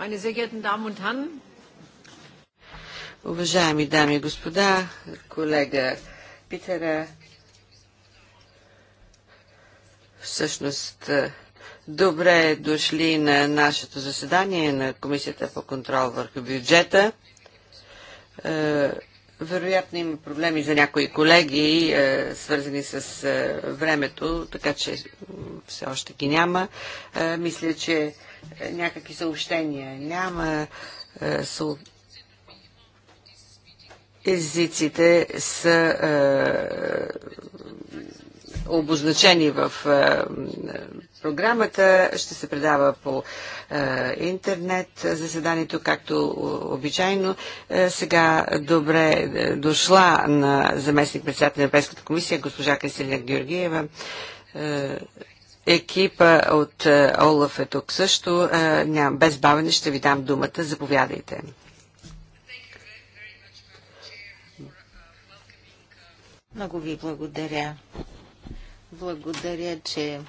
Meine sehr geehrten Damen und Herren, Уважаеми дами и господа, колега Питера, всъщност е, добре дошли на нашето заседание на Комисията по контрол върху бюджета. Е, вероятно има проблеми за някои колеги, е, свързани с е, времето, така че все още ги няма. Е, мисля, че някакви съобщения няма. Езиците са обозначени в е, програмата. Ще се предава по е, интернет заседанието, както обичайно. Е, сега добре дошла на заместник председател на Европейската комисия, госпожа Кристина Георгиева екипа от Олаф е тук също. Ням, без бавене ще ви дам думата. Заповядайте. Много ви благодаря, благодаря, че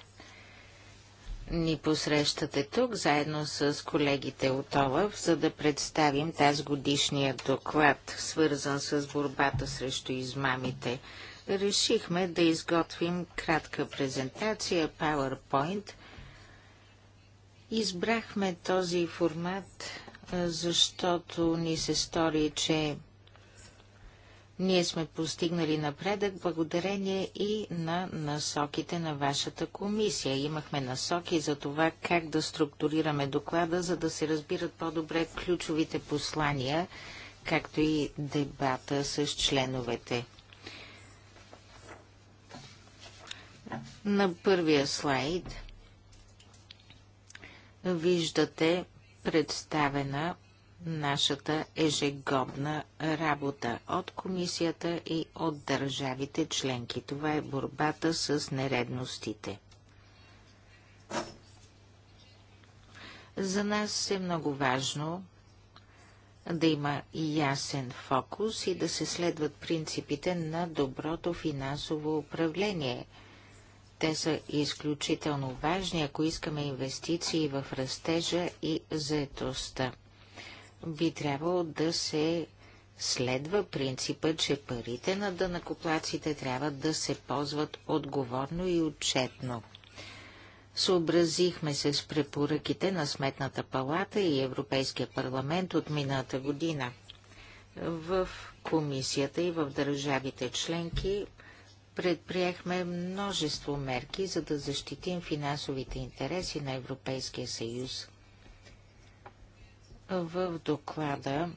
ни посрещате тук, заедно с колегите от ОЛАФ, за да представим тази годишния доклад, свързан с борбата срещу измамите. Решихме да изготвим кратка презентация, PowerPoint. Избрахме този формат, защото ни се стори, че ние сме постигнали напредък благодарение и на насоките на вашата комисия. Имахме насоки за това как да структурираме доклада, за да се разбират по-добре ключовите послания, както и дебата с членовете. На първия слайд виждате представена нашата ежегодна работа от комисията и от държавите членки. Това е борбата с нередностите. За нас е много важно да има ясен фокус и да се следват принципите на доброто финансово управление. Те са изключително важни, ако искаме инвестиции в растежа и заетостта би трябвало да се следва принципа, че парите на дънакоплаците трябва да се ползват отговорно и отчетно. Съобразихме се с препоръките на Сметната палата и Европейския парламент от мината година. В комисията и в държавите членки предприехме множество мерки, за да защитим финансовите интереси на Европейския съюз. В доклада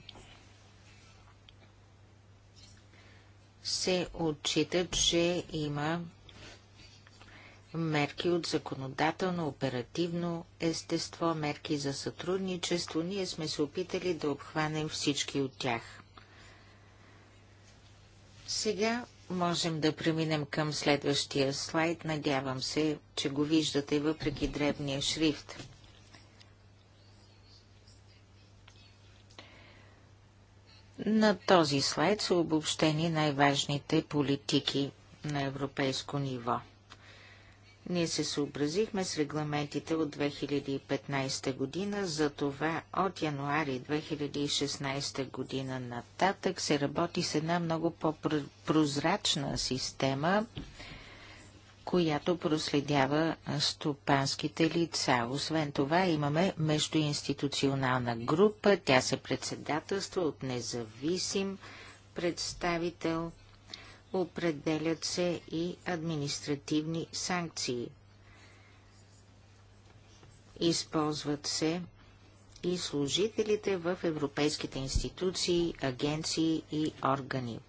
се отчита, че има мерки от законодателно, оперативно естество, мерки за сътрудничество. Ние сме се опитали да обхванем всички от тях. Сега можем да преминем към следващия слайд. Надявам се, че го виждате въпреки дребния шрифт. На този слайд са обобщени най-важните политики на европейско ниво. Ние се съобразихме с регламентите от 2015 година, за това от януари 2016 година нататък се работи с една много по-прозрачна система, която проследява стопанските лица. Освен това имаме междуинституционална група, тя се председателства от независим представител. Определят се и административни санкции. Използват се и служителите в европейските институции, агенции и органи.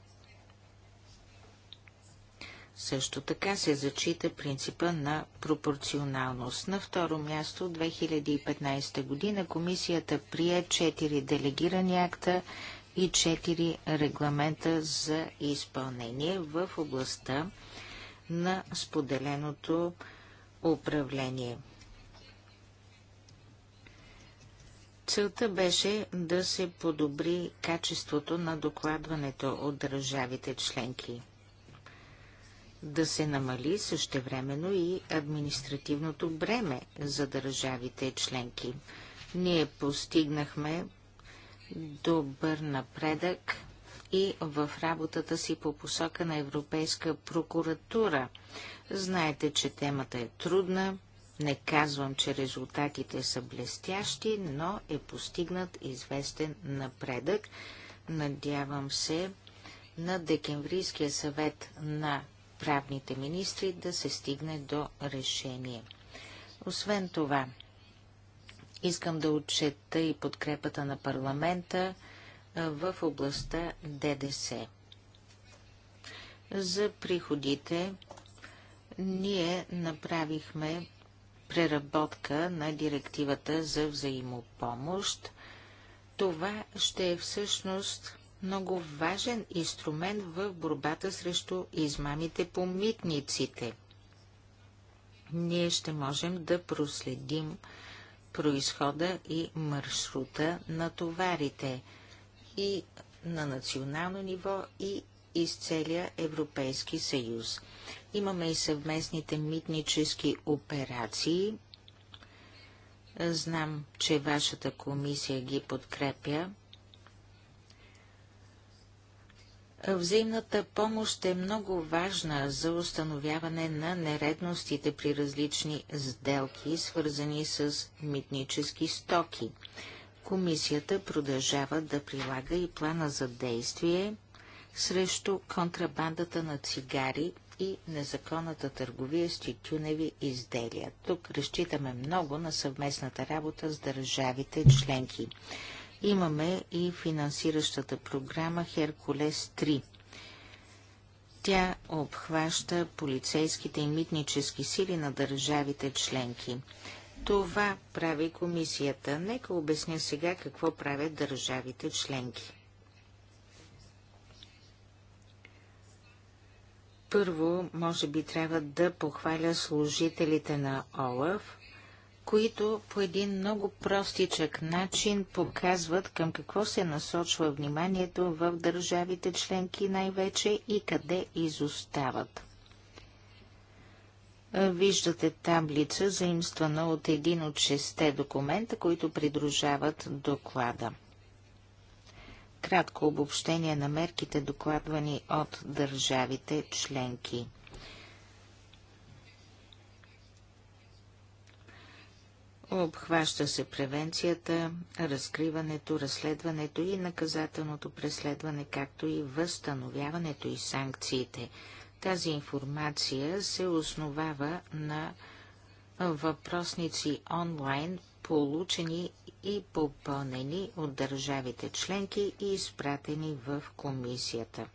Също така се зачита принципа на пропорционалност. На второ място, 2015 година комисията прие 4 делегирани акта и 4 регламента за изпълнение в областта на споделеното управление. Целта беше да се подобри качеството на докладването от държавите членки да се намали същевременно и административното бреме за държавите членки. Ние постигнахме добър напредък и в работата си по посока на Европейска прокуратура. Знаете, че темата е трудна, не казвам, че резултатите са блестящи, но е постигнат известен напредък. Надявам се на Декемврийския съвет на правните министри да се стигне до решение. Освен това, искам да отчета и подкрепата на парламента в областта ДДС. За приходите ние направихме преработка на директивата за взаимопомощ. Това ще е всъщност много важен инструмент в борбата срещу измамите по митниците. Ние ще можем да проследим происхода и маршрута на товарите и на национално ниво и из целия Европейски съюз. Имаме и съвместните митнически операции. Знам, че вашата комисия ги подкрепя. Взаимната помощ е много важна за установяване на нередностите при различни сделки, свързани с митнически стоки. Комисията продължава да прилага и плана за действие срещу контрабандата на цигари и незаконната търговия с тютюневи изделия. Тук разчитаме много на съвместната работа с държавите членки имаме и финансиращата програма Херкулес 3. Тя обхваща полицейските и митнически сили на държавите членки. Това прави комисията. Нека обясня сега какво правят държавите членки. Първо, може би трябва да похваля служителите на ОЛАФ, които по един много простичък начин показват към какво се насочва вниманието в държавите членки най-вече и къде изостават. Виждате таблица, заимствана от един от шесте документа, които придружават доклада. Кратко обобщение на мерките, докладвани от държавите членки. Обхваща се превенцията, разкриването, разследването и наказателното преследване, както и възстановяването и санкциите. Тази информация се основава на въпросници онлайн, получени и попълнени от държавите членки и изпратени в комисията.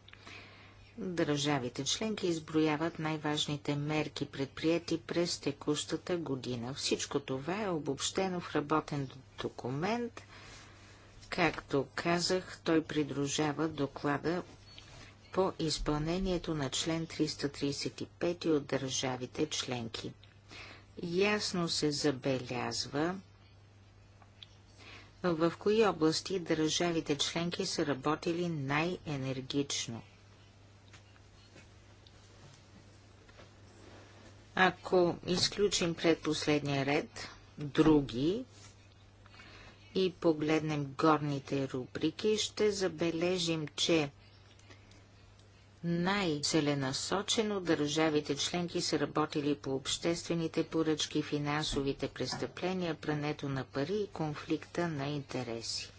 Държавите членки изброяват най-важните мерки, предприяти през текущата година. Всичко това е обобщено в работен документ. Както казах, той придружава доклада по изпълнението на член 335 от държавите членки. Ясно се забелязва, в кои области държавите членки са работили най-енергично. Ако изключим предпоследния ред, други, и погледнем горните рубрики, ще забележим, че най-целенасочено държавите членки са работили по обществените поръчки, финансовите престъпления, прането на пари и конфликта на интереси.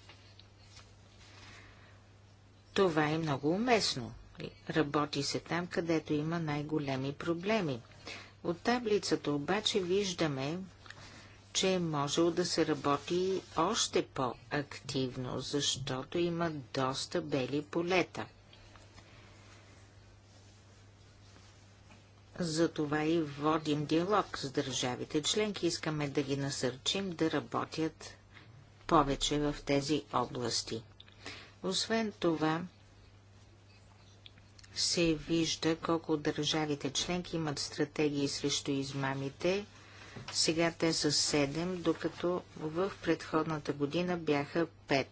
Това е много уместно. Работи се там, където има най-големи проблеми – от таблицата обаче виждаме, че е можело да се работи още по-активно, защото има доста бели полета. Затова и водим диалог с държавите членки. Искаме да ги насърчим да работят повече в тези области. Освен това, се вижда колко държавите членки имат стратегии срещу измамите. Сега те са 7, докато в предходната година бяха 5.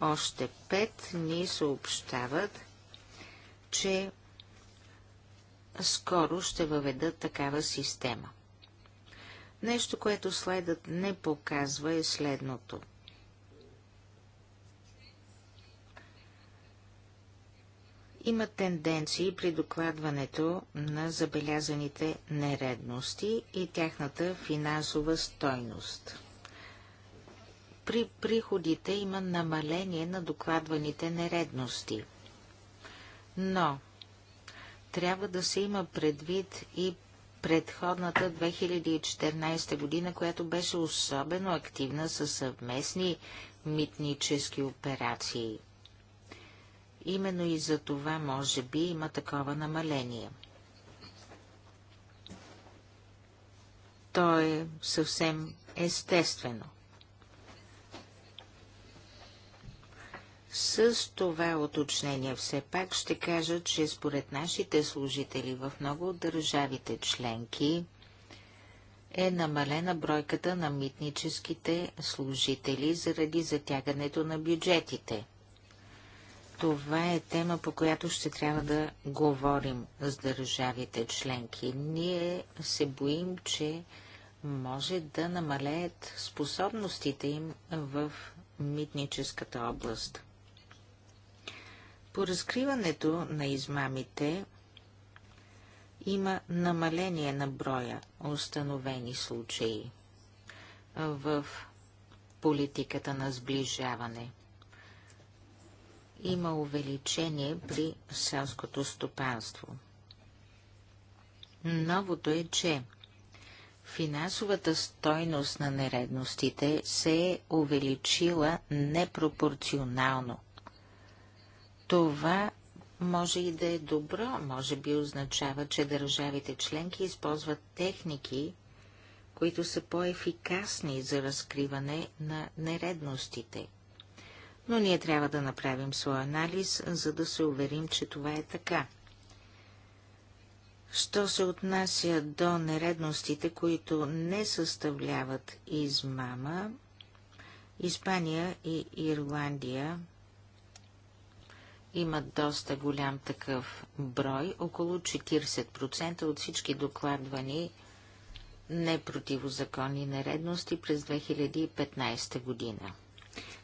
Още 5 ни съобщават, че скоро ще въведат такава система. Нещо, което слайдът не показва е следното – има тенденции при докладването на забелязаните нередности и тяхната финансова стойност. При приходите има намаление на докладваните нередности. Но трябва да се има предвид и предходната 2014 година, която беше особено активна със съвместни митнически операции – Именно и за това, може би, има такова намаление. То е съвсем естествено. С това уточнение все пак ще кажа, че според нашите служители в много от държавите членки е намалена бройката на митническите служители заради затягането на бюджетите – това е тема, по която ще трябва да говорим с държавите членки. Ние се боим, че може да намалеят способностите им в митническата област. По разкриването на измамите има намаление на броя установени случаи в политиката на сближаване – има увеличение при селското стопанство. Новото е, че финансовата стойност на нередностите се е увеличила непропорционално. Това може и да е добро, може би означава, че държавите членки използват техники, които са по-ефикасни за разкриване на нередностите – но ние трябва да направим своя анализ, за да се уверим, че това е така. Що се отнася до нередностите, които не съставляват измама, Испания и Ирландия имат доста голям такъв брой, около 40% от всички докладвани непротивозаконни нередности през 2015 година.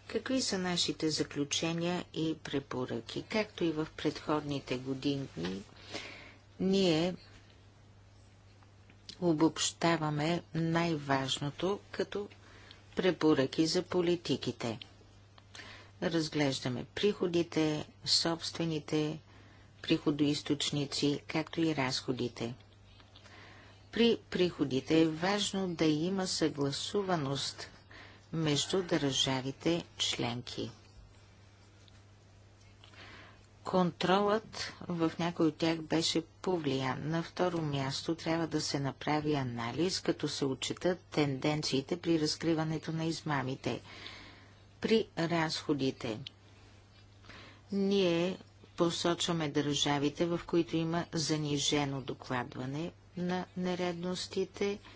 Какви са нашите заключения и препоръки? Както и в предходните години, ние обобщаваме най-важното като препоръки за политиките. Разглеждаме приходите, собствените приходоисточници, както и разходите. При приходите е важно да има съгласуваност между държавите членки. Контролът в някой от тях беше повлиян. На второ място трябва да се направи анализ, като се отчитат тенденциите при разкриването на измамите. При разходите ние посочваме държавите, в които има занижено докладване на нередностите –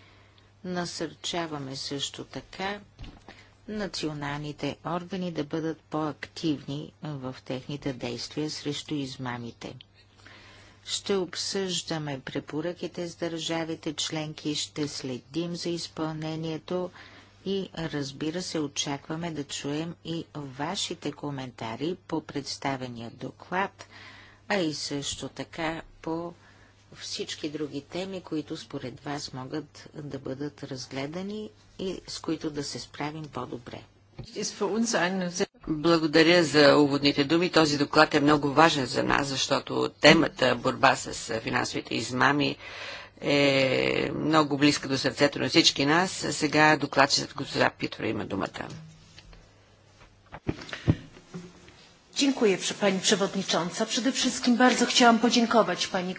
Насърчаваме също така националните органи да бъдат по-активни в техните действия срещу измамите. Ще обсъждаме препоръките с държавите членки, ще следим за изпълнението и разбира се очакваме да чуем и вашите коментари по представения доклад, а и също така по всички други теми, които според вас могат да бъдат разгледани и с които да се справим по-добре. Благодаря за уводните думи. Този доклад е много важен за нас, защото темата борба с финансовите измами е много близка до сърцето на всички нас. Сега докладчицата госпожа Питро има думата. Dziękuję Pani Przewodnicząca. Przede wszystkim bardzo chciałam podziękować Pani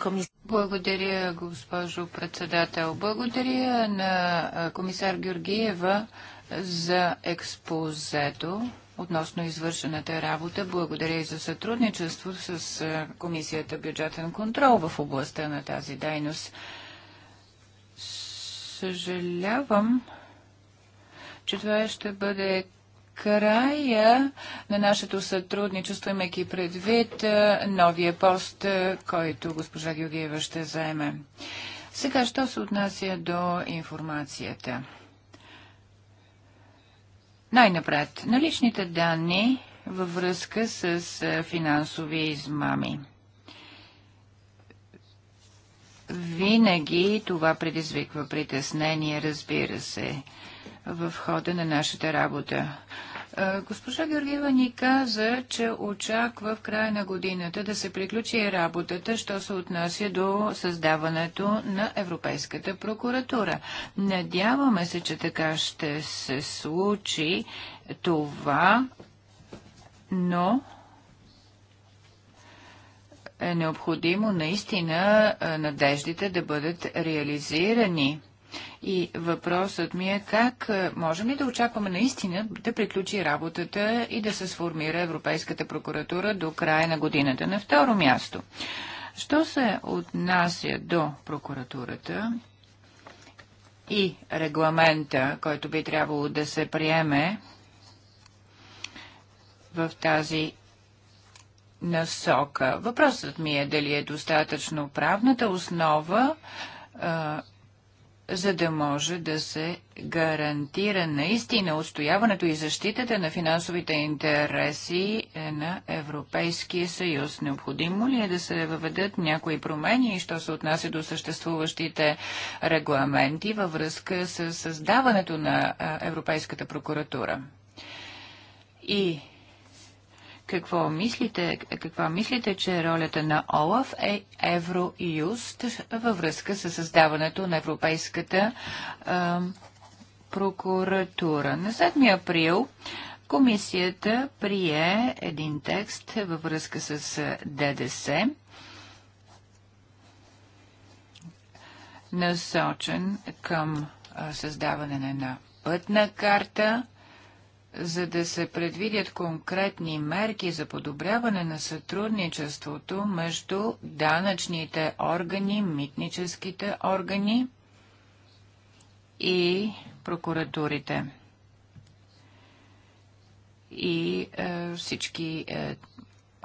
Благодаря, госпожо председател. Благодаря на комисар Георгиева за експозето относно извършената работа. Благодаря и за сътрудничество с Комисията бюджетен контрол в областта на тази дейност. Съжалявам, че това ще бъде края на нашето сътрудничество, имайки предвид е, новия пост, е, който госпожа Георгиева ще заеме. Сега, що се отнася до информацията? Най-напред, наличните данни във връзка с е, финансови измами. Винаги това предизвиква притеснение, разбира се в хода на нашата работа. Госпожа Георгиева ни каза, че очаква в края на годината да се приключи работата, що се отнася до създаването на Европейската прокуратура. Надяваме се, че така ще се случи това, но е необходимо наистина надеждите да бъдат реализирани. И въпросът ми е как можем ли да очакваме наистина да приключи работата и да се сформира Европейската прокуратура до края на годината. На второ място. Що се отнася до прокуратурата и регламента, който би трябвало да се приеме в тази насока. Въпросът ми е дали е достатъчно правната основа за да може да се гарантира наистина отстояването и защитата на финансовите интереси е, на Европейския съюз. Необходимо ли е да се въведат някои промени, що се отнася до съществуващите регламенти във връзка с създаването на Европейската прокуратура? И какво мислите, каква мислите, че ролята на ОЛАФ е Евроюст във връзка с създаването на Европейската а, прокуратура? На 7 април комисията прие един текст във връзка с ДДС. насочен към създаване на една пътна карта за да се предвидят конкретни мерки за подобряване на сътрудничеството между данъчните органи, митническите органи и прокуратурите и е, всички е,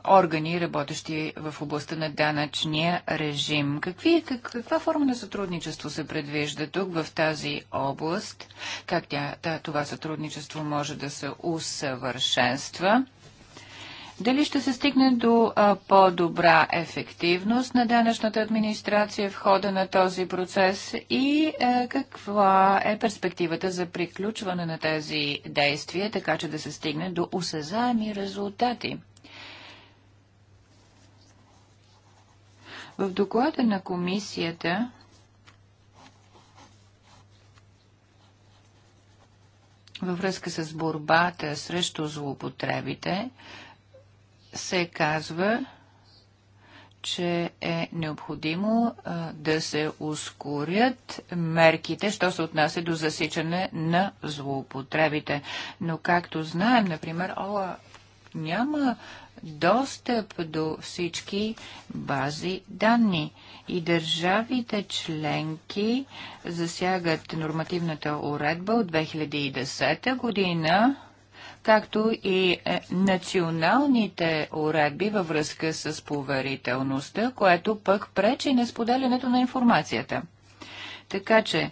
органи, работещи в областта на данъчния режим. Какви, е, как, каква форма на сътрудничество се предвижда тук в тази област? Как тя, та, това сътрудничество може да се усъвършенства? Дали ще се стигне до по-добра ефективност на данъчната администрация в хода на този процес и а, каква е перспективата за приключване на тези действия, така че да се стигне до осезаеми резултати? В доклада на комисията във връзка с борбата срещу злоупотребите се казва, че е необходимо да се ускорят мерките, що се отнася до засичане на злоупотребите. Но както знаем, например, ОЛА няма достъп до всички бази данни. И държавите членки засягат нормативната уредба от 2010 година, както и е, националните уредби във връзка с поверителността, което пък пречи на споделянето на информацията. Така че,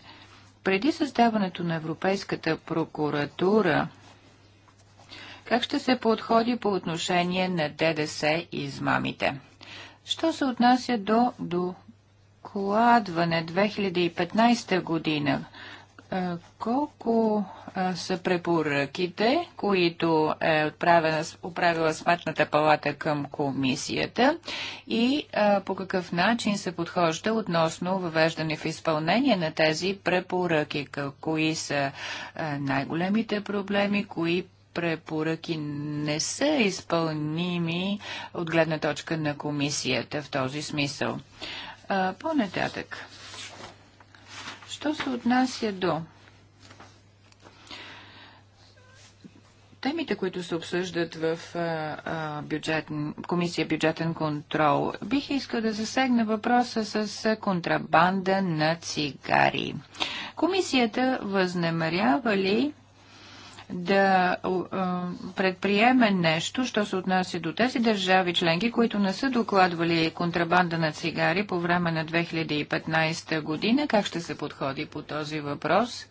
преди създаването на Европейската прокуратура, как ще се подходи по отношение на ДДС и измамите? Що се отнася до докладване 2015 година? Е, колко е, са препоръките, които е отправена, отправила Сметната палата към комисията и е, по какъв начин се подхожда относно въвеждане в изпълнение на тези препоръки? Кои са най-големите проблеми, кои препоръки не са изпълними от гледна точка на комисията в този смисъл. По-нататък. Що се отнася до темите, които се обсъждат в бюджетен, комисия бюджетен контрол, бих искал да засегна въпроса с контрабанда на цигари. Комисията възнамерява ли да предприеме нещо, що се отнася до тези държави членки, които не са докладвали контрабанда на цигари по време на 2015 година? Как ще се подходи по този въпрос?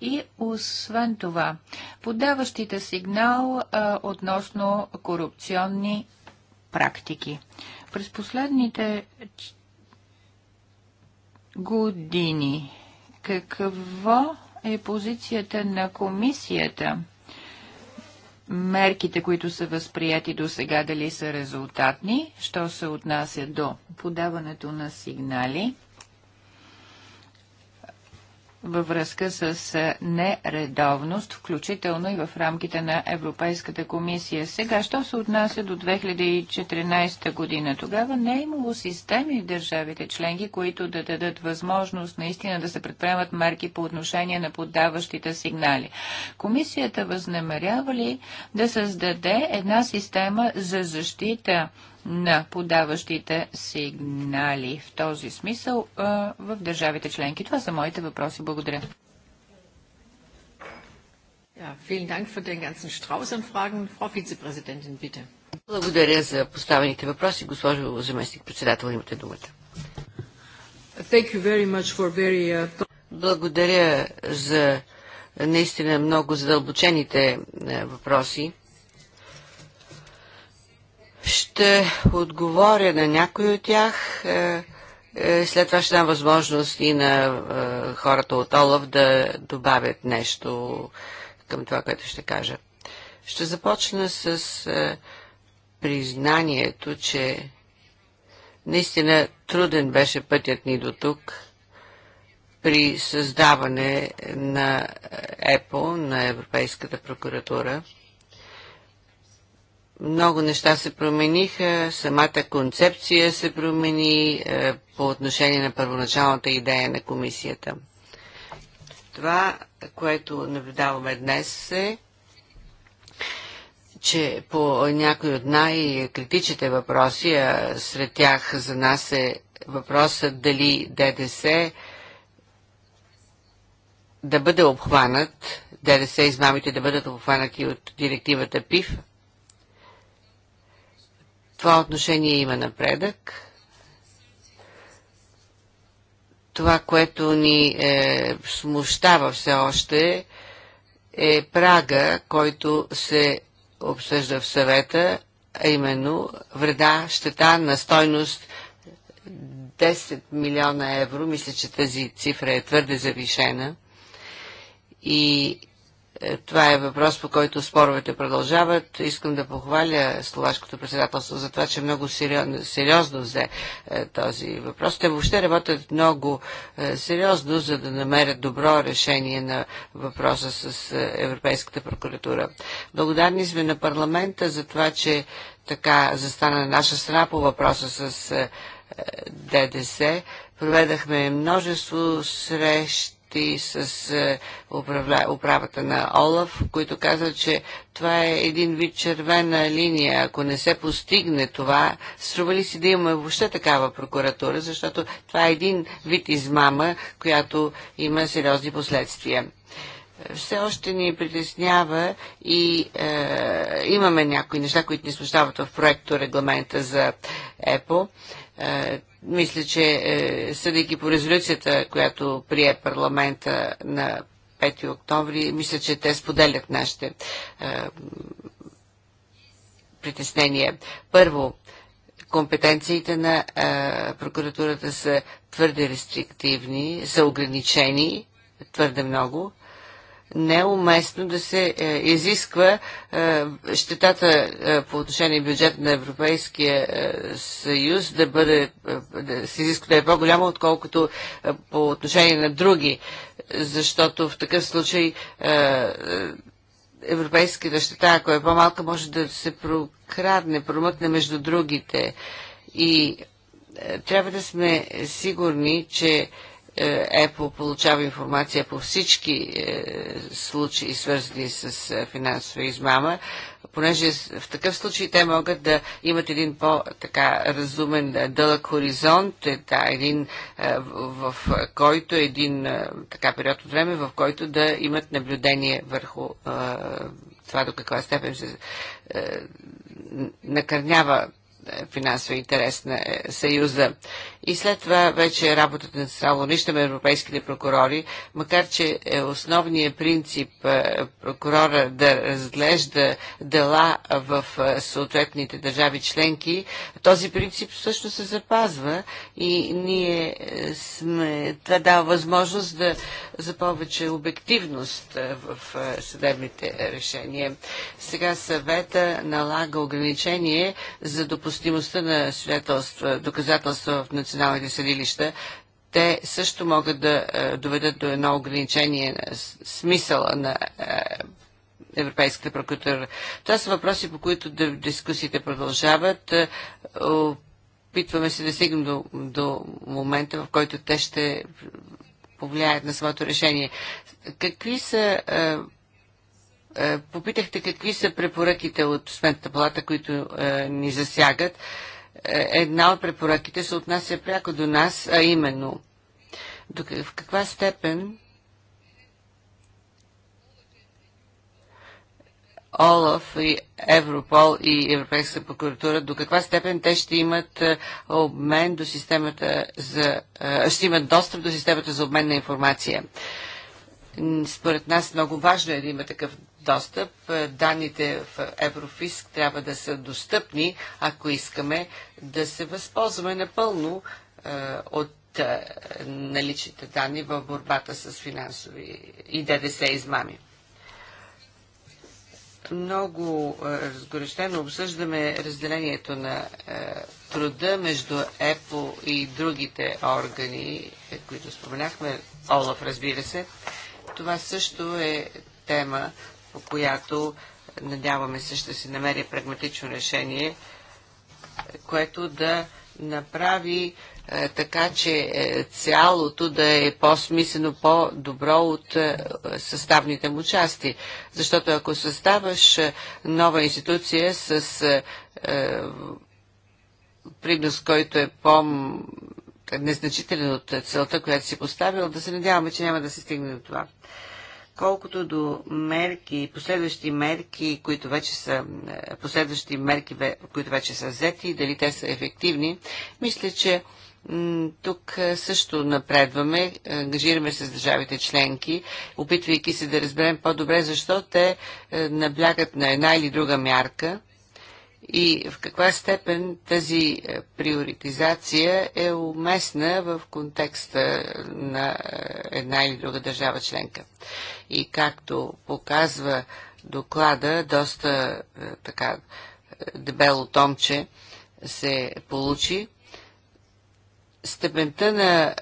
И освен това, подаващите сигнал а, относно корупционни практики. През последните години какво е позицията на комисията? Мерките, които са възприяти до сега, дали са резултатни, що се отнася до подаването на сигнали? във връзка с е, нередовност, включително и в рамките на Европейската комисия. Сега, що се отнася до 2014 година? Тогава не е имало системи в държавите членки, които да дадат възможност наистина да се предприемат мерки по отношение на поддаващите сигнали. Комисията възнамерява ли да създаде една система за защита на подаващите сигнали в този смисъл а, в държавите членки. Това са моите въпроси. Благодаря. Благодаря за поставените въпроси. Госпожо заместник председател, имате думата. Uh, Благодаря за наистина много задълбочените е, въпроси. Ще отговоря на някой от тях. Е, е, след това ще дам възможност и на е, хората от Олаф да добавят нещо към това, което ще кажа. Ще започна с признанието, че наистина труден беше пътят ни до тук при създаване на ЕПО, на Европейската прокуратура – много неща се промениха, самата концепция се промени е, по отношение на първоначалната идея на комисията. Това, което наблюдаваме днес е, че по някои от най-критичните въпроси, а сред тях за нас е въпросът дали ДДС да бъде обхванат, ДДС измамите да бъдат обхванати от директивата ПИФ – това отношение има напредък. Това, което ни е, смущава все още, е прага, който се обсъжда в съвета, а именно вреда, щета на стойност 10 милиона евро. Мисля, че тази цифра е твърде завишена. И е, това е въпрос, по който споровете продължават. Искам да похваля Словашкото председателство за това, че много сериозно, взе е, този въпрос. Те въобще работят много е, сериозно, за да намерят добро решение на въпроса с Европейската прокуратура. Благодарни сме на парламента за това, че така застана на наша страна по въпроса с ДДС. Проведахме множество срещи и с е, управата на Олаф, които казват, че това е един вид червена линия. Ако не се постигне това, струва ли си да имаме въобще такава прокуратура, защото това е един вид измама, която има сериозни последствия все още ни притеснява и е, имаме някои неща, които ни смущават в проекто регламента за ЕПО. Е, мисля, че е, съдейки по резолюцията, която прие парламента на 5 октомври, мисля, че те споделят нашите е, притеснения. Първо, компетенциите на е, прокуратурата са твърде рестриктивни, са ограничени твърде много неуместно е да се е, изисква е, щетата е, по отношение бюджет на Европейския е, съюз да бъде, е, да се изисква да е по-голяма, отколкото по отношение на други, защото в такъв случай европейската щета, ако е по-малка, може да се прокрадне, промъкне между другите. И трябва да сме сигурни, че е, Apple получава информация по всички е, случаи, свързани с е, финансова измама, понеже в такъв случай те могат да имат един по разумен дълъг хоризонт, да, един, в който един така период от време, в който да имат наблюдение върху това до каква степен се накърнява финансовия интерес на Съюза. И след това вече работата на национално нища на европейските прокурори, макар че е основният принцип е, прокурора да разглежда дела в е, съответните държави членки, този принцип също се запазва и ние сме, това дава възможност да, за повече обективност в съдебните решения. Сега съвета налага ограничение за допустимостта на свидетелства, доказателства в национално националните съдилища, те също могат да е, доведат до едно ограничение на смисъла на е, Европейската прокуратура. Това са въпроси, по които дискусиите продължават. Е, опитваме се да стигнем до, до момента, в който те ще повлияят на своето решение. Какви са. Попитахте какви са препоръките от Сметната палата, които ни засягат. Е, една от препоръките се отнася пряко до нас, а именно до, в каква степен ОЛАФ и Европол и Европейската прокуратура, до каква степен те ще имат е, обмен до системата за, е, ще имат достъп до системата за обмен на информация. Според нас много важно е да има такъв достъп. Е, данните в Еврофиск трябва да са достъпни, ако искаме да се възползваме напълно е, от е, наличните данни в борбата с финансови и ДДС измами. Много разгорещено обсъждаме разделението на труда между ЕПО и другите органи, които споменахме, ОЛАФ, разбира се. Това също е тема, по която надяваме се ще се намери прагматично решение, което да направи е, така, че е, цялото да е по-смислено, по-добро от е, съставните му части. Защото ако съставаш е, нова институция с принос, който е по незначителен от целта, която си поставил, да се надяваме, че няма да се стигне до това. Колкото до мерки, последващи мерки, които вече са, е, последващи мерки, които вече са взети, дали те са ефективни, мисля, че тук е, също напредваме, ангажираме се с държавите членки, опитвайки се да разберем по-добре защо те е, наблягат на една или друга мярка и в каква степен тази е, приоритизация е уместна в контекста на е, една или друга държава членка. И както показва доклада, доста е, така дебело томче се получи, степента на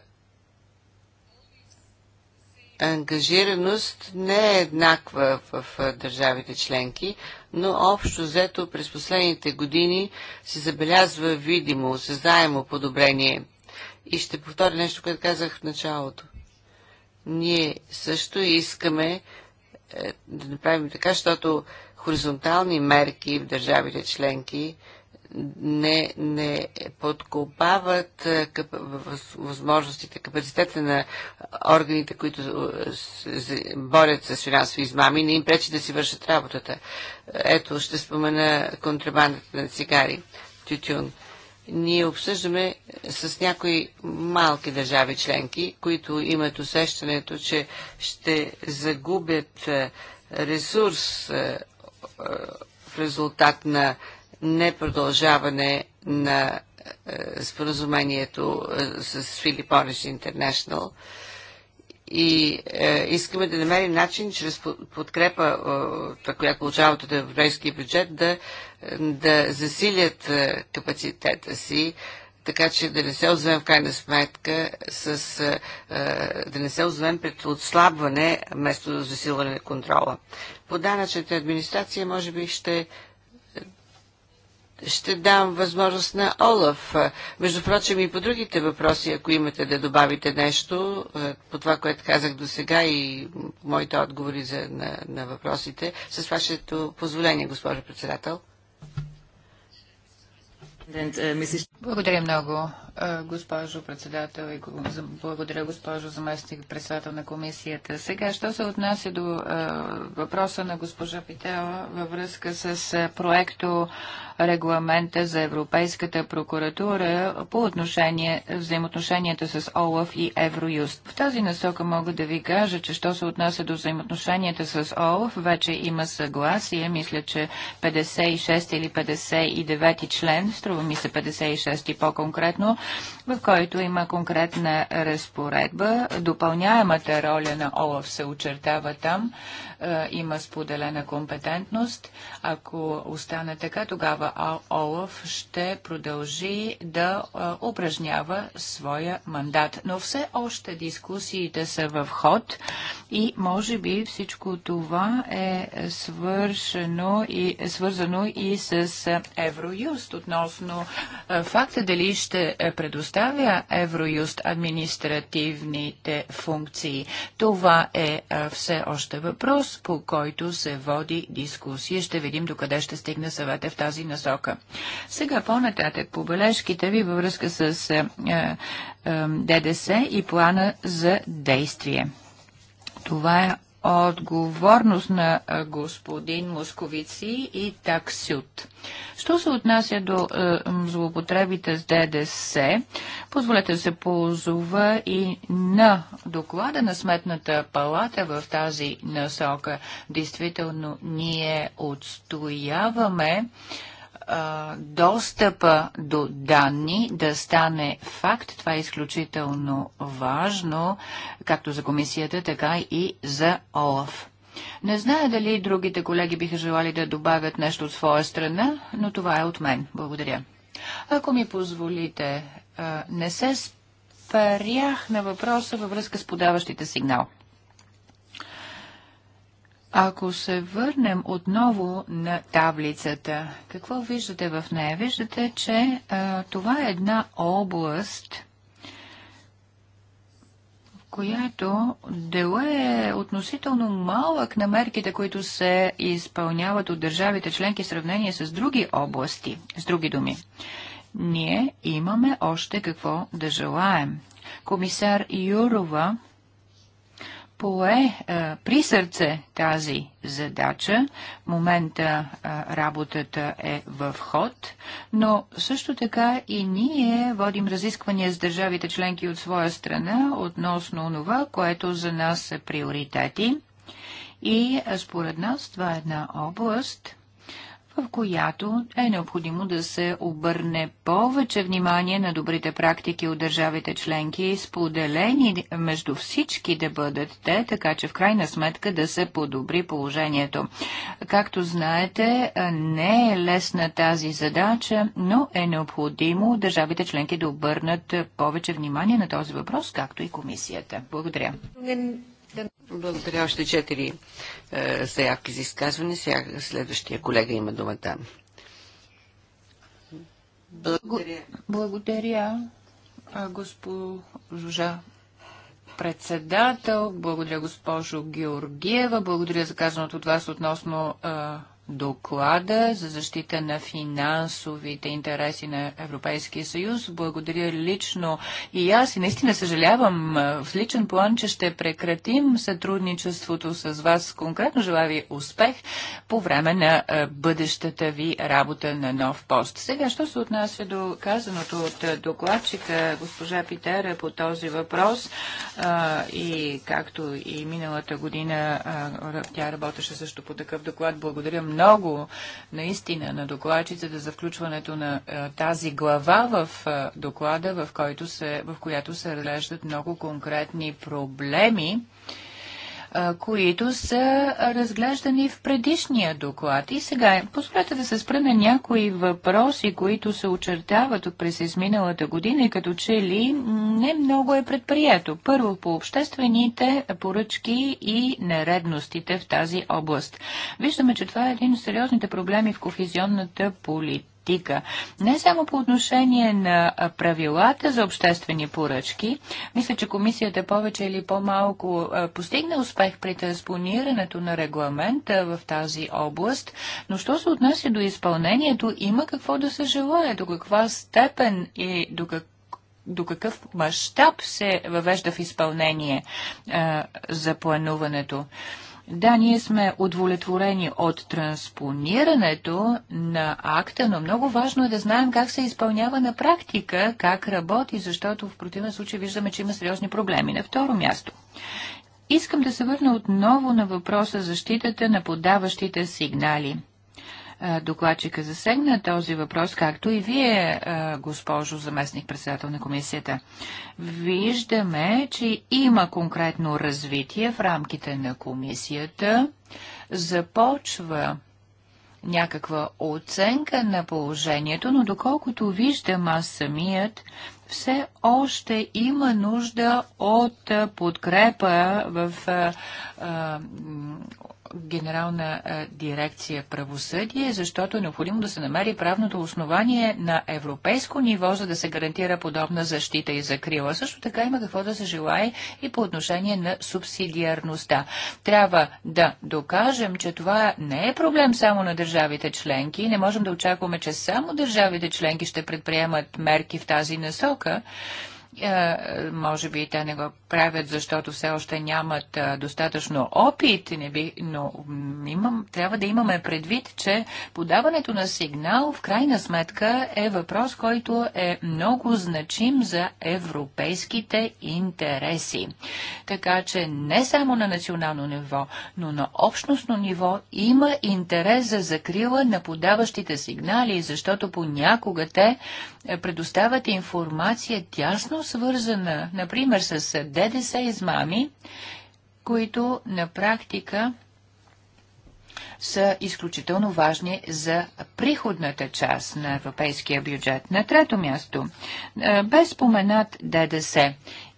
ангажираност не е еднаква в държавите членки, но общо взето през последните години се забелязва видимо, осезаемо подобрение. И ще повторя нещо, което казах в началото. Ние също искаме е, да направим така, защото хоризонтални мерки в държавите членки не, не подкопават е, къп, възможностите, капацитета на органите, които се борят с финансови измами, не им пречи да си вършат работата. Ето, ще спомена контрабандата на цигари, тютюн. Ние обсъждаме с някои малки държави членки, които имат усещането, че ще загубят е, ресурс е, е, в резултат на непродължаване на споразумението с Филипонис International. International и е, искаме да намерим начин, чрез подкрепа, е, която получават от европейския бюджет, да, да засилят е, капацитета си, така че да не се озовем в крайна сметка с, е, е да не се озовем пред отслабване, вместо засилване на контрола. По данъчната администрация, може би, ще ще дам възможност на Олаф. Между прочим и по другите въпроси, ако имате да добавите нещо, е, по това, което казах до сега и моите отговори за, на, на въпросите, с вашето позволение, госпожо председател. Е, благодаря много, е, госпожо председател и благодаря госпожо заместник председател на комисията. Сега, що се отнася до въпроса на госпожа Питела във връзка с проекто регламента за Европейската прокуратура по отношение взаимоотношенията с ОЛАФ и Евроюст. В тази насока мога да ви кажа, че що се отнася до взаимоотношенията с ОЛАФ, вече има съгласие. Мисля, че 56 или 59 член, струва ми се 56 и по-конкретно, в който има конкретна разпоредба. Допълняемата роля на ОЛАФ се очертава там. Е, има споделена компетентност. Ако остане така, тогава ОЛАФ ще продължи да е, упражнява своя мандат. Но все още дискусиите са в ход и може би всичко това е свършено и е свързано и с Евроюст относно е, факта дали ще предоставя Евроюст административните функции. Това е все още въпрос, по който се води дискусия. Ще видим докъде ще стигне съвета в тази насока. Сега по-нататък по бележките ви във връзка с е, е, е ДДС и плана за действие. Това е отговорност на господин Московици и таксют. Що се отнася до е, злоупотребите с ДДС, позволете да се позова и на доклада на Сметната палата в тази насока. Действително, ние отстояваме достъпа до данни да стане факт. Това е изключително важно, както за комисията, така и за ОЛАФ. Не зная дали другите колеги биха желали да добавят нещо от своя страна, но това е от мен. Благодаря. Ако ми позволите, не се спрях на въпроса във връзка с подаващите сигнал. Ако се върнем отново на таблицата, какво виждате в нея? Виждате, че а, това е една област, в която дела е относително малък на мерките, които се изпълняват от държавите членки в сравнение с други области. С други думи, ние имаме още какво да желаем. Комисар Юрова пое а, е, при сърце тази задача. В момента а, е, работата е в ход, но също така и ние водим разисквания с държавите членки от своя страна относно това, което за нас са приоритети. И е, според нас това е една област, в която е необходимо да се обърне повече внимание на добрите практики от държавите членки, споделени между всички да бъдат те, така че в крайна сметка да се подобри положението. Както знаете, не е лесна тази задача, но е необходимо държавите членки да обърнат повече внимание на този въпрос, както и комисията. Благодаря. Благодаря. Още четири е, заявки за изказване. Сега следващия колега има думата. Благодаря. Благодаря, госпожа председател. Благодаря, госпожо Георгиева. Благодаря за казаното от вас относно е, доклада за защита на финансовите интереси на Европейския съюз. Благодаря лично и аз и наистина съжалявам в личен план, че ще прекратим сътрудничеството с вас. Конкретно желая ви успех по време на бъдещата ви работа на нов пост. Сега, що се отнася до казаното от докладчика госпожа Питера по този въпрос и както и миналата година тя работеше също по такъв доклад. Благодаря много много наистина на докладчицата за включването на е, тази глава в е, доклада, в, който се, в която се разглеждат много конкретни проблеми които са разглеждани в предишния доклад. И сега, позволете да се спра на някои въпроси, които се очертават от през изминалата година и като че ли не много е предприето. Първо по обществените поръчки и нередностите в тази област. Виждаме, че това е един от сериозните проблеми в кохезионната политика политика. Не само по отношение на правилата за обществени поръчки. Мисля, че комисията повече или по-малко постигна успех при транспонирането на регламента в тази област, но що се отнася до изпълнението, има какво да се желая, до каква степен и до какво до какъв мащаб се въвежда в изпълнение а, за плануването. Да, ние сме удовлетворени от транспонирането на акта, но много важно е да знаем как се изпълнява на практика, как работи, защото в противен случай виждаме, че има сериозни проблеми. На второ място. Искам да се върна отново на въпроса защитата на подаващите сигнали. Е, докладчика засегна този въпрос, както и вие, е, госпожо заместник председател на комисията. Виждаме, че има конкретно развитие в рамките на комисията. Започва някаква оценка на положението, но доколкото виждам аз самият, все още има нужда от е, подкрепа в генерална дирекция правосъдие, защото е необходимо да се намери правното основание на европейско ниво, за да се гарантира подобна защита и закрила. Също така има какво да се желае и по отношение на субсидиарността. Трябва да докажем, че това не е проблем само на държавите членки. Не можем да очакваме, че само държавите членки ще предприемат мерки в тази насока. Е, може би те не го правят, защото все още нямат е, достатъчно опит, не би, но имам, трябва да имаме предвид, че подаването на сигнал в крайна сметка е въпрос, който е много значим за европейските интереси. Така че не само на национално ниво, но на общностно ниво има интерес за закрила на подаващите сигнали, защото понякога те е, предоставят информация тясно свързана, например, с ДДС измами, които на практика са изключително важни за приходната част на европейския бюджет. На трето място, е, без споменат ДДС.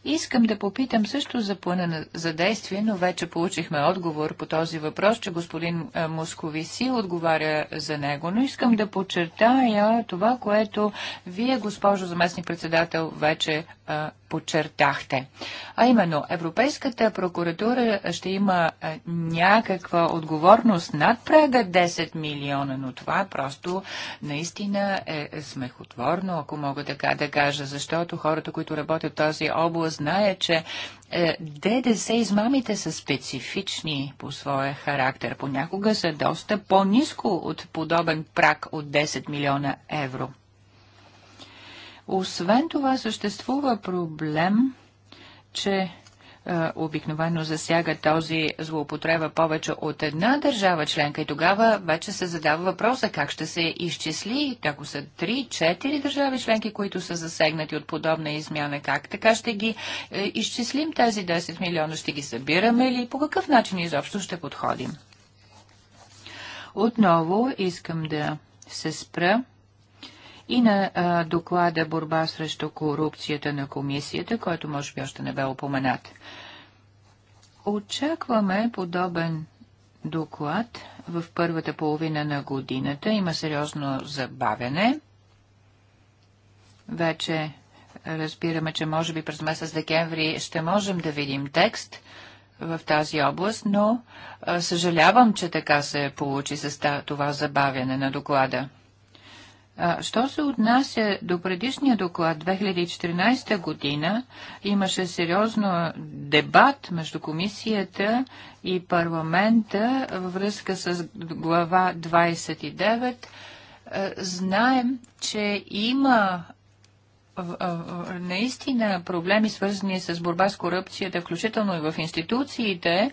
Искам да попитам също за плана за действие, но вече получихме отговор по този въпрос, че господин е, Московиси отговаря за него. Но искам да подчертая това, което вие, госпожо заместник-председател, вече подчертахте. А именно, Европейската прокуратура ще има някаква отговорност над прага 10 милиона, но това просто наистина е смехотворно, ако мога така да кажа, защото хората, които работят в този област, знаят, че е, ДДС измамите са специфични по своя характер. Понякога са доста по-низко от подобен прак от 10 милиона евро. Освен това съществува проблем, че е, обикновено засяга този злоупотреба повече от една държава членка и тогава вече се задава въпроса как ще се изчисли, ако са 3-4 държави членки, които са засегнати от подобна измяна, как така ще ги е, изчислим тези 10 милиона, ще ги събираме или по какъв начин изобщо ще подходим. Отново искам да се спра и на а, доклада Борба срещу корупцията на комисията, който може би още не бе упоменат. Очакваме подобен доклад в първата половина на годината. Има сериозно забавяне. Вече разбираме, че може би през месец декември ще можем да видим текст в тази област, но съжалявам, че така се получи с това забавяне на доклада. Що се отнася до предишния доклад 2014 година, имаше сериозно дебат между комисията и парламента във връзка с глава 29. Знаем, че има наистина проблеми свързани с борба с корупцията, включително и в институциите,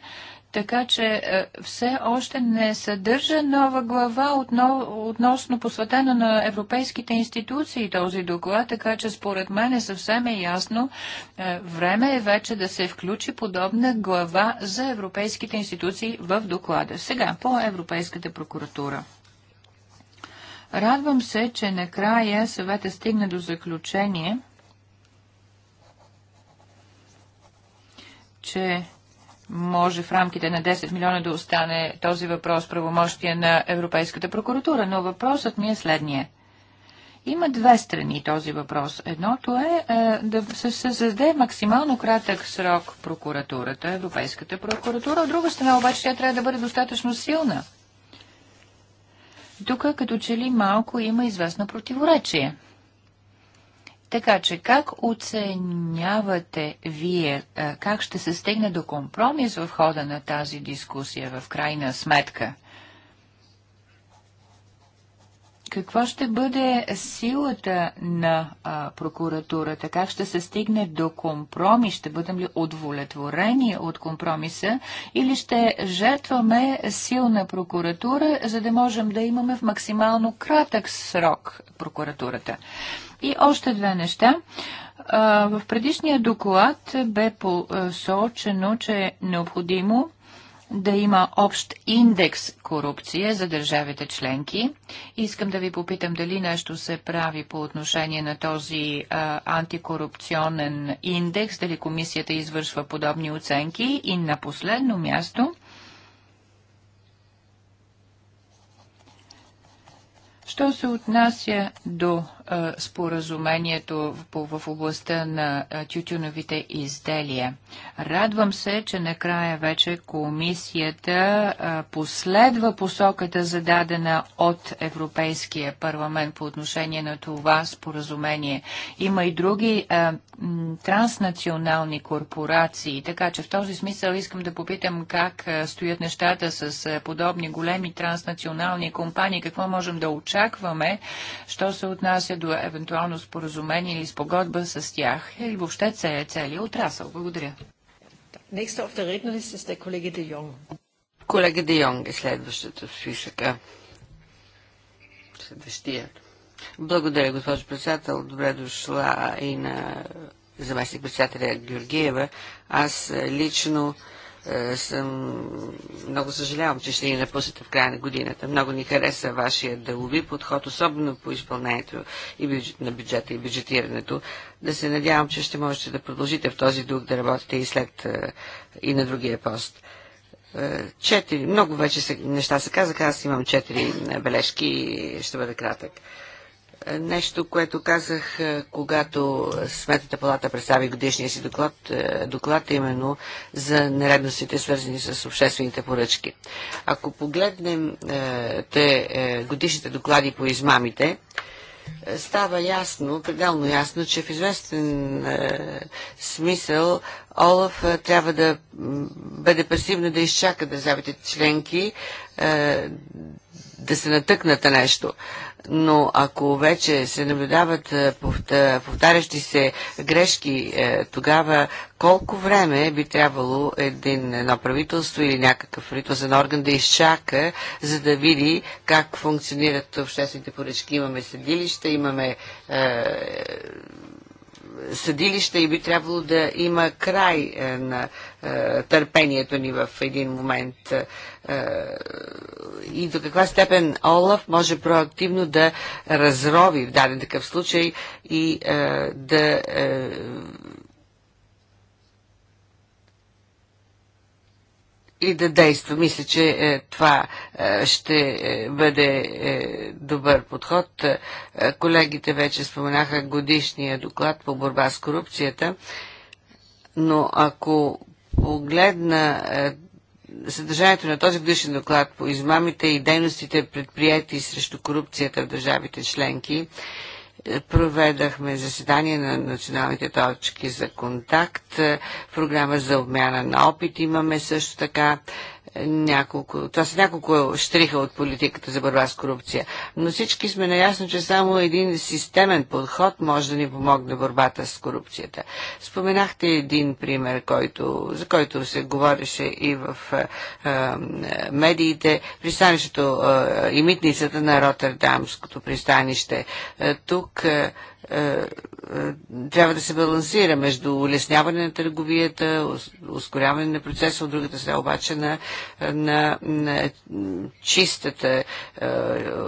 така че е, все още не съдържа нова глава относно посветена на европейските институции този доклад, така че според мен е съвсем е ясно. Е, време е вече да се включи подобна глава за европейските институции в доклада. Сега по Европейската прокуратура. Радвам се, че накрая съвета стигна до заключение, че може в рамките на 10 милиона да остане този въпрос правомощие на Европейската прокуратура, но въпросът ми е следния. Има две страни този въпрос. Едното е, е да се създаде максимално кратък срок прокуратурата, Европейската прокуратура, от друга страна обаче тя трябва да бъде достатъчно силна. Тук като че ли малко има известно противоречие – така че как оценявате вие, е, как ще се стигне до компромис в хода на тази дискусия в крайна сметка? Какво ще бъде силата на а, прокуратурата? Как ще се стигне до компромис? Ще бъдем ли удовлетворени от компромиса или ще жертваме силна прокуратура, за да можем да имаме в максимално кратък срок прокуратурата? И още две неща. В предишния доклад бе посочено, че е необходимо да има общ индекс корупция за държавите членки. Искам да ви попитам дали нещо се прави по отношение на този а, антикорупционен индекс, дали комисията извършва подобни оценки. И на последно място, що се отнася до споразумението в областта на тютюновите изделия. Радвам се, че накрая вече комисията последва посоката зададена от Европейския парламент по отношение на това споразумение. Има и други а, транснационални корпорации, така че в този смисъл искам да попитам как стоят нещата с подобни големи транснационални компании, какво можем да очакваме, що се отнася отнася до евентуално споразумение или спогодба с тях или въобще целият цели отрасъл. Благодаря. Колега Де Йонг е следващата в списъка. Следващия. Благодаря, госпожо председател. Добре дошла и на заместник председателя Георгиева. Аз лично е, съм... Много съжалявам, че ще ни напуснете в края на годината. Много ни хареса вашия делови подход, особено по изпълнението и бюджет, на бюджета и бюджетирането. Да се надявам, че ще можете да продължите в този дух да работите и след е, и на другия пост. Е, четири. Много вече неща се казаха. Аз имам четири бележки и ще бъда кратък. Нещо, което казах, е, когато Сметната палата представи годишния си доклад, е, доклад именно за нередностите, свързани с обществените поръчки. Ако погледнем е, те, годишните доклади по измамите, става ясно, пределно ясно, че в известен смисъл Олаф трябва да бъде пасивна да изчака държавите членки да се натъкнат на нещо но ако вече се наблюдават е, е, повтарящи се грешки, е, тогава колко време би трябвало един, едно правителство или някакъв правителствен орган да изчака, за да види как функционират обществените поръчки? Имаме съдилища, имаме е, съдилища и би трябвало да има край е, на е, търпението ни в един момент. Е, и до каква степен Олаф може проактивно да разрови в даден такъв случай и да и да действа. Мисля, че е, това е, ще е, бъде е, добър подход. Е, колегите вече споменаха годишния доклад по борба с корупцията, но ако погледна е, съдържанието на този годишен доклад по измамите и дейностите предприяти срещу корупцията в държавите членки, проведахме заседание на националните точки за контакт, е, програма за обмяна на опит имаме също така няколко, това са няколко штриха от политиката за борба с корупция. Но всички сме наясно, че само един системен подход може да ни помогне борбата с корупцията. Споменахте един пример, който, за който се говореше и в е, е, медиите, пристанището е, и митницата на Роттердамското пристанище. Е, тук е, е, е, трябва да се балансира между улесняване на търговията, ускоряване на процеса, от другата страна обаче на, на, на чистата е,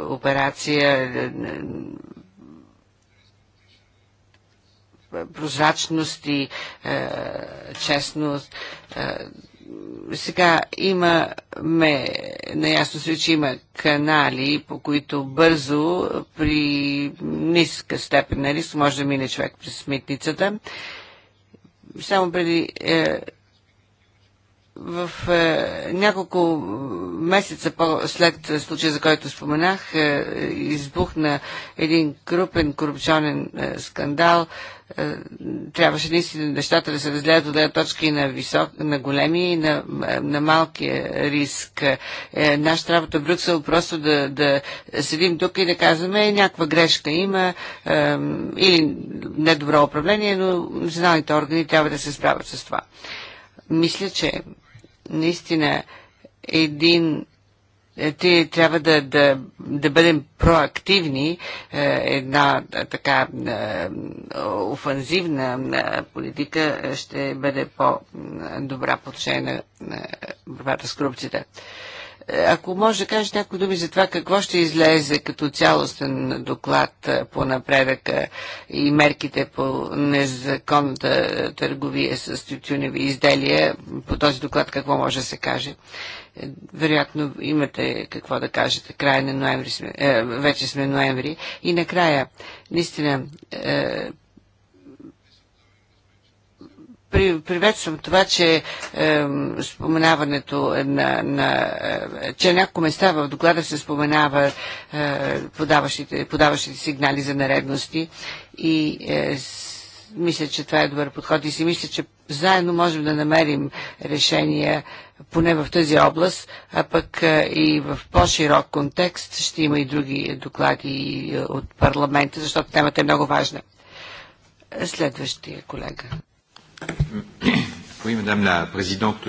операция, е, прозрачност и е, честност. Е, сега имаме, наясно се, че има канали, по които бързо при ниска степен на риск може да мине човек през митницата. Само преди е, в е, няколко месеца по- след случая, за който споменах, е, избухна един крупен корупционен е, скандал е, трябваше наистина нещата да се разгледат от гледна точка и на, висок, на големи и на, е, на малкия риск. Е, нашата работа в Брюксел просто да, да седим тук и да казваме е, някаква грешка има е, или недобро управление, но националните органи трябва да се справят с това. Мисля, че наистина един е, ти трябва да, да, да бъдем проактивни. Е, една е, така офанзивна политика ще бъде по-добра по отношение на борбата с корупцията. Ако може да кажеш някои думи за това, какво ще излезе като цялостен доклад по напредъка и мерките по незаконната търговия с тютюневи изделия, по този доклад какво може да се каже? Е, вероятно имате какво да кажете. Края на ноември сме, е, вече сме ноември. И накрая, наистина, е, приветствам това, че е, споменаването на, на е, че някои места в доклада се споменава е, подаващите, подаващите сигнали за наредности и е, мисля, че това е добър подход и си мисля, че заедно можем да намерим решения поне в тази област, а пък е, и в по-широк контекст ще има и други доклади е, от парламента, защото темата е много важна. Следващия колега. Oui, madame la présidente,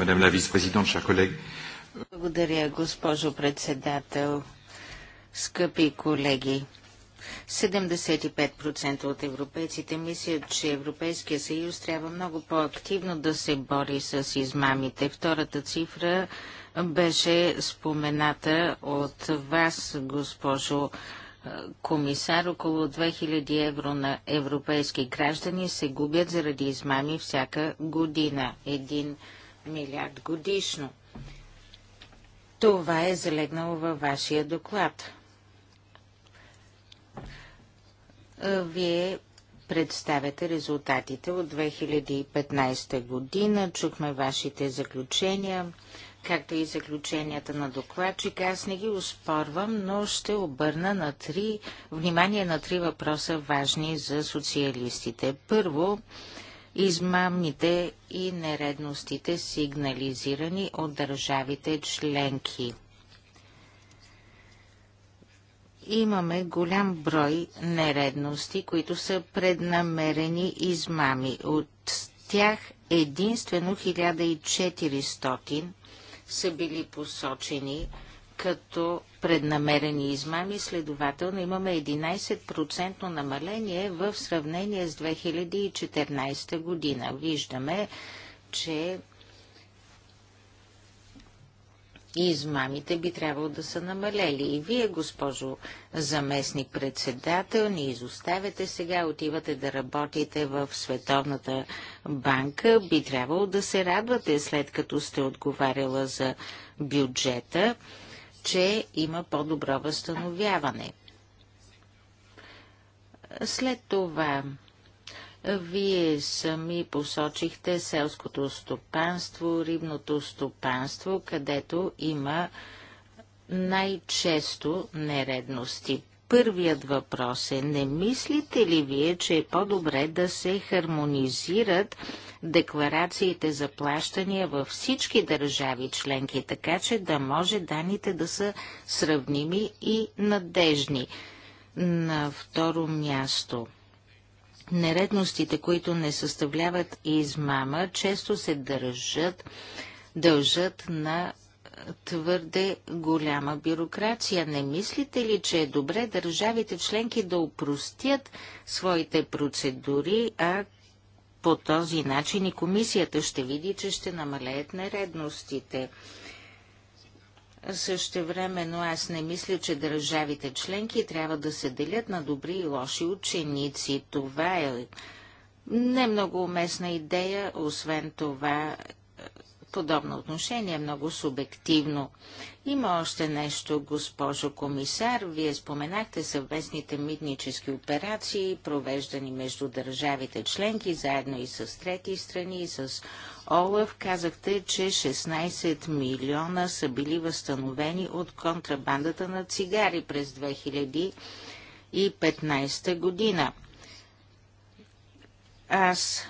madame la vice-présidente, chers collègues. Благодаря, госпожо председател, скъпи колеги. 75% от европейците мислят, че Европейския съюз трябва много по-активно да се бори с измамите. Втората цифра беше спомената от вас, госпожо комисар, около 2000 евро на европейски граждани се губят заради измами всяка година. 1 милиард годишно. Това е залегнало във вашия доклад. Вие представяте резултатите от 2015 година. Чухме вашите заключения както и заключенията на докладчик. Аз не ги успорвам, но ще обърна на три, внимание на три въпроса важни за социалистите. Първо, измамните и нередностите, сигнализирани от държавите членки. Имаме голям брой нередности, които са преднамерени измами. От тях единствено 1400 са били посочени като преднамерени измами, следователно имаме 11% намаление в сравнение с 2014 година. Виждаме, че и измамите би трябвало да са намалели. И вие, госпожо заместник председател, ни изоставяте сега, отивате да работите в Световната банка. Би трябвало да се радвате, след като сте отговаряла за бюджета, че има по-добро възстановяване. След това вие сами посочихте селското стопанство, рибното стопанство, където има най-често нередности. Първият въпрос е, не мислите ли вие, че е по-добре да се хармонизират декларациите за плащания във всички държави членки, така че да може данните да са сравними и надежни? На второ място, Нередностите, които не съставляват измама, често се държат, дължат на твърде голяма бюрокрация. Не мислите ли, че е добре държавите членки да упростят своите процедури, а по този начин и комисията ще види, че ще намалеят нередностите? но аз не мисля, че държавите членки трябва да се делят на добри и лоши ученици. Това е не много уместна идея, освен това е, подобно отношение е много субективно. Има още нещо, госпожо комисар. Вие споменахте съвместните митнически операции, провеждани между държавите членки, заедно и с трети страни, и с Олаф казахте, че 16 милиона са били възстановени от контрабандата на цигари през 2015 година. Аз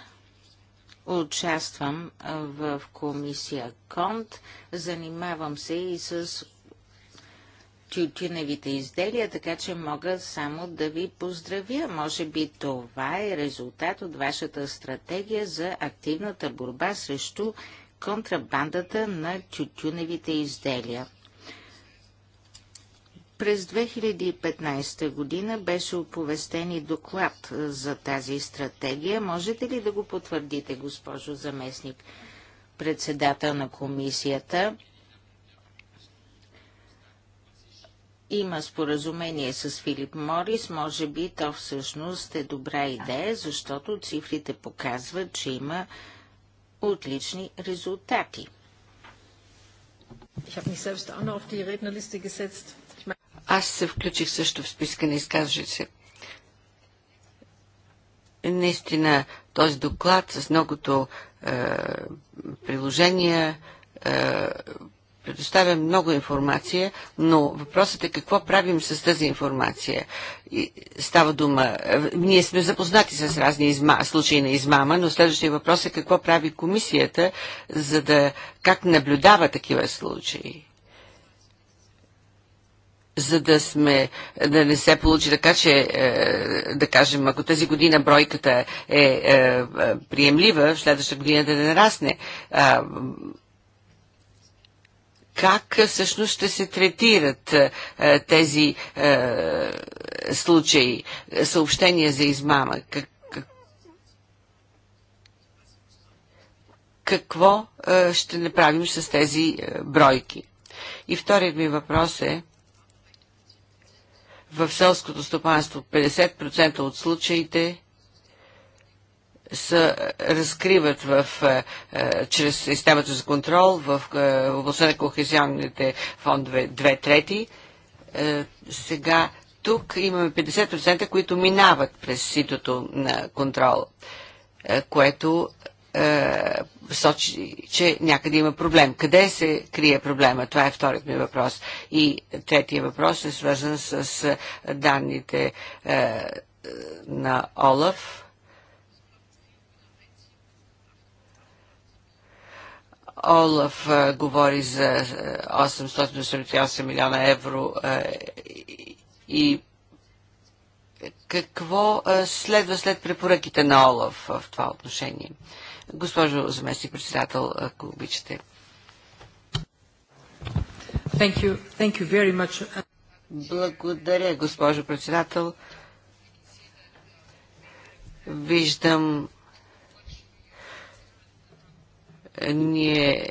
участвам в комисия КОНТ, занимавам се и с тютюневите изделия, така че мога само да ви поздравя. Може би това е резултат от вашата стратегия за активната борба срещу контрабандата на тютюневите изделия. През 2015 година беше оповестен и доклад за тази стратегия. Можете ли да го потвърдите, госпожо заместник председател на комисията? има споразумение с Филип Морис, може би то всъщност е добра идея, защото цифрите показват, че има отлични резултати. Аз се включих също в списка на изказващи се. Наистина, този доклад с многото е, приложения е, предоставя много информация, но въпросът е какво правим с тази информация. И става дума, ние сме запознати с разни изма, случаи на измама, но следващия въпрос е какво прави комисията, за да как наблюдава такива случаи за да сме, да не се получи така, че е, да кажем, ако тази година бройката е, е приемлива, в следващата година да не нарасне как всъщност ще се третират е, тези е, случаи, съобщения за измама? Как, как, какво е, ще направим с тези е, бройки? И вторият ми въпрос е, в селското стопанство 50% от случаите се разкриват в, е, е, чрез системата за контрол в е, областта на кохезионните фондове 2 трети. сега тук имаме 50%, които минават през ситото на контрол, което сочи, че някъде има проблем. Къде се крие проблема? Това е вторият ми въпрос. И третия въпрос е свързан с данните на Олаф Олаф говори за 888 милиона евро и какво следва след препоръките на Олаф в това отношение? Госпожо заместник председател, ако обичате. Thank you. Thank you very much. Благодаря, госпожо председател. Виждам ние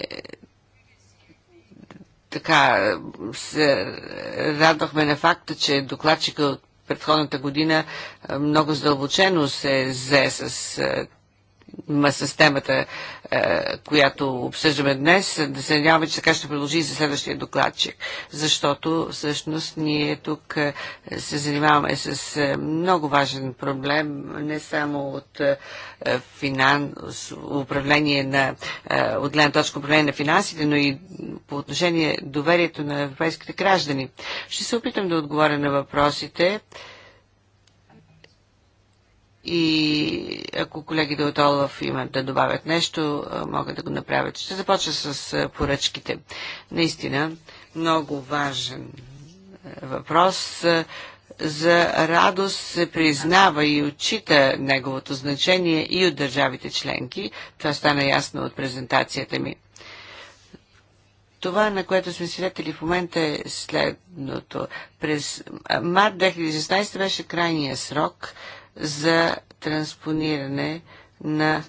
така се радвахме на факта, че докладчика от предходната година много задълбочено се зае с системата, е, която обсъждаме днес, да се надяваме, че така ще продължи и за следващия докладчик. Защото всъщност ние тук е, се занимаваме с е, много важен проблем, не само от финанс, управление на, от гледна точка управление на финансите, но и по отношение доверието на европейските граждани. Ще се опитам да отговоря на въпросите и ако колегите от Олаф имат да добавят нещо, могат да го направят. Ще започна с поръчките. Наистина, много важен въпрос. За радост се признава и отчита неговото значение и от държавите членки. Това стана ясно от презентацията ми. Това, на което сме свидетели в момента е следното. През март 2016 беше крайния срок за транспониране на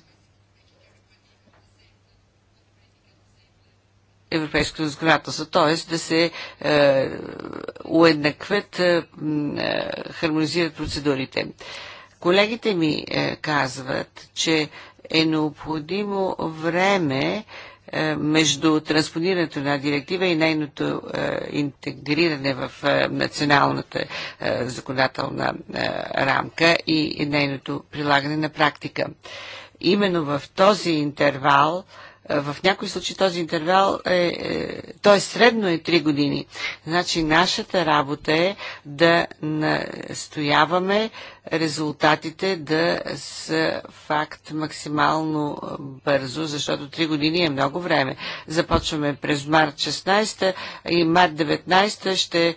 европейското законодателство, т.е. да се е, уеднаквят, е, е хармонизират процедурите. Колегите ми е, казват, че е необходимо време е, между транспонирането на директива и нейното е, интегриране в е, националната законодателна рамка и нейното прилагане на практика. Именно в този интервал е, в някои случаи този интервал е, е, той е средно е 3 години. Значи нашата работа е да настояваме резултатите да са факт максимално е, бързо, защото 3 години е много време. Започваме през март 16 и март 19 ще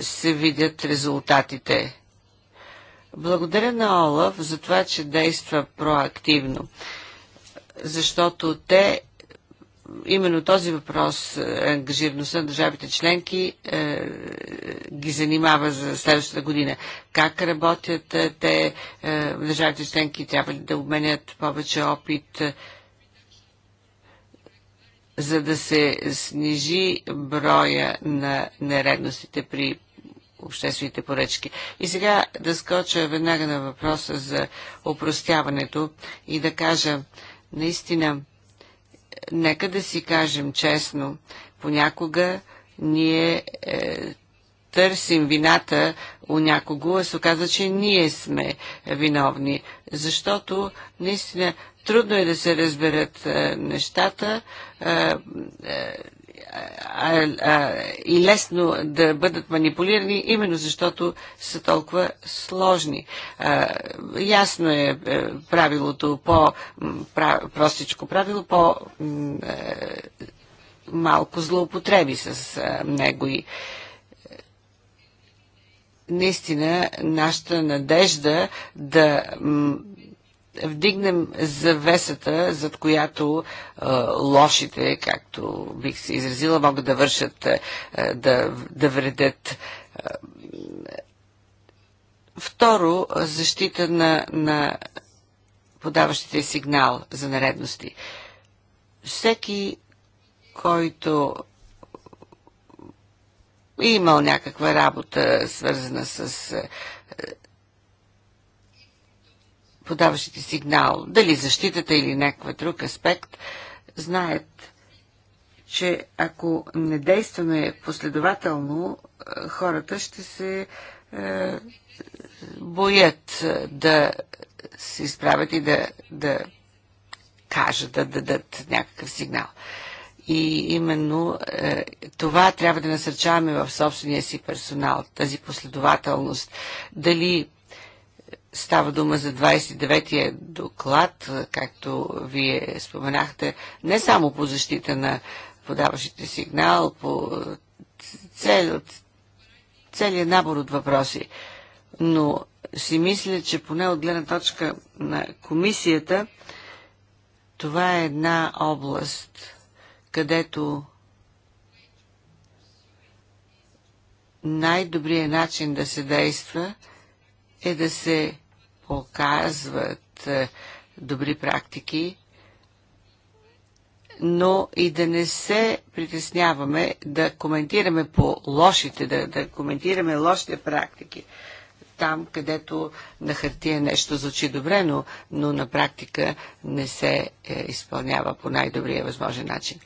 се видят резултатите. Благодаря на Олаф за това, че действа проактивно защото те именно този въпрос, е, ангажираността на държавите членки, е, е, ги занимава за следващата година. Как работят те, държавите членки, трябва ли да обменят повече опит, за да се снижи броя на нередностите при обществените поръчки. И сега да скоча веднага на въпроса за опростяването и да кажа, Наистина, нека да си кажем честно, понякога ние е, търсим вината у някого, а се оказва, че ние сме виновни, защото наистина трудно е да се разберат е, нещата. Е, е, и лесно да бъдат манипулирани, именно защото са толкова сложни. ясно е, е правилото по-простичко правило, по е, малко злоупотреби с него и е, наистина нашата надежда да вдигнем завесата, зад която е, лошите, както бих се изразила, могат да вършат, е, да, да вредят. Второ, защита на, на подаващите сигнал за наредности. Всеки, който е имал някаква работа, свързана с подаващите сигнал, дали защитата или някаква друг аспект, знаят, че ако не действаме последователно, е, хората ще се е, боят е, да се изправят и да, да кажат, да дадат някакъв сигнал. И именно е, това трябва да насърчаваме в собствения си персонал, тази последователност. Дали Става дума за 29-я доклад, както вие споменахте, не само по защита на подаващите сигнал, по цел, целият набор от въпроси. Но си мисля, че поне от гледна точка на комисията, това е една област, където най-добрият начин да се действа е да се показват е, добри практики, но и да не се притесняваме да коментираме по лошите, да, да коментираме лошите практики. Там, където на хартия нещо звучи добре, но, но на практика не се е, изпълнява по най-добрия възможен начин.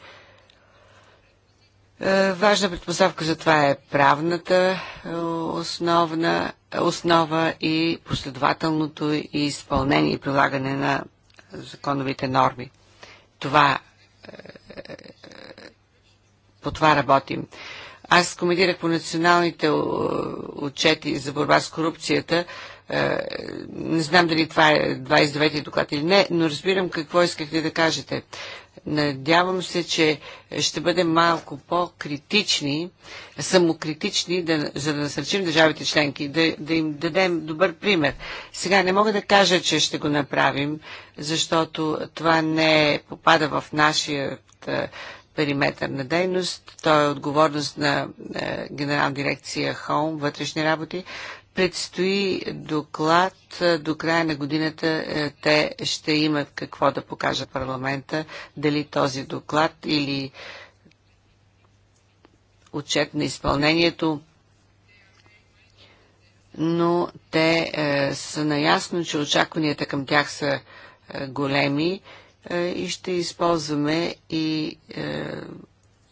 Е, важна предпоставка за това е правната е, основна основа и последователното и изпълнение и прилагане на законовите норми. Това е, по това работим. Аз коментирах по националните е, отчети за борба с корупцията. Е, не знам дали това е 29-ти доклад или не, но разбирам какво искахте да кажете. Надявам се, че ще бъдем малко по-критични, самокритични, да, за да насърчим държавите членки, да, да им дадем добър пример. Сега не мога да кажа, че ще го направим, защото това не попада в нашия е, периметър на дейност. Той е отговорност на е, генерална дирекция Хоум, вътрешни работи, Предстои доклад до края на годината. Е, те ще имат какво да покажа парламента, дали този доклад или отчет на изпълнението но те е, са наясно, че очакванията към тях са е, големи и ще използваме и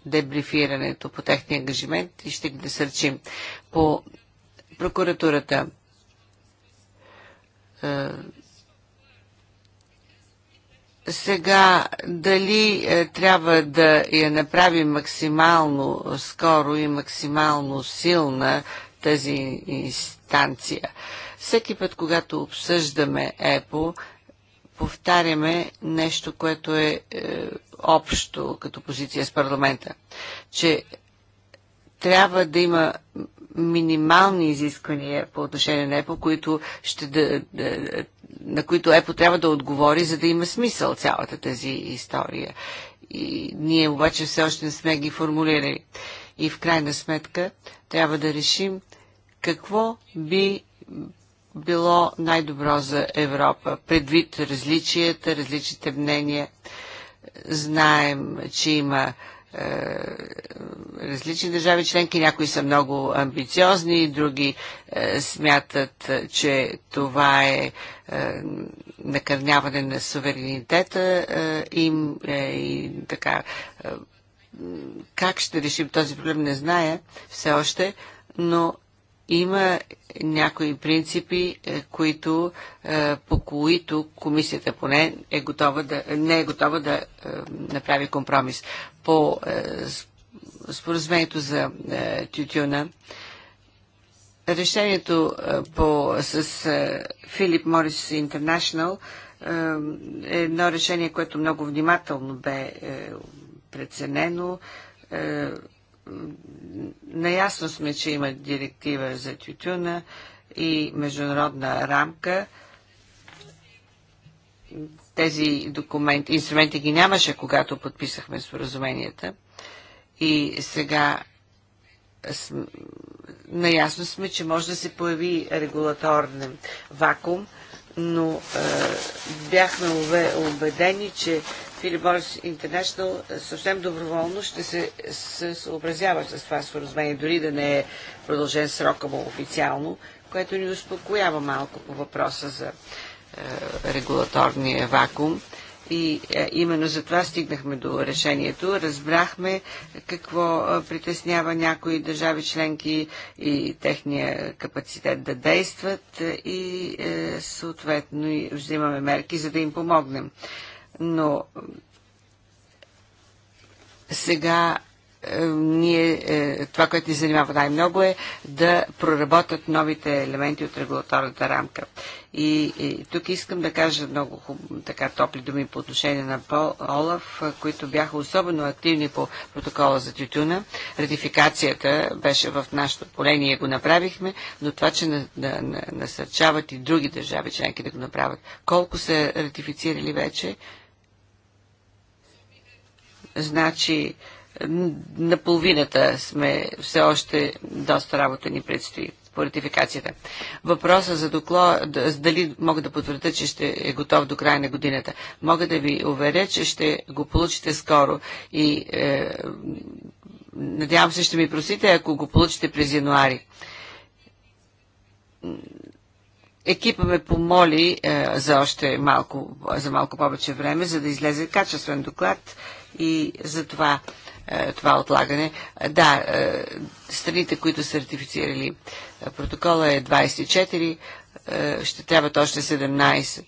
дебрифирането по техния ангажимент и ще ги насърчим. По прокуратурата. Сега, дали е, трябва да я направи максимално скоро и максимално силна тази инстанция? Всеки път, когато обсъждаме ЕПО, повтаряме нещо, което е, е общо като позиция с парламента, че трябва да има минимални изисквания по отношение на ЕПО, които ще да, да, на които ЕПО трябва да отговори, за да има смисъл цялата тази история. И ние обаче все още не сме ги формулирали. И в крайна сметка трябва да решим какво би било най-добро за Европа, предвид различията, различните мнения. Знаем, че има е, различни държави членки. Някои са много амбициозни, други е, смятат, че това е, е накърняване на суверенитета им и така. Как ще решим този проблем, не зная все още, но има някои принципи, които, по които комисията поне е готова да, не е готова да направи компромис по е, споразумението за е, тютюна. Решението е, по, с Филип Морис Интернашнъл е едно решение, което много внимателно бе преценено. Наясно сме, че има директива за тютюна и международна рамка, тези документи, инструменти ги нямаше, когато подписахме споразуменията. И сега наясно сме, че може да се появи регулаторен вакуум, но е, бяхме убедени, че Филиборс Интернешнъл съвсем доброволно ще се, се съобразява с това споразумение, дори да не е продължен срока му официално, което ни успокоява малко по въпроса за е, регулаторния вакуум. И е, именно за това стигнахме до решението. Разбрахме какво е, притеснява някои държави членки и техния капацитет да действат и съответно и взимаме мерки, за да им помогнем. Но сега ние, това, което ни занимава най-много е да проработят новите елементи от регулаторната рамка. И, и тук искам да кажа много хуб, така топли думи по отношение на Пол, Олаф, които бяха особено активни по протокола за тютюна. Ратификацията беше в нашото поле, ние го направихме, но това, че на, на, на, насърчават и други държави членки да го направят. Колко са ратифицирали вече? Значи, на половината сме, все още доста работа ни предстои по ратификацията. Въпроса за докло, дали мога да потвърда, че ще е готов до края на годината. Мога да ви уверя, че ще го получите скоро и е, надявам се ще ми просите, ако го получите през януари екипа ме помоли е, за още малко, за малко повече време, за да излезе качествен доклад и за това е, това отлагане. Да, е, страните, които са ратифицирали е, протокола е 24, ще трябват още 17.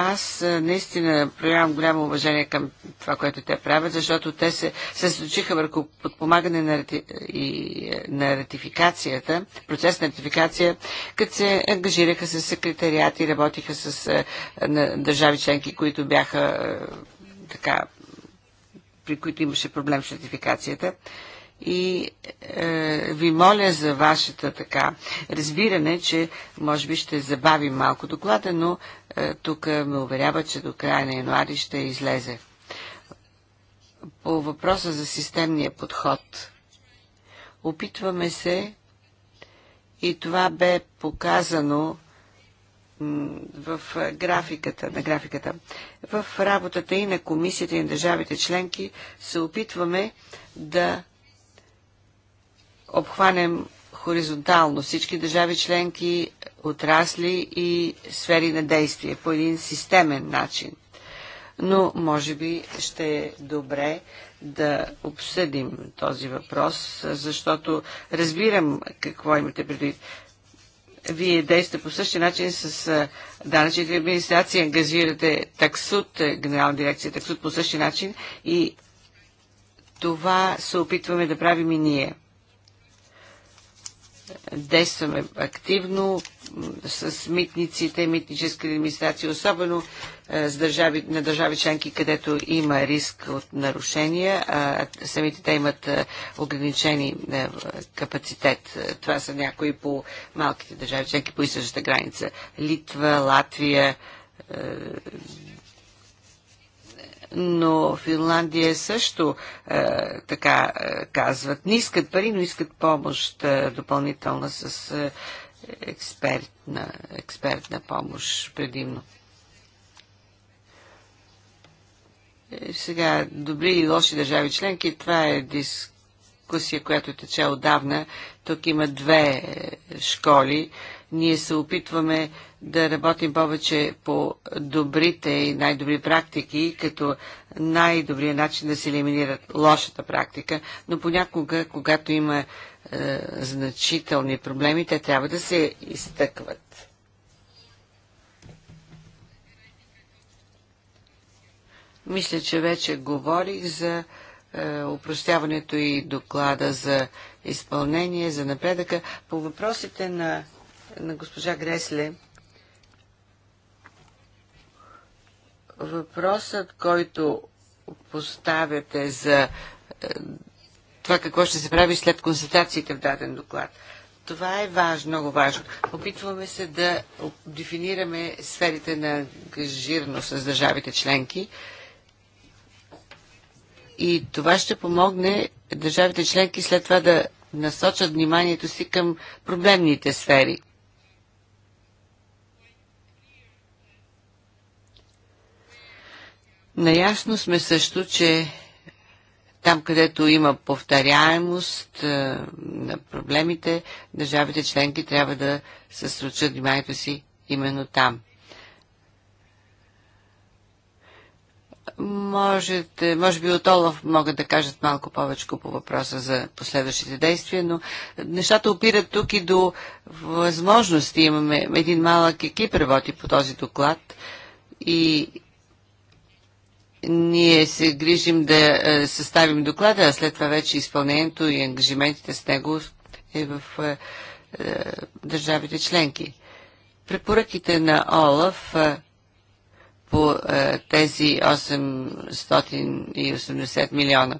Аз е, наистина проявявам голямо уважение към това, което те правят, защото те се съсредоточиха върху подпомагане на, рати... и, е, на ратификацията, процес на ратификация, като се ангажираха с секретариат и работиха с е, на държави членки, които бяха така, при които имаше проблем с ратификацията и е, ви моля за вашата така разбиране, че може би ще забавим малко доклада, но е, тук ме уверява, че до края на януари ще излезе. По въпроса за системния подход. Опитваме се и това бе показано в графиката, на графиката. В работата и на комисията и на държавите членки се опитваме да обхванем хоризонтално всички държави членки, отрасли и сфери на действие по един системен начин. Но може би ще е добре да обсъдим този въпрос, защото разбирам какво имате предвид. Вие действате по същия начин с данъчните администрации, ангазирате таксут, е, генерална дирекция таксут по същия начин и това се опитваме да правим и ние действаме активно с митниците, митническа администрация, особено е, с държави, на държави членки, където има риск от нарушения, а самите те имат е, ограничени е, капацитет. Това са някои по малките държави членки по източната граница. Литва, Латвия, но Финландия също е, така е, казват. Не искат пари, но искат помощ е, допълнителна с е, експертна, експертна помощ предимно. Е, сега, добри и лоши държави членки, това е дискусия, която тече отдавна. Тук има две е, школи. Е, ние се опитваме да работим повече по добрите и най-добри практики, като най-добрият начин да се елиминират лошата практика, но понякога, когато има е, значителни проблеми, те трябва да се изтъкват. Мисля, че вече говорих за е, упростяването и доклада за изпълнение, за напредъка. По въпросите на на госпожа Гресле. Въпросът, който поставяте за е, това какво ще се прави след констатациите в даден доклад. Това е важно, много важно. Опитваме се да дефинираме сферите на ангажираност с държавите членки. И това ще помогне държавите членки след това да насочат вниманието си към проблемните сфери. Наясно сме също, че там, където има повторяемост е, на проблемите, държавите членки трябва да съсрочат вниманието си именно там. Можете, може би от Олаф могат да кажат малко повече по въпроса за последващите действия, но нещата опират тук и до възможности. Имаме един малък екип, работи по този доклад и ние се грижим да е, съставим доклада, а след това вече изпълнението и ангажиментите с него е в е, е, държавите членки. Препоръките на ОЛАФ по тези 880 милиона.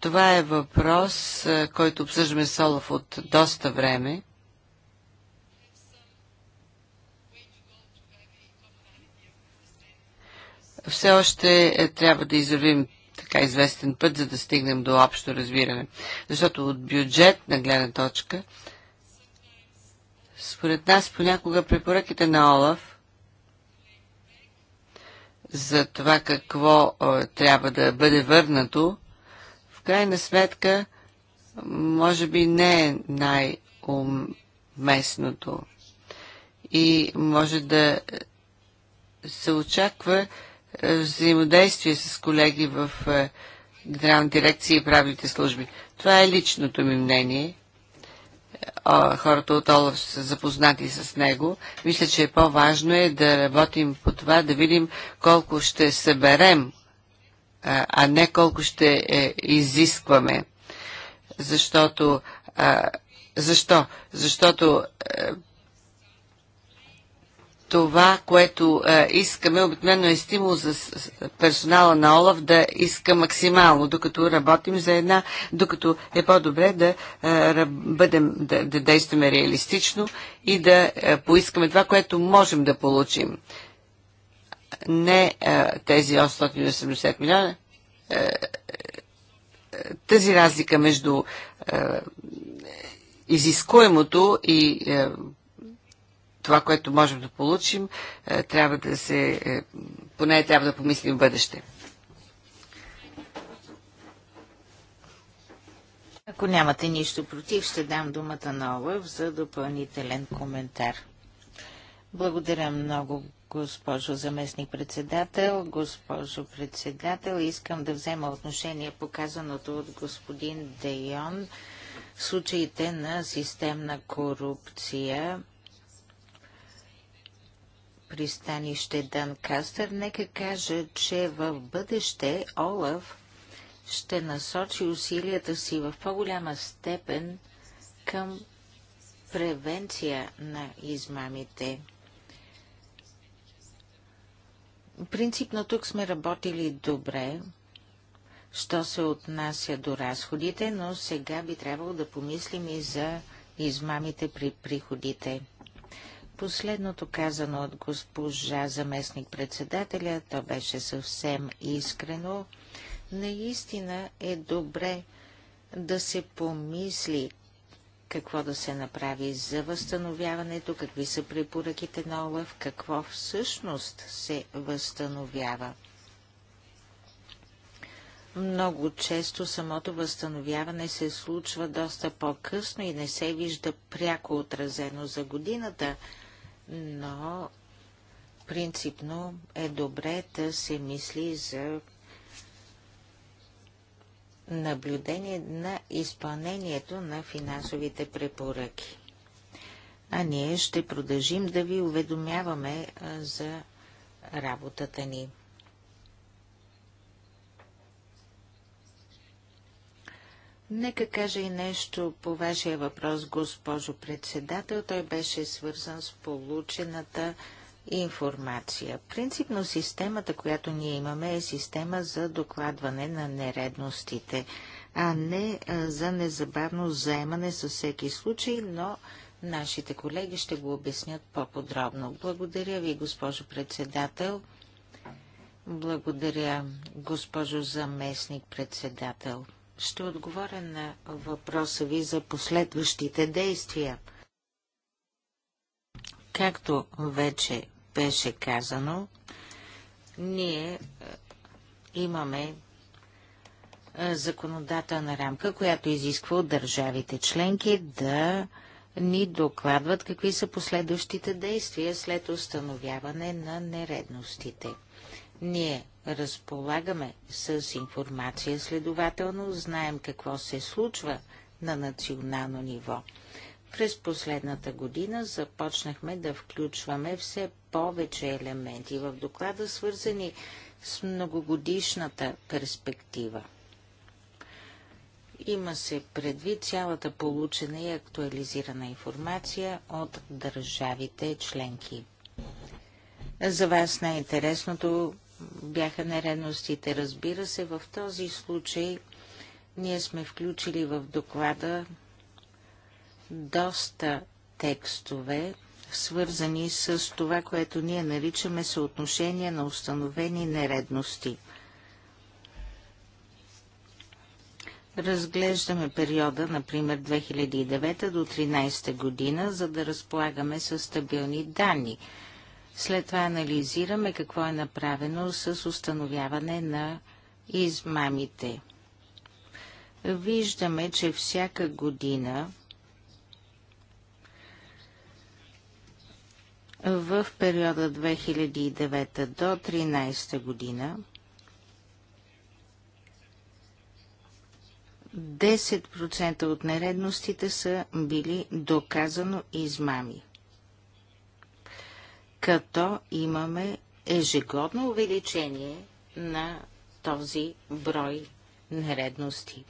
Това е въпрос, който обсъждаме с Олаф от доста време. Все още е, трябва да извървим така известен път, за да стигнем до общо разбиране. Защото от бюджет на гледна точка, според нас понякога препоръките на Олаф за това какво е, трябва да бъде върнато, в крайна сметка, може би не е най-уместното. И може да се очаква е, взаимодействие с колеги в е, Генерална дирекция и правните служби. Това е личното ми мнение. Хората от Олаф са запознати с него. Мисля, че е по-важно е да работим по това, да видим колко ще съберем, а не колко ще изискваме. Защото. Защо? Защото това, което е, искаме, обикновено е стимул за персонала на Олаф да иска максимално, докато работим за една, докато е по-добре да, е, бъдем, да, да действаме реалистично и да е, поискаме това, което можем да получим. Не е, тези 880 милиона, е, е, тази разлика между е, изискуемото и е, това, което можем да получим, е, трябва да се, е, поне трябва да помислим в бъдеще. Ако нямате нищо против, ще дам думата на Олъв за допълнителен коментар. Благодаря много, госпожо заместник-председател. Госпожо председател, искам да взема отношение показаното от господин Дейон случаите на системна корупция пристанище Данкастър, нека кажа, че в бъдеще Олаф ще насочи усилията си в по-голяма степен към превенция на измамите. Принципно тук сме работили добре, що се отнася до разходите, но сега би трябвало да помислим и за измамите при приходите последното казано от госпожа заместник-председателя, то беше съвсем искрено, наистина е добре да се помисли какво да се направи за възстановяването, какви са препоръките на ОЛАФ, какво всъщност се възстановява. Много често самото възстановяване се случва доста по-късно и не се вижда пряко отразено за годината, но принципно е добре да се мисли за наблюдение на изпълнението на финансовите препоръки. А ние ще продължим да ви уведомяваме за работата ни. Нека кажа и нещо по вашия въпрос, госпожо председател. Той беше свързан с получената информация. Принципно системата, която ние имаме, е система за докладване на нередностите, а не за незабавно заемане със всеки случай, но нашите колеги ще го обяснят по-подробно. Благодаря ви, госпожо председател. Благодаря, госпожо заместник председател. Ще отговоря на въпроса ви за последващите действия. Както вече беше казано, ние е, имаме е, законодателна рамка, която изисква от държавите членки да ни докладват какви са последващите действия след установяване на нередностите. Ние разполагаме с информация, следователно знаем какво се случва на национално ниво. През последната година започнахме да включваме все повече елементи в доклада, свързани с многогодишната перспектива. Има се предвид цялата получена и актуализирана информация от държавите членки. За вас най-интересното бяха нередностите. Разбира се, в този случай ние сме включили в доклада доста текстове, свързани с това, което ние наричаме съотношение на установени нередности. Разглеждаме периода, например 2009 до 2013 година, за да разполагаме с стабилни данни. След това анализираме какво е направено с установяване на измамите. Виждаме, че всяка година в периода 2009 до 2013 година 10% от нередностите са били доказано измами като имаме ежегодно увеличение на този брой нередности.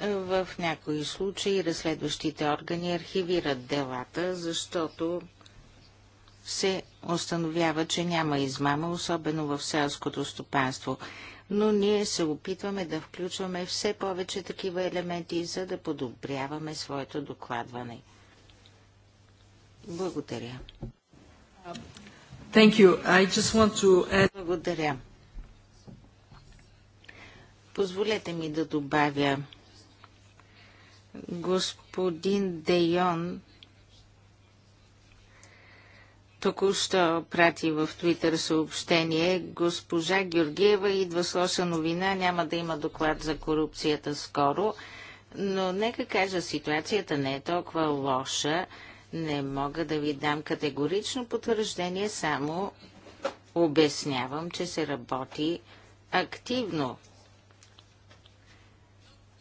В някои случаи разследващите органи архивират делата, защото се установява, че няма измама, особено в селското стопанство. Но ние се опитваме да включваме все повече такива елементи, за да подобряваме своето докладване – благодаря. Thank you. I just want to add... Благодаря. Позволете ми да добавя. Господин Дейон току-що прати в Твитър съобщение. Госпожа Георгиева идва с лоша новина. Няма да има доклад за корупцията скоро. Но нека кажа, ситуацията не е толкова лоша. Не мога да ви дам категорично потвърждение, само обяснявам, че се работи активно.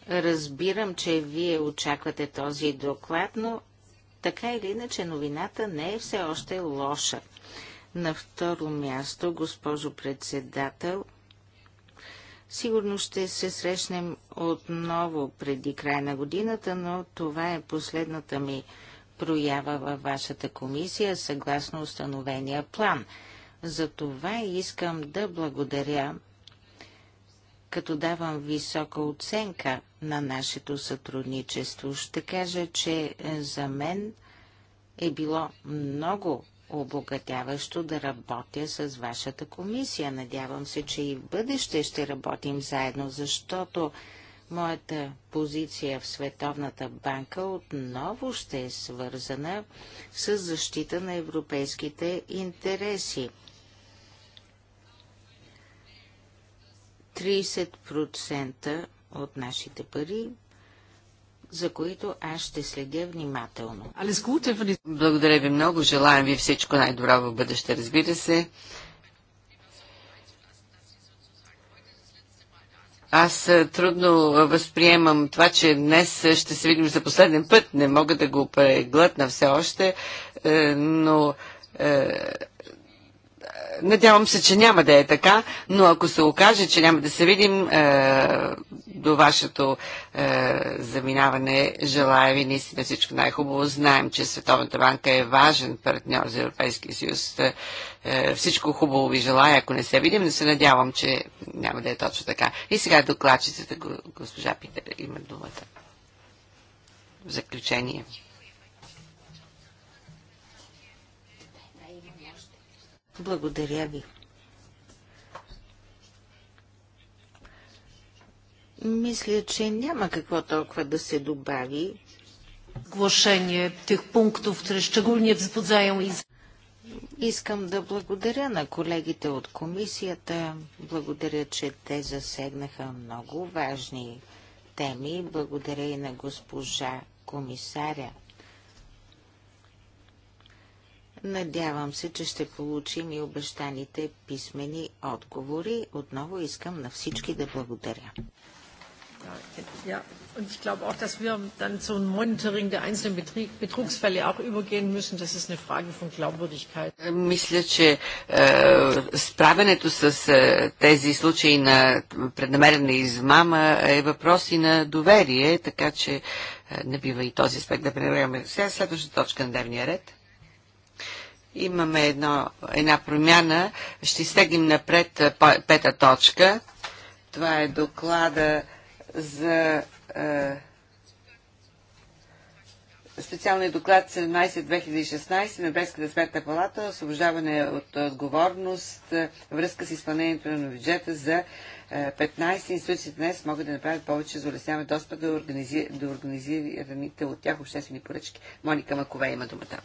Разбирам, че вие очаквате този доклад, но така или иначе новината не е все още лоша. На второ място, госпожо председател, сигурно ще се срещнем отново преди края на годината, но това е последната ми проява във вашата комисия съгласно установения план. За това искам да благодаря, като давам висока оценка на нашето сътрудничество. Ще кажа, че е, за мен е било много обогатяващо да работя с вашата комисия. Надявам се, че и в бъдеще ще работим заедно, защото Моята позиция в Световната банка отново ще е свързана с защита на европейските интереси. 30% от нашите пари, за които аз ще следя внимателно. Благодаря ви много, желаем ви всичко най-добро в бъдеще, разбира се. Аз е, трудно възприемам това, че днес е, ще се видим за последен път. Не мога да го преглътна все още, е, но Надявам се, че няма да е така, но ако се окаже, че няма да се видим е, до вашето е, заминаване, желая ви наистина всичко най-хубаво. Знаем, че Световната банка е важен партньор за Европейския съюз. Е, е всичко хубаво ви желая, ако не се видим, но се надявам, че няма да е точно така. И сега докладчицата, госпожа Питер, има думата. В заключение. Благодаря ви. Мисля, че няма какво толкова да се добави. Глашение тих пунктов, które szczególnie wzbudzają i... Искам да благодаря на колегите от комисията. Благодаря, че те засегнаха много важни теми. Благодаря и на госпожа комисаря. Надявам се, че ще получим и обещаните писмени отговори. Отново искам на всички да благодаря. Ja, е, und ich glaube auch, dass wir dann Monitoring der einzelnen Betrugsfälle auch übergehen müssen. Das ist eine Frage von Glaubwürdigkeit. Е, мисля, че е, справенето с е, тези случаи на преднамерена измама е въпрос и на доверие, така че е, не бива и този аспект да пренебрегаме. Сега следващата точка на дневния ред имаме едно, една промяна. Ще стегнем напред пета точка. Това е доклада за е, специалния доклад 17-2016 на Бреската сметна палата, освобождаване от отговорност, връзка с изпълнението на бюджета за 15 институции днес могат да направят повече за улесняване достъп до, организи... до организираните от тях обществени поръчки. Моника Макове има думата.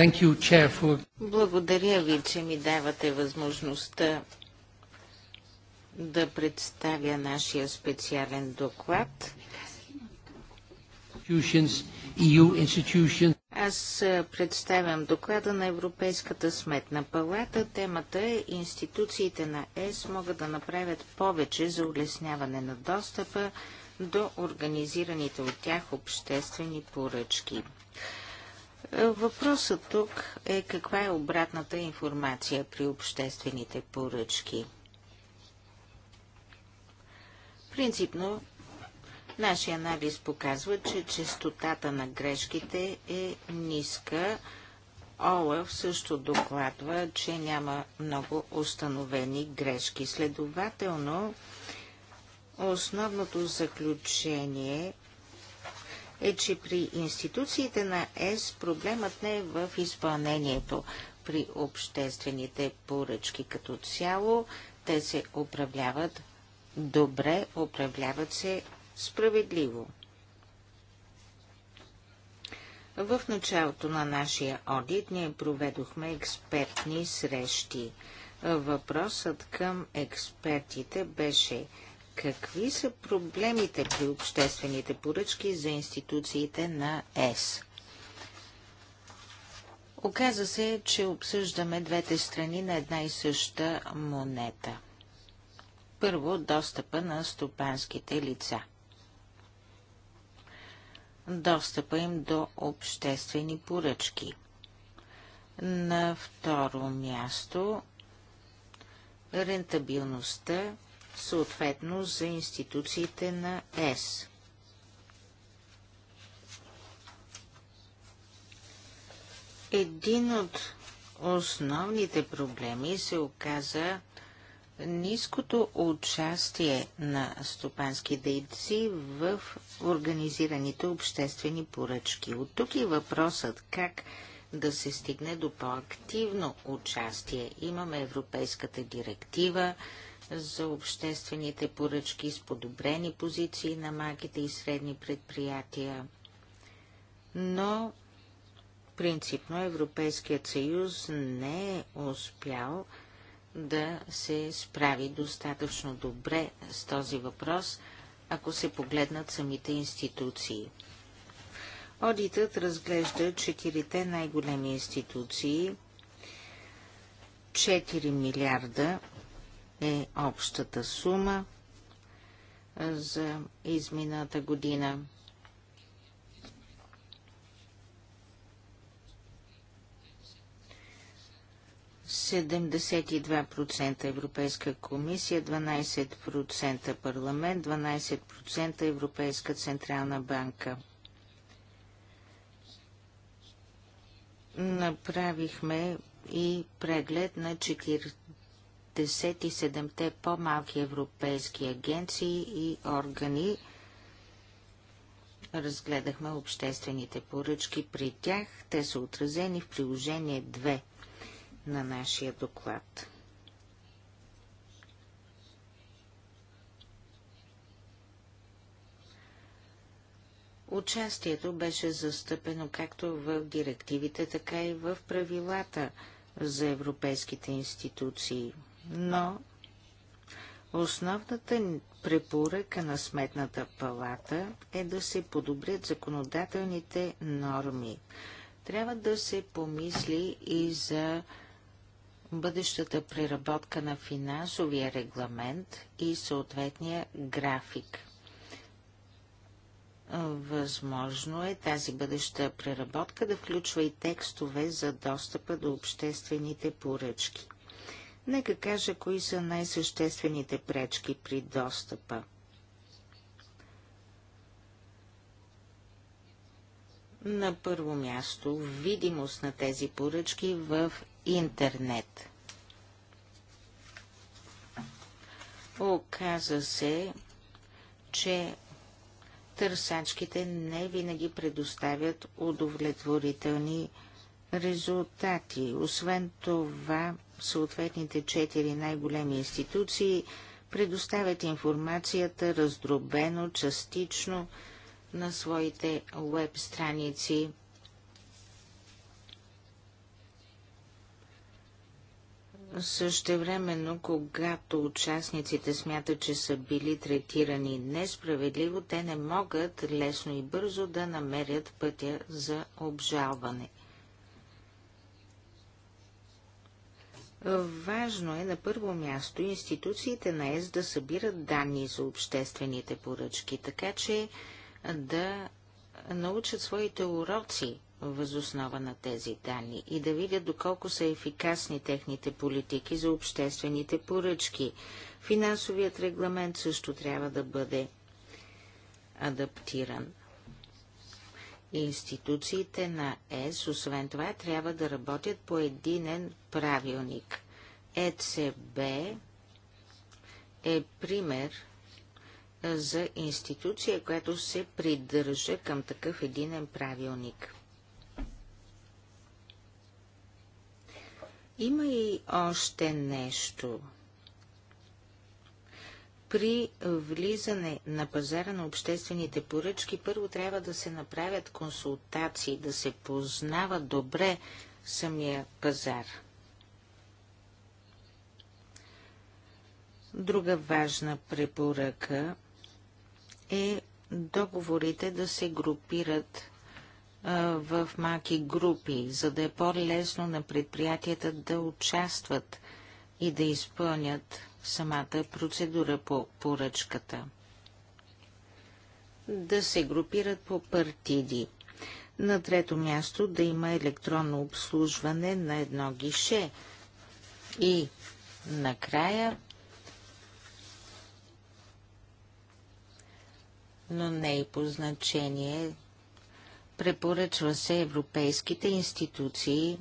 You, Chair, for... Благодаря ви, че ми давате възможността да представя нашия специален доклад. E Аз представям доклада на Европейската сметна палата. Темата е институциите на ЕС могат да направят повече за улесняване на достъпа до организираните от тях обществени поръчки. Въпросът тук е каква е обратната информация при обществените поръчки. Принципно, нашия анализ показва, че частотата на грешките е ниска. ОЛАВ също докладва, че няма много установени грешки. Следователно, основното заключение е, че при институциите на ЕС проблемът не е в изпълнението при обществените поръчки като цяло. Те се управляват добре, управляват се справедливо. В началото на нашия одит ние проведохме експертни срещи. Въпросът към експертите беше – Какви са проблемите при обществените поръчки за институциите на ЕС? Оказа се, че обсъждаме двете страни на една и съща монета. Първо, достъпа на стопанските лица. Достъпа им до обществени поръчки. На второ място, рентабилността съответно за институциите на ЕС. Един от основните проблеми се оказа ниското участие на стопански дейци в организираните обществени поръчки. От тук и въпросът как да се стигне до по-активно участие. Имаме Европейската директива за обществените поръчки с подобрени позиции на малките и средни предприятия. Но принципно Европейският съюз не е успял да се справи достатъчно добре с този въпрос, ако се погледнат самите институции. Одитът разглежда четирите най-големи институции, 4 милиарда е общата сума за измината година. Седемдесет и два процента Европейска комисия, 12% парламент, 12% Европейска централна банка. Направихме и преглед на четирите 57-те по-малки европейски агенции и органи. Разгледахме обществените поръчки при тях. Те са отразени в приложение 2 на нашия доклад. Участието беше застъпено както в директивите, така и в правилата за европейските институции но основната препоръка на Сметната палата е да се подобрят законодателните норми. Трябва да се помисли и за бъдещата преработка на финансовия регламент и съответния график. Възможно е тази бъдеща преработка да включва и текстове за достъпа до обществените поръчки. Нека кажа, кои са най-съществените пречки при достъпа. На първо място, видимост на тези поръчки в интернет. Оказа се, че търсачките не винаги предоставят удовлетворителни резултати. Освен това, съответните четири най-големи институции предоставят информацията раздробено, частично на своите веб страници. Същевременно, когато участниците смятат, че са били третирани несправедливо, те не могат лесно и бързо да намерят пътя за обжалване. Важно е на първо място институциите на ЕС да събират данни за обществените поръчки, така че да научат своите уроци възоснова на тези данни и да видят доколко са ефикасни техните политики за обществените поръчки. Финансовият регламент също трябва да бъде адаптиран. Институциите на ЕС, освен това, трябва да работят по единен правилник. ЕЦБ е пример за институция, която се придържа към такъв единен правилник. Има и още нещо – при влизане на пазара на обществените поръчки първо трябва да се направят консултации, да се познава добре самия пазар. Друга важна препоръка е договорите да се групират в малки групи, за да е по-лесно на предприятията да участват и да изпълнят самата процедура по поръчката. Да се групират по партиди. На трето място да има електронно обслужване на едно гише. И накрая, но не и по значение, препоръчва се европейските институции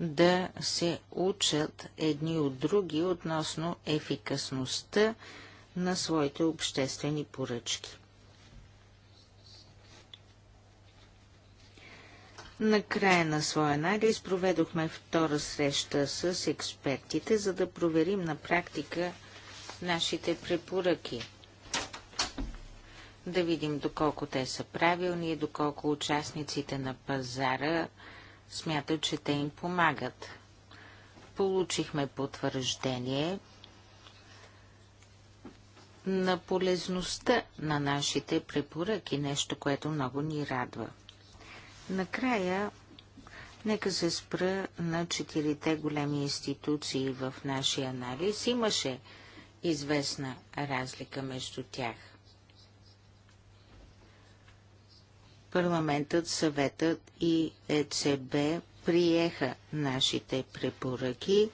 да се учат едни от други относно ефикасността на своите обществени поръчки. Накрая на своя анализ проведохме втора среща с експертите, за да проверим на практика нашите препоръки. Да видим доколко те са правилни, доколко участниците на пазара смята, че те им помагат. Получихме потвърждение на полезността на нашите препоръки, нещо, което много ни радва. Накрая, нека се спра на четирите големи институции в нашия анализ. Имаше известна разлика между тях. Парламентът, съветът и ЕЦБ приеха нашите препоръки,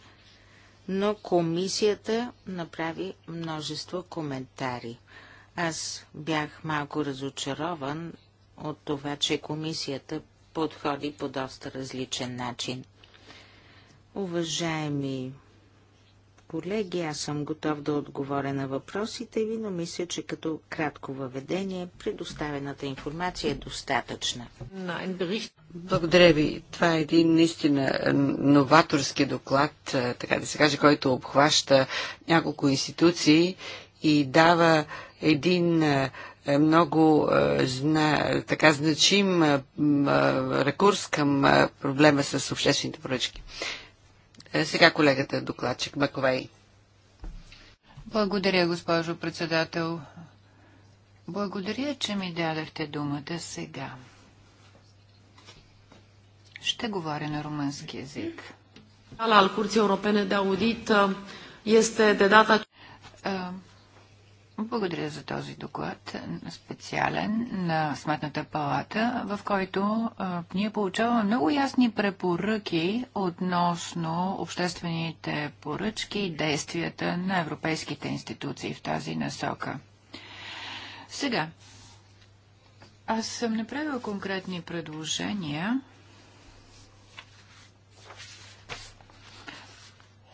но комисията направи множество коментари. Аз бях малко разочарован от това, че комисията подходи по доста различен начин. Уважаеми Колеги, аз съм готов да отговоря на въпросите ви, но мисля, че като кратко въведение предоставената информация е достатъчна. Благодаря ви. Това е един наистина е, новаторски доклад, е, така да се каже, който обхваща няколко институции и дава един е, много зна, така значим ракурс към проблема с обществените поръчки. Сега колегата докладчик Маковей. Благодаря, госпожо председател. Благодаря, че ми дадахте думата сега. Ще говоря на румънски язик. Ала, al Curții да аудит, Audit este благодаря за този доклад, специален на Сметната палата, в който а, ние получаваме много ясни препоръки относно обществените поръчки и действията на европейските институции в тази насока. Сега, аз съм направила конкретни предложения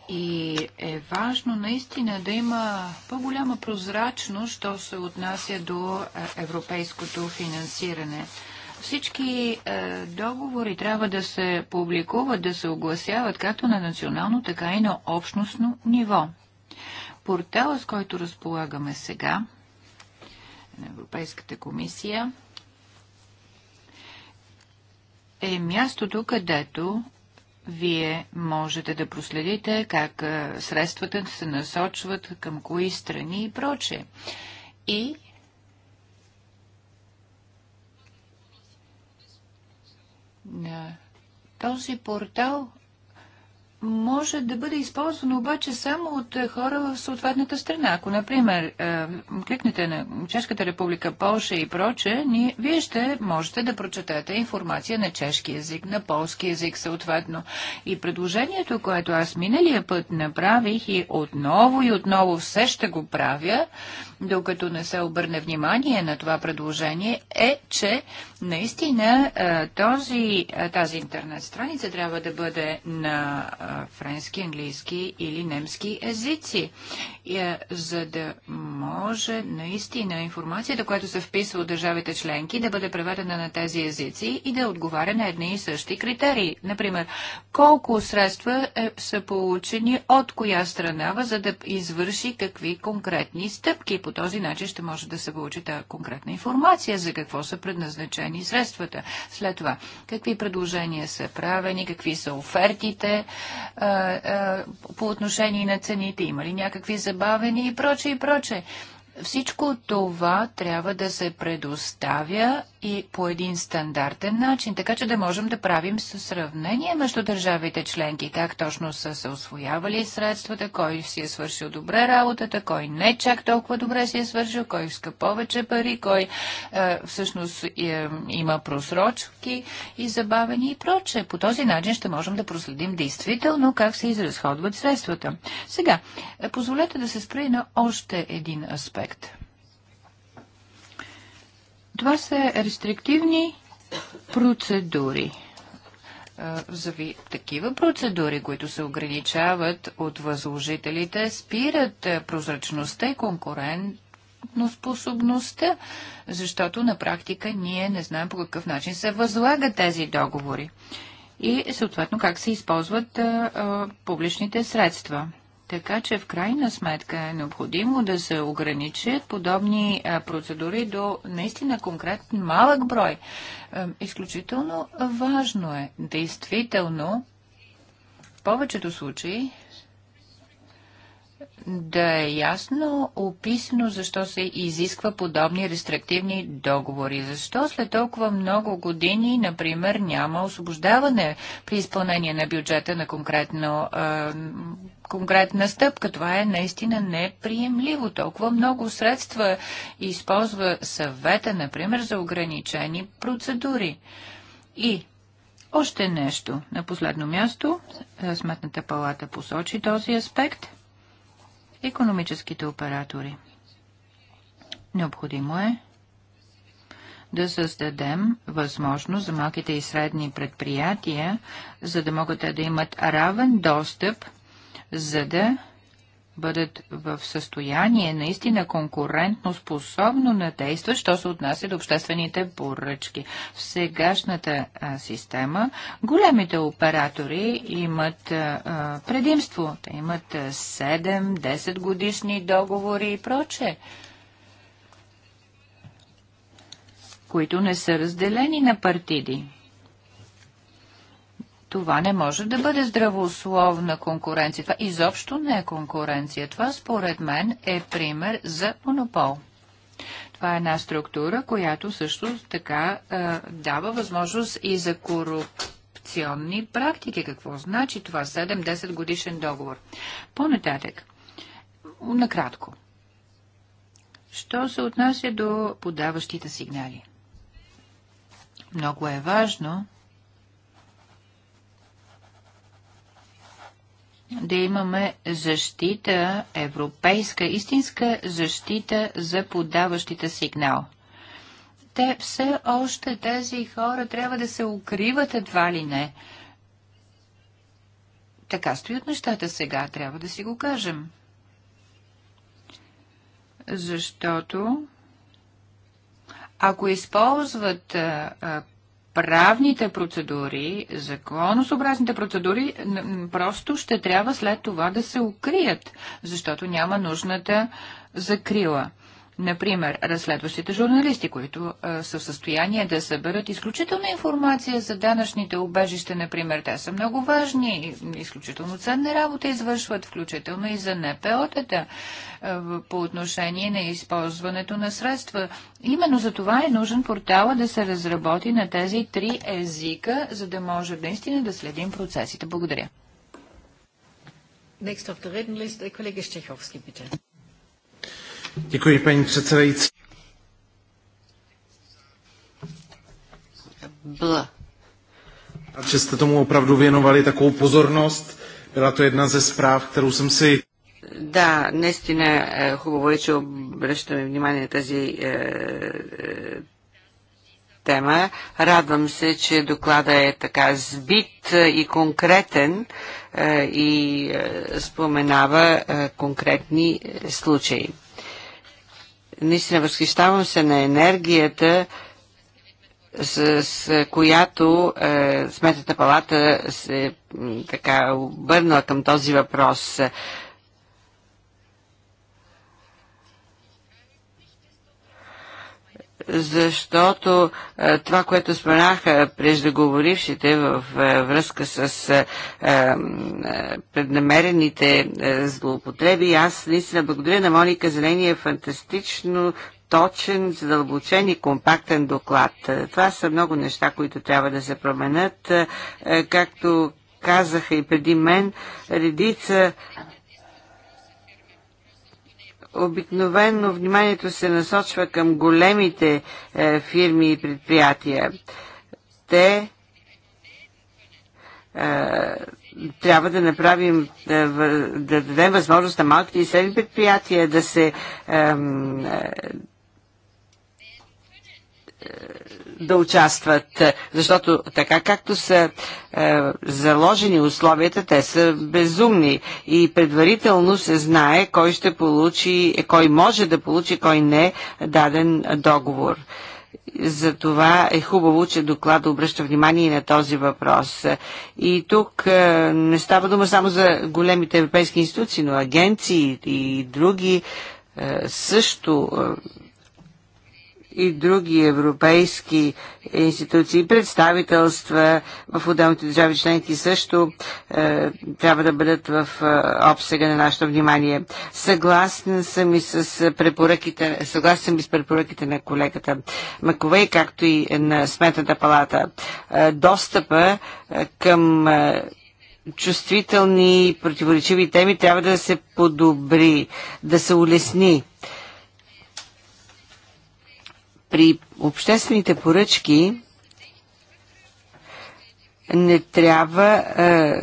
И е важно наистина да има по-голяма прозрачност, що се отнася до е, европейското финансиране. Всички е, договори трябва да се публикуват, да се огласяват както на национално, така и на общностно ниво. Портала, с който разполагаме сега, на Европейската комисия, е мястото, където вие можете да проследите как средствата се насочват към кои страни и прочее. И този портал може да бъде използвано обаче само от е, хора в съответната страна. Ако, например, е, кликнете на Чешката република, Полша и проче, ние, вие ще можете да прочетете информация на чешки язик, на полски язик съответно. И предложението, което аз миналия път направих и отново и отново все ще го правя, докато не се обърне внимание на това предложение, е, че наистина е, този, е, тази интернет страница трябва да бъде на е, френски, английски или немски езици, за да може наистина информацията, която се вписва от държавите членки, да бъде преведена на тези езици и да отговаря на едни и същи критерии. Например, колко средства са получени от коя страна, за да извърши какви конкретни стъпки по този начин ще може да се получи тази конкретна информация за какво са предназначени средствата. След това, какви предложения са правени, какви са офертите а, а, по отношение на цените, има ли някакви забавени и проче и проче. Всичко това трябва да се предоставя и по един стандартен начин, така че да можем да правим сравнение между държавите членки, как точно са се освоявали средствата, кой си е свършил добре работата, кой не чак толкова добре си е свършил, кой иска повече пари, кой е, всъщност е, има просрочки и забавени и проче. По този начин ще можем да проследим действително как се изразходват средствата. Сега, е, позволете да се спре на още един аспект ефект. Това са рестриктивни процедури. Е, зави такива процедури, които се ограничават от възложителите, спират е, прозрачността и конкурентноспособността, способността, защото на практика ние не знаем по какъв начин се възлагат тези договори и съответно как се използват а, е, а, публичните средства. Така че в крайна сметка е необходимо да се ограничат подобни а, процедури до наистина конкретен малък брой. А, изключително важно е, действително, в повечето случаи да е ясно описано защо се изисква подобни рестриктивни договори. Защо след толкова много години, например, няма освобождаване при изпълнение на бюджета на конкретно конкретна стъпка. Това е наистина неприемливо. Толкова много средства използва съвета, например, за ограничени процедури. И още нещо. На последно място, е, Сметната палата посочи този аспект. Економическите оператори. Необходимо е да създадем възможност за малките и средни предприятия, за да могат да имат равен достъп за да бъдат в състояние наистина конкурентно способно на действа, що се отнася до обществените поръчки. В сегашната а, система големите оператори имат а, предимство. Те имат 7-10 годишни договори и проче, които не са разделени на партиди. Това не може да бъде здравословна конкуренция. Това изобщо не е конкуренция. Това според мен е пример за монопол. Това е една структура, която също така е, дава възможност и за корупционни практики. Какво значи това? 7-10 годишен договор. Понататък, накратко. Що се отнася до подаващите сигнали? Много е важно да имаме защита, европейска, истинска защита за подаващите сигнал. Те все още, тези хора, трябва да се укриват едва ли не. Така стоят нещата сега, трябва да си го кажем. Защото ако използват а, а, правните процедури, законосъобразните процедури, просто ще трябва след това да се укрият, защото няма нужната закрила. Например, разследващите журналисти, които а, са в състояние да съберат изключителна информация за данъчните убежища, например. Те са много важни, изключително ценна работа извършват, включително и за НПО-тата по отношение на използването на средства. Именно за това е нужен портала да се разработи на тези три езика, за да може наистина да следим процесите. Благодаря. Next of the Redenliste, Kollege Děkuji, paní předsedající. Bl. A že jste tomu opravdu věnovali takovou pozornost. Byla to jedna ze zpráv, kterou jsem si да, наистина е, хубаво е, че обръщаме внимание на тази е, е, тема. Радвам се, че доклада е така сбит и конкретен е, и е, споменава е, конкретни случаи. Наистина възхищавам се на енергията, с, с която е, Сметната палата се така обърнала към този въпрос. защото е, това, което споменаха преждеговорившите в е, връзка с е, преднамерените злоупотреби, аз наистина благодаря на Моника Зеления е фантастично точен, задълбочен и компактен доклад. Това са много неща, които трябва да се променят. Както казаха и преди мен, редица Обикновено вниманието се насочва към големите е, фирми и предприятия. Те е, трябва да направим, да, е, да дадем възможност на малките и средни предприятия да се е, да участват, защото така както са е, заложени условията, те са безумни и предварително се знае кой ще получи, кой може да получи, кой не даден договор. Затова е хубаво, че доклада обръща внимание и на този въпрос. И тук е, не става дума само за големите европейски институции, но агенции и други е, също е, и други европейски институции, представителства в отделните държави членки също е, трябва да бъдат в е, обсега на нашето внимание. Съгласен съм и с препоръките, съгласен съм и с препоръките на колегата Маковей, както и на Сметната палата. Е, достъпа е, към е, чувствителни и противоречиви теми трябва да се подобри, да се улесни. При обществените поръчки не трябва е,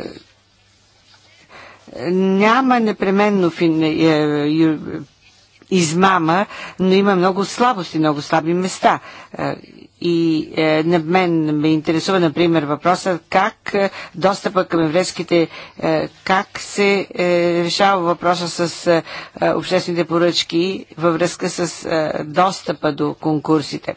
няма непременно е, е, измама, но има много слабости, много слаби места. И е, на мен ме интересува, например, въпроса как е, достъпа към еврейските, е, как се решава въпроса с обществените поръчки във връзка с достъпа до конкурсите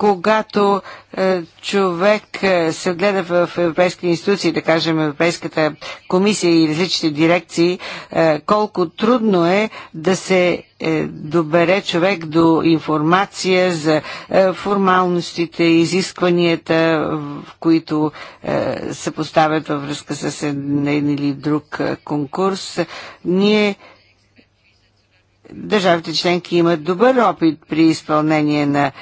когато е, човек е, се гледа в европейски институции, да кажем Европейската комисия и различните дирекции, е, колко трудно е да се е, добере човек до информация за е, формалностите, изискванията, в които е, се поставят във връзка с един или друг е, конкурс. Ние Държавите членки имат добър опит при изпълнение на е,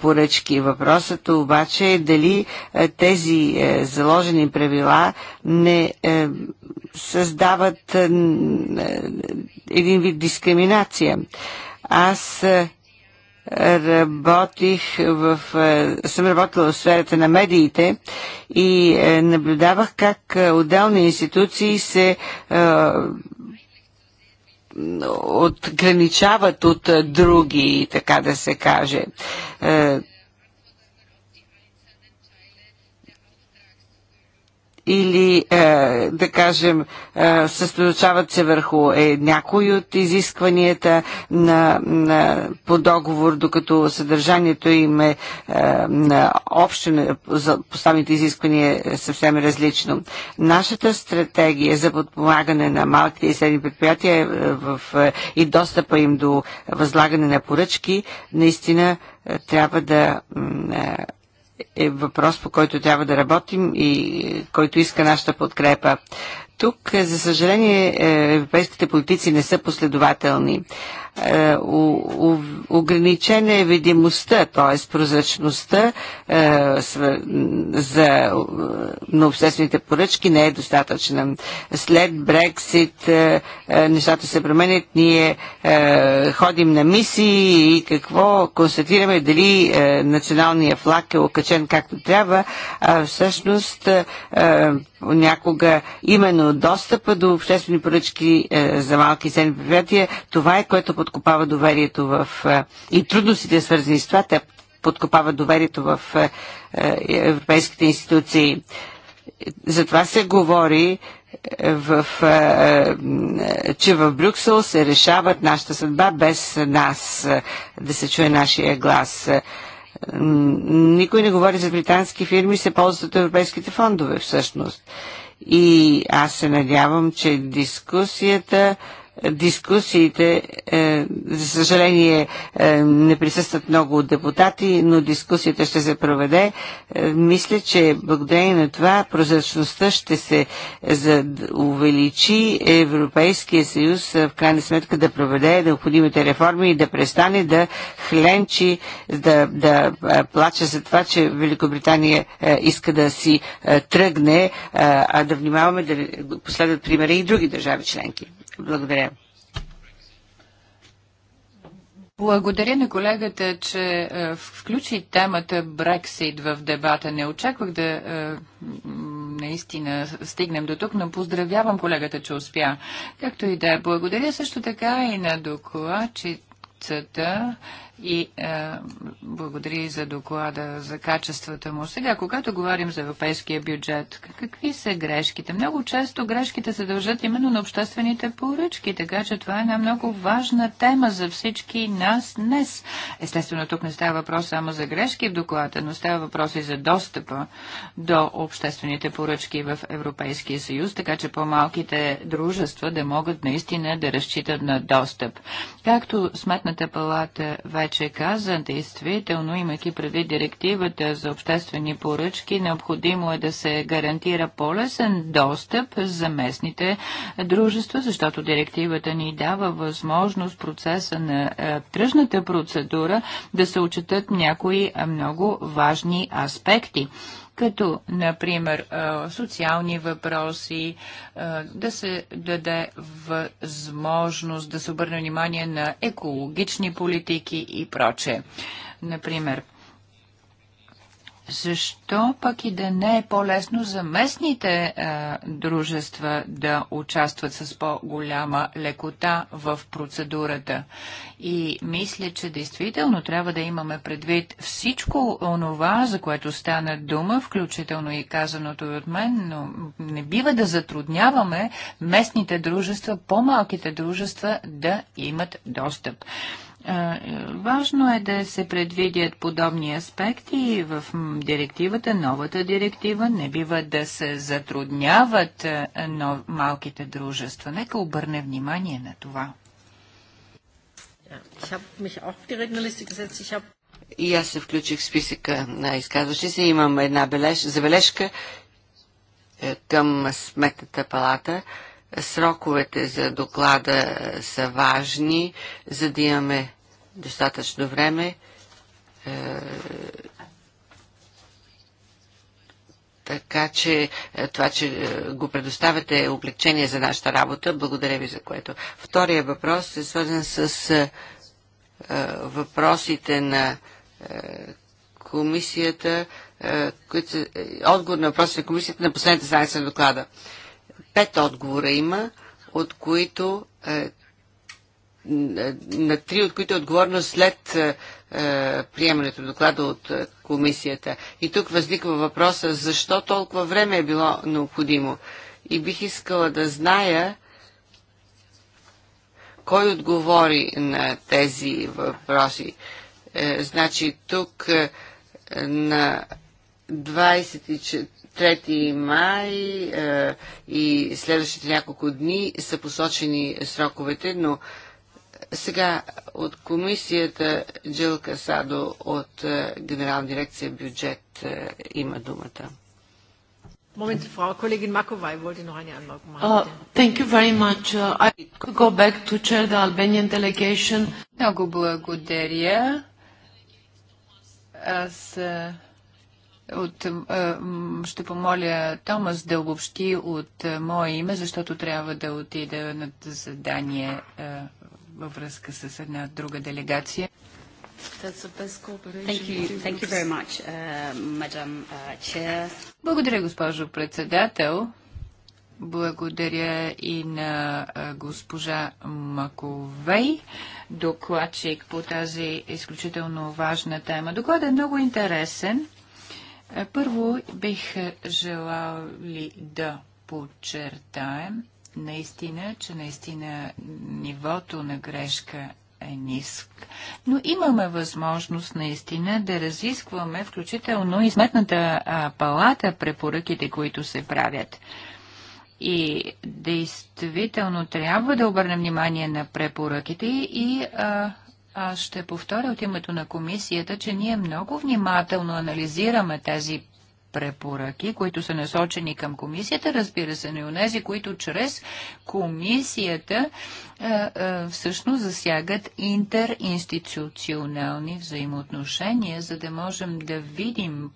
поръчки. Въпросът обаче е дали е, тези е, заложени правила не създават един вид дискриминация. Аз работих в, съм работила в сферата на медиите и наблюдавах как отделни институции се отграничават от други, така да се каже. Е, или, е, да кажем, е, съсредоточават се върху е, някои от изискванията на, на, по договор, докато съдържанието им е, е на общо за поставените изисквания е съвсем различно. Нашата стратегия за подпомагане на малките и средни предприятия е в, е, и достъпа им до възлагане на поръчки наистина е, трябва да е, е въпрос, по който трябва да работим и който иска нашата подкрепа. Тук, е, за съжаление, е, европейските политици не са последователни. Е, ограничена е видимостта, т.е. прозрачността за, на обществените поръчки не е достатъчна. След Брексит нещата се променят, ние ходим на мисии и какво констатираме, дали националния флаг е окачен както трябва, а всъщност някога именно но достъпа до обществени поръчки е, за малки и средни предприятия, това е което подкопава доверието в... Е, и трудностите свързани с това, те подкопават доверието в е, е европейските институции. За това се говори, е, в, е, че в Брюксел се решават нашата съдба без нас да се чуе нашия глас. Никой не говори за британски фирми, се ползват от европейските фондове всъщност и аз се надявам, че дискусията Дискусиите, е, за съжаление, е, не присъстват много от депутати, но дискусията ще се проведе. Е, мисля, че благодарение на това прозрачността ще се увеличи Европейския съюз в крайна сметка да проведе необходимите реформи и да престане да хленчи, да, да плаче за това, че Великобритания иска да си тръгне, а да внимаваме да последват примери и други държави членки. Благодаря. Благодаря на колегата, че е, включи темата Брексит в дебата. Не очаквах да е, наистина стигнем до тук, но поздравявам колегата, че успя. Както и да е. Благодаря също така и на докладчицата и е, благодаря за доклада за качествата му. Сега, когато говорим за европейския бюджет, какви са грешките? Много често грешките се дължат именно на обществените поръчки, така че това е една много важна тема за всички нас днес. Естествено, тук не става въпрос само за грешки в доклада, но става въпрос и за достъпа до обществените поръчки в Европейския съюз, така че по-малките дружества да могат наистина да разчитат на достъп. Както Сметната палата вече вече каза, действително, имайки преди директивата за обществени поръчки, необходимо е да се гарантира по-лесен достъп за местните дружества, защото директивата ни дава възможност процеса на е, тръжната процедура да се очетат някои е, много важни аспекти като, например, социални въпроси, да се даде възможност да се обърне внимание на екологични политики и прочее. Например, защо пък и да не е по-лесно за местните е, дружества да участват с по-голяма лекота в процедурата? И мисля, че действително трябва да имаме предвид всичко онова, за което стана дума, включително и казаното от мен, но не бива да затрудняваме местните дружества, по-малките дружества да имат достъп. Е, важно е да се предвидят подобни аспекти и в директивата, новата директива, не бива да се затрудняват е, малките дружества. Нека обърне внимание на това. И аз се включих в списъка на изказващи се. Имам една забележка е, към сметната палата. Сроковете за доклада са важни, за да имаме достатъчно време. Е, така че е, това, че е, го предоставяте е облегчение за нашата работа. Благодаря ви за което. Втория въпрос е свързан с въпросите на комисията, които, отговор на въпросите на комисията на последната страница на доклада. Пет отговора има, от които е, е, на три от които е отговорно след е, е, приемането на доклада от е, комисията. И тук възниква въпроса, защо толкова време е било необходимо? И бих искала да зная кой отговори на тези въпроси. Е, значи тук е, на 24 3 май е, и следващите няколко дни са посочени сроковете, но сега от комисията Джил Касадо от е, Генерална дирекция бюджет е, има думата. Moment, Frau Kollegin Makovai wollte noch eine Anmerkung machen. Uh, thank you very much. Uh, I could go back to chair the Albanian delegation. Много благодаря. Аз uh, от, е, ще помоля Томас да обобщи от е, мое име, защото трябва да отида на задание е, във връзка с една друга делегация. Thank you. Thank you much, uh, uh Благодаря, госпожо председател. Благодаря и на госпожа Маковей, докладчик по тази изключително важна тема. Докладът е много интересен първо бих желал ли да подчертаем наистина, че наистина нивото на грешка е ниск. Но имаме възможност наистина да разискваме, включително и сметната палата, препоръките, които се правят. И действително трябва да обърнем внимание на препоръките и а, аз ще повторя от името на комисията, че ние много внимателно анализираме тези препоръки, които са насочени към комисията, разбира се, но и онези, които чрез комисията а, е, а, е, всъщност засягат интеринституционални взаимоотношения, за да можем да видим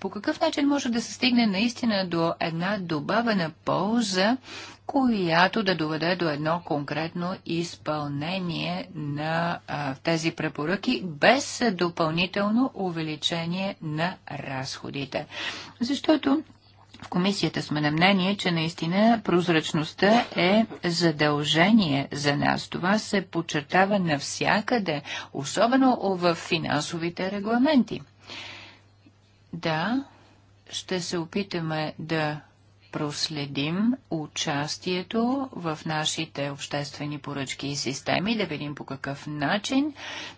по какъв начин може да се стигне наистина до една добавена полза която да доведе до едно конкретно изпълнение на а, тези препоръки без допълнително увеличение на разходите. Защото в комисията сме на мнение, че наистина прозрачността е задължение за нас. Това се подчертава навсякъде, особено в финансовите регламенти. Да, ще се опитаме да проследим участието в нашите обществени поръчки и системи, да видим по какъв начин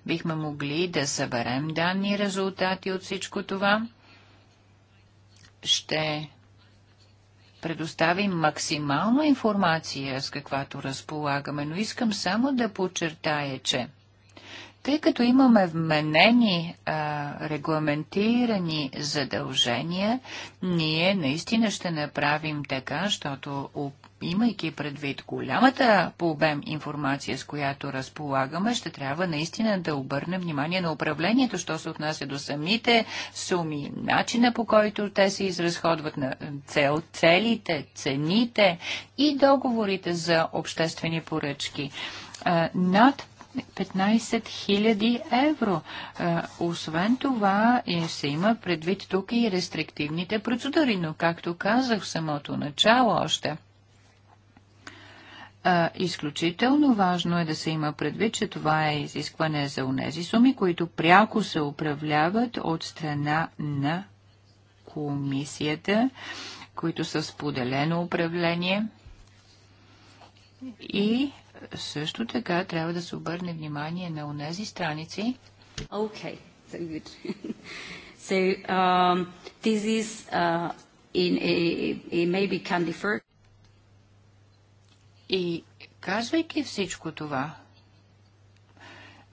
бихме могли да съберем данни и резултати от всичко това. Ще предоставим максимално информация, с каквато разполагаме, но искам само да подчертая, че тъй като имаме вменени а, регламентирани задължения, ние наистина ще направим така, защото имайки предвид голямата по обем информация, с която разполагаме, ще трябва наистина да обърнем внимание на управлението, що се отнася до самите суми, начина по който те се изразходват на цел, целите, цените и договорите за обществени поръчки. Над 15 000 евро. Е, освен това, се има предвид тук и рестриктивните процедури, но както казах в самото начало още, е, изключително важно е да се има предвид, че това е изискване за унези суми, които пряко се управляват от страна на комисията, които са споделено управление и също така трябва да се обърне внимание на онези страници. Okay, so good. so um, this is uh, in a, a maybe can differ. И казвайки всичко това,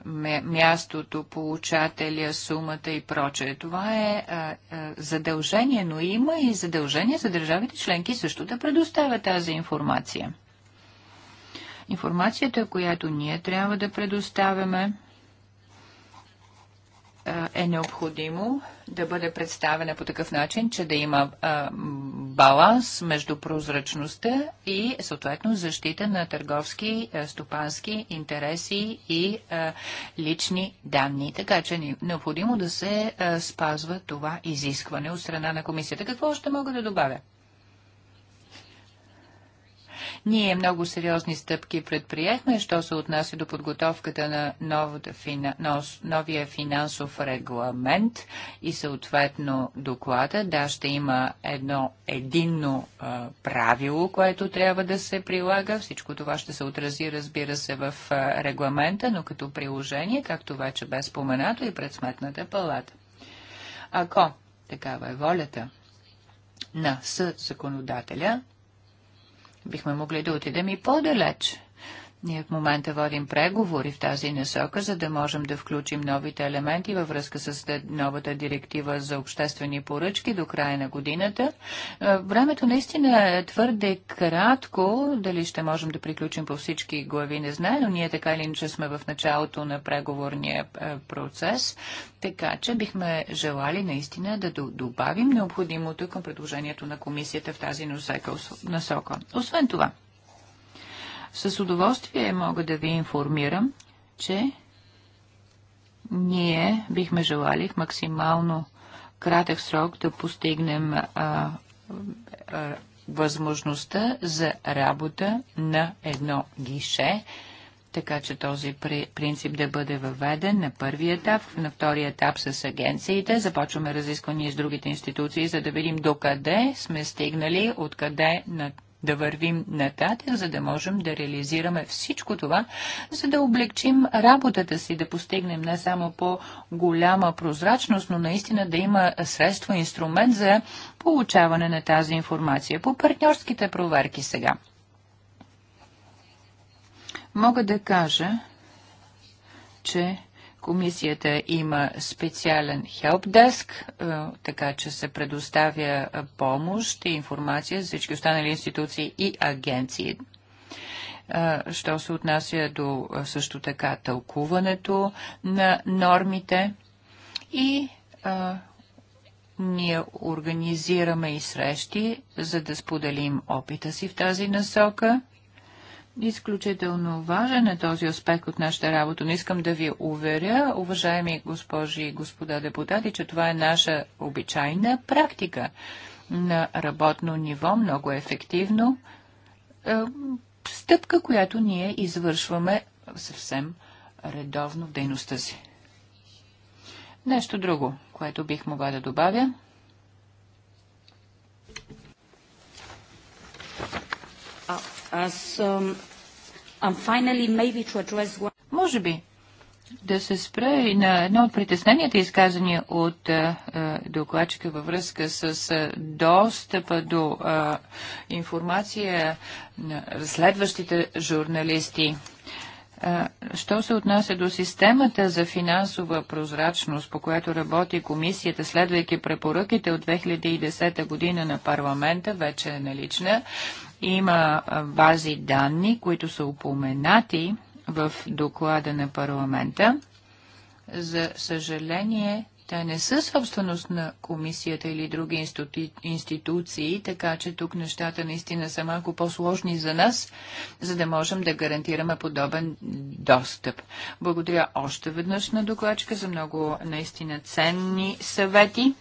мястото, получателя, сумата и прочее. Това е а, а, задължение, но има и задължение за държавите членки също да предоставят тази информация. Информацията, която ние трябва да предоставяме, е необходимо да бъде представена по такъв начин, че да има баланс между прозрачността и съответно защита на търговски, стопански интереси и лични данни. Така че е необходимо да се спазва това изискване от страна на комисията. Какво още мога да добавя? Ние много сериозни стъпки предприехме, що се отнася до подготовката на новата, новия финансов регламент и съответно доклада. Да, ще има едно единно а, правило, което трябва да се прилага. Всичко това ще се отрази, разбира се, в а, регламента, но като приложение, както вече бе споменато и пред сметната палата. Ако такава е волята на съ законодателя, Бихме могли да отидем и по-далеч. Ние в момента водим преговори в тази насока, за да можем да включим новите елементи във връзка с новата директива за обществени поръчки до края на годината. Е, времето наистина е твърде кратко. Дали ще можем да приключим по всички глави, не знае, но ние така или иначе сме в началото на преговорния е, процес. Така че бихме желали наистина да добавим необходимото към предложението на комисията в тази насока. Освен това, с удоволствие мога да ви информирам, че ние бихме желали в максимално кратък срок да постигнем а, а, възможността за работа на едно гише, така че този принцип да бъде въведен на първи етап, на втори етап с агенциите. Започваме разисквания с другите институции, за да видим докъде сме стигнали, откъде на да вървим нататък, за да можем да реализираме всичко това, за да облегчим работата си, да постигнем не само по-голяма прозрачност, но наистина да има средство, инструмент за получаване на тази информация. По партньорските проверки сега. Мога да кажа, че Комисията има специален хелпдеск, така че се предоставя е, помощ и информация за всички останали институции и агенции. Е, що се отнася до е, също така тълкуването на нормите и а, ние организираме и срещи, за да споделим опита си в тази насока Изключително важен е този аспект от нашата работа, но искам да ви уверя, уважаеми госпожи и господа депутати, че това е наша обичайна практика на работно ниво, много ефективно. Е, стъпка, която ние извършваме съвсем редовно в дейността си. Нещо друго, което бих могла да добавя. Аз може би да се спра и на едно от притесненията, изказани от е, е, докладчика във връзка с е, достъпа до информация на разследващите журналисти. Що се отнася до системата за финансова прозрачност, по която работи комисията, следвайки препоръките от 2010 година на парламента, вече е налична, има бази данни, които са упоменати в доклада на парламента. За съжаление, те не са собственост на комисията или други институции, така че тук нещата наистина са малко по-сложни за нас, за да можем да гарантираме подобен достъп. Благодаря още веднъж на докладчика за много наистина ценни съвети.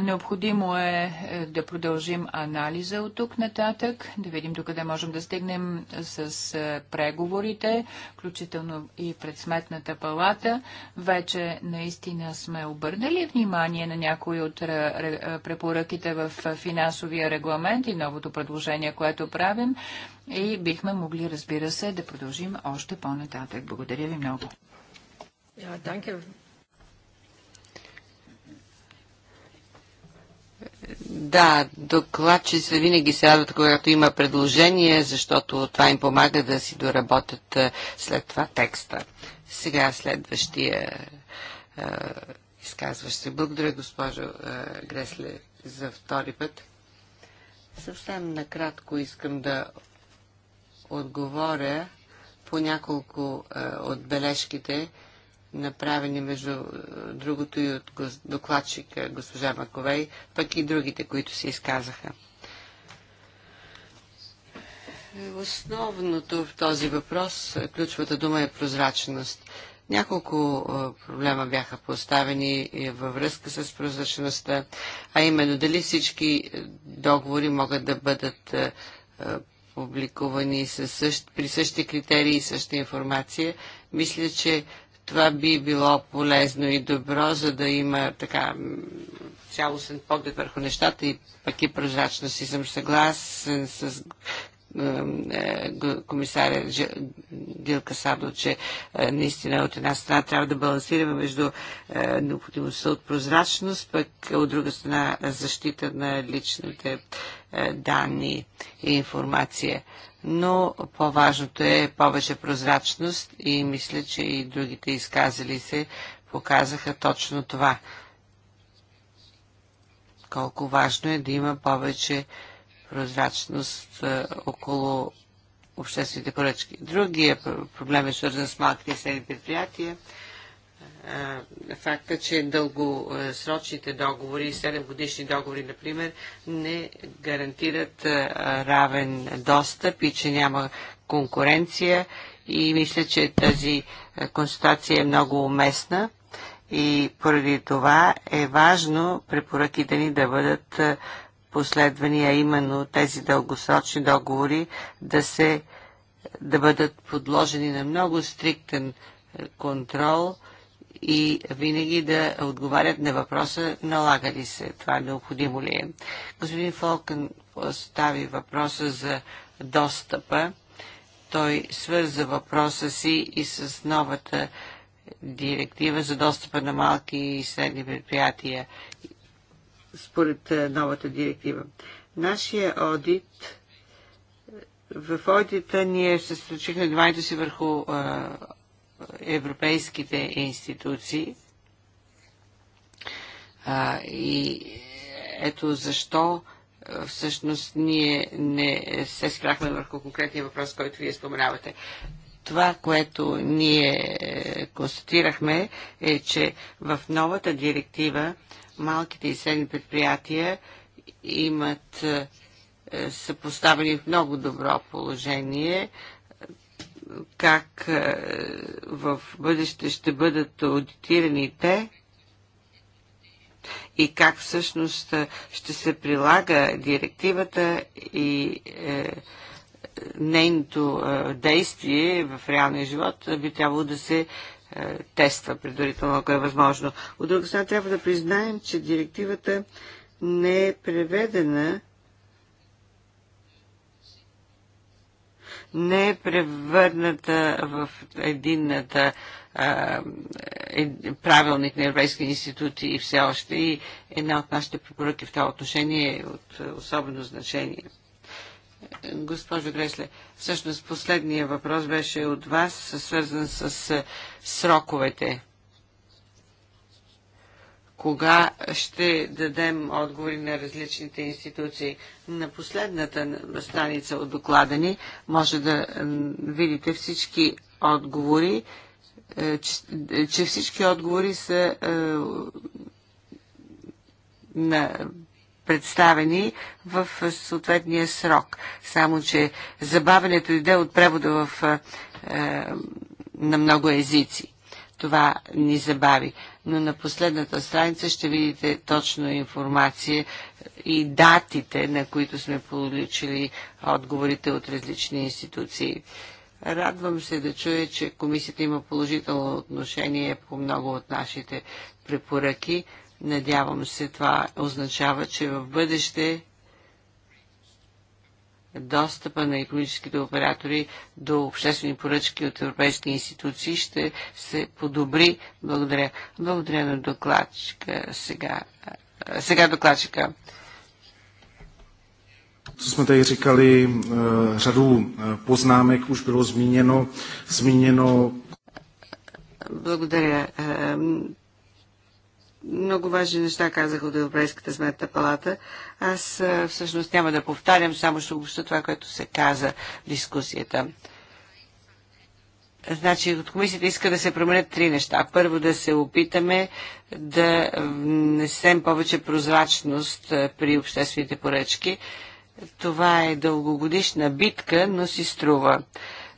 Необходимо е, е да продължим анализа от тук нататък, да видим докъде можем да стигнем с е, преговорите, включително и пред сметната палата. Вече наистина сме обърнали внимание на някои от е, препоръките в финансовия регламент и новото предложение, което правим и бихме могли, разбира се, да продължим още по-нататък. Благодаря ви много. Да, се винаги се радват, когато има предложение, защото това им помага да си доработят след това текста. Сега следващия е, изказващ се. Благодаря, госпожо е, Гресле, за втори път. Съвсем накратко искам да отговоря по няколко е, от бележките, направени между е, другото и от докладчика госпожа Маковей, пък и другите, които се изказаха. Основното в този въпрос, е, ключовата дума е прозрачност. Няколко е, проблема бяха поставени във връзка с прозрачността, а именно дали всички договори могат да бъдат публикувани със същ, при същите критерии и същата информация. Мисля, че това би било полезно и добро, за да има така цялостен поглед върху нещата и пък и прозрачност. И съм съгласен с е, комисаря Дилка Садо, че е, наистина от една страна трябва да балансираме между е, необходимостта от прозрачност, пък от друга страна защита на личните данни и информация но по-важното е повече прозрачност и мисля, че и другите изказали се показаха точно това. Колко важно е да има повече прозрачност е, около обществените поръчки. Другия проблем е свързан с малките и средни предприятия факта, че дългосрочните договори, 7 годишни договори, например, не гарантират равен достъп и че няма конкуренция и мисля, че тази констатация е много уместна и поради това е важно препоръките ни да бъдат последвани, а именно тези дългосрочни договори да се да бъдат подложени на много стриктен контрол – и винаги да отговарят на въпроса налага ли се, това необходимо ли е. Господин Фолкън остави въпроса за достъпа. Той свърза въпроса си и с новата директива за достъпа на малки и средни предприятия според е, новата директива. Нашия одит е, в одита ние се случихме вниманието си върху а, е, европейските институции. А, и ето защо всъщност ние не се спряхме върху конкретния въпрос, който вие споменавате. Това, което ние е, констатирахме е, че в новата директива малките и средни предприятия имат е, са поставени в много добро положение как е, в бъдеще ще бъдат аудитирани те и как всъщност е, ще се прилага директивата и е, нейното действие в реалния живот би трябвало да се тества предварително, ако е възможно. От друга страна трябва да признаем, че директивата не е преведена не е превърната в единната правилник на европейски институти и все още и една от нашите препоръки в това отношение е от особено значение. Госпожо Гресле, всъщност последния въпрос беше от вас, свързан с сроковете кога ще дадем отговори на различните институции. На последната страница от доклада ни може да видите всички отговори, е, че, всички отговори са е, на представени в съответния срок. Само, че забавенето иде от превода в, е, е на много езици това ни забави. Но на последната страница ще видите точно информация и датите, на които сме получили отговорите от различни институции. Радвам се да чуя, че комисията има положително отношение по много от нашите препоръки. Надявам се, това означава, че в бъдеще достъпа на економическите оператори до обществени поръчки от европейски институции ще се подобри. Благодаря. Благодаря на докладчика сега. Сега докладчика. Co jsme tady říkali, řadu poznámek už bylo zmíněno. zmíněno... Благодаря. Много важни неща казах от Европейската сметна палата. Аз всъщност няма да повтарям, само ще обща това, което се каза в дискусията. Значи от комисията иска да се променят три неща. Първо да се опитаме да внесем повече прозрачност при обществените поръчки. Това е дългогодишна битка, но си струва.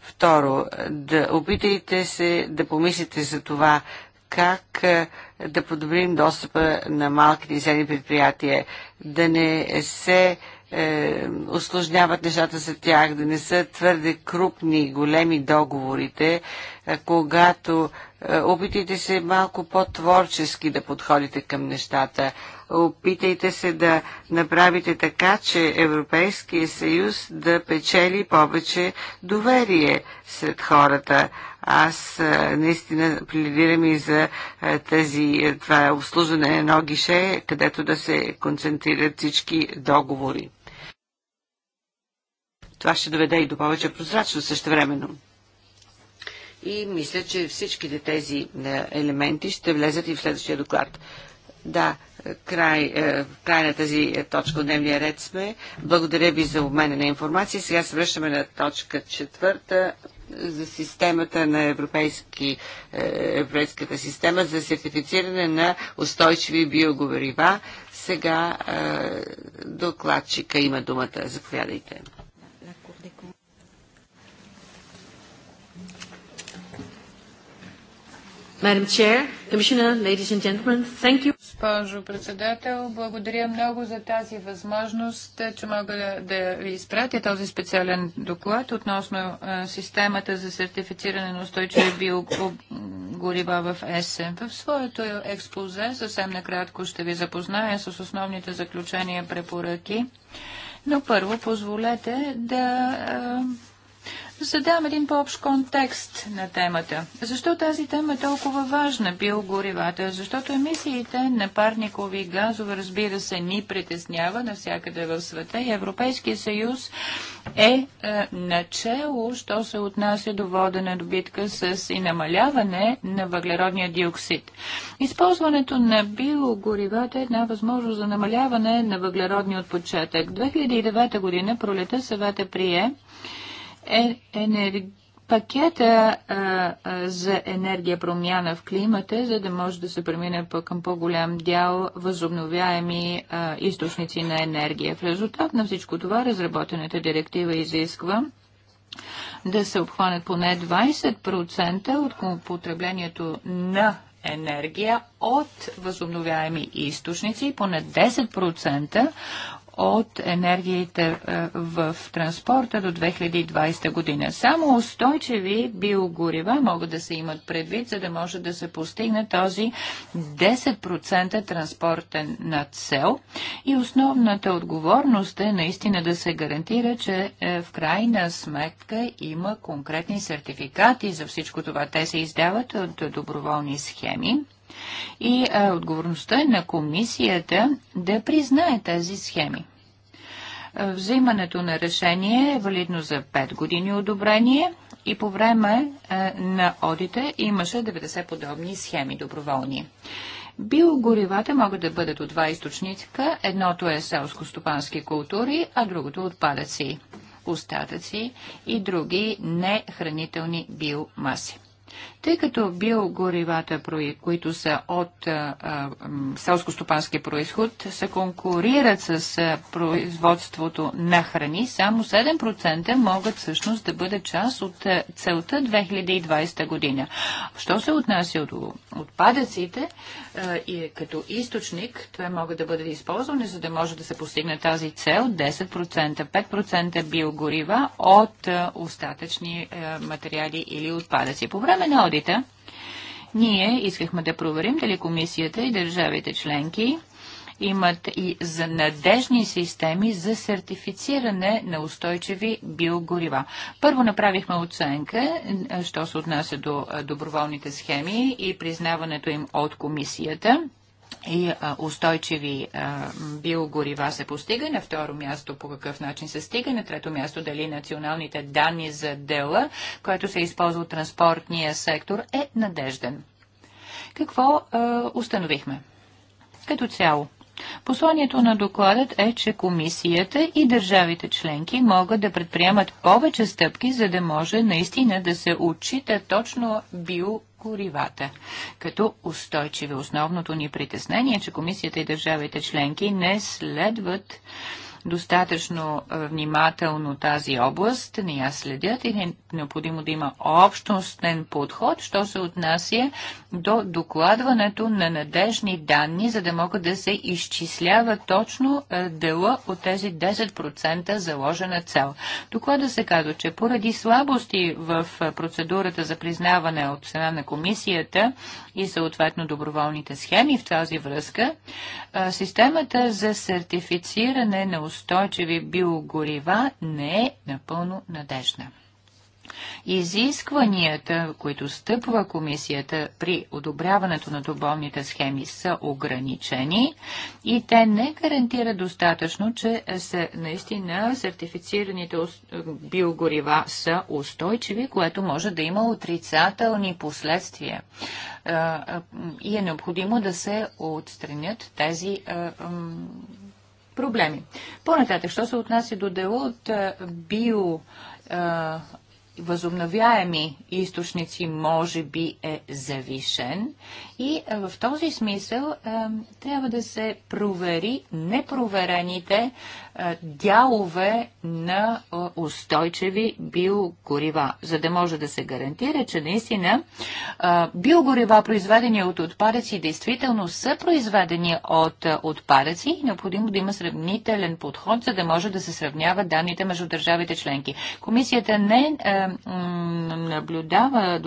Второ, да опитайте се да помислите за това как да подобрим достъпа на малките и средни предприятия, да не се е, осложняват нещата за тях, да не са твърде крупни и големи договорите, когато опитайте се малко по-творчески да подходите към нещата. Опитайте се да направите така, че Европейския съюз да печели повече доверие сред хората. Аз наистина пледирам и за тези това обслужване на едно гише, където да се концентрират всички договори. Това ще доведе и до повече прозрачност също времено. И мисля, че всичките тези е, елементи ще влезат и в следващия доклад. Да, е, край, е, край на тази точка от дневния ред сме. Благодаря ви за обмена на информация. Сега се връщаме на точка четвърта за системата на европейски, европейската система за сертифициране на устойчиви биогорива. Сега докладчика има думата. Заповядайте. Madam Chair, Commissioner, ladies and gentlemen, thank you. Госпожо председател, благодаря много за тази възможност, е, че мога да ви изпратя този специален доклад относно е, системата за сертифициране на устойчиви биогорива в ЕСЕ. В своето експозе съвсем накратко ще ви запозная с основните заключения препоръки, но първо позволете да е, за да дам един по-общ контекст на темата. Защо тази тема е толкова важна, биогоривата? Защото емисиите на парникови газове, разбира се, ни притеснява навсякъде в света и Европейския съюз е, е начало, що се отнася до водена добитка с и намаляване на въглеродния диоксид. Използването на биогоривата е една възможност за намаляване на въглеродния отпочатък. 2009 година пролета съвета прие е, енер... пакета а, а, за енергия промяна в климата, за да може да се премине по към по-голям дял възобновяеми а, източници на енергия. В резултат на всичко това разработената директива изисква да се обхванат поне 20% от потреблението на енергия от възобновяеми източници и поне 10% от енергиите е, в транспорта до 2020 година. Само устойчиви биогорива могат да се имат предвид, за да може да се постигне този 10% транспортен на цел. И основната отговорност е наистина да се гарантира, че е, в крайна сметка има конкретни сертификати за всичко това. Те се издават от доброволни схеми и а, е, отговорността на комисията да признае тези схеми. Е, взимането на решение е валидно за 5 години одобрение и по време а, е, на одите имаше 90 подобни схеми доброволни. Биогоривата могат да бъдат от два източника. Едното е селско-стопански култури, а другото отпадъци, остатъци и други нехранителни биомаси. Тъй като биогоривата, които са от селско-стопански происход, се конкурират с производството на храни, само 7% могат всъщност да бъдат част от целта 2020 година. Що се отнася до отпадъците, и е като източник, това могат да бъде използване, за да може да се постигне тази цел 10%, 5% биогорива от остатъчни материали или отпадъци. По време на одита ние искахме да проверим дали комисията и държавите членки имат и за надежни системи за сертифициране на устойчиви биогорива. Първо направихме оценка, що се отнася до доброволните схеми и признаването им от комисията и устойчиви биогорива се постига, на второ място по какъв начин се стига, на трето място дали националните данни за дела, което се използва от транспортния сектор, е надежден. Какво установихме? Като цяло, Посланието на докладът е, че комисията и държавите членки могат да предприемат повече стъпки, за да може наистина да се отчита точно биогоривата. Като устойчиве основното ни притеснение е, че комисията и държавите членки не следват достатъчно внимателно тази област, не я следят и е необходимо да има общностен подход, що се отнася до докладването на надежни данни, за да могат да се изчислява точно дела от тези 10% заложена цел. Доклада се казва, че поради слабости в процедурата за признаване от цена на комисията и съответно доброволните схеми в тази връзка, системата за сертифициране на устойчиви биогорива не е напълно надежна. Изискванията, които стъпва комисията при одобряването на доболните схеми са ограничени и те не гарантира достатъчно, че са наистина сертифицираните биогорива са устойчиви, което може да има отрицателни последствия. И е необходимо да се отстранят тези проблеми. По-нататък, що се отнася до дело от био възобновяеми източници може би е завишен и е, в този смисъл е, трябва да се провери непроверените е, дялове на устойчиви биогорива, за да може да се гарантира, че наистина биогорива, произведени от отпадъци, действително са произведени от отпадъци и необходимо да има сравнителен подход, за да може да се сравняват данните между държавите членки. Комисията не е наблюдава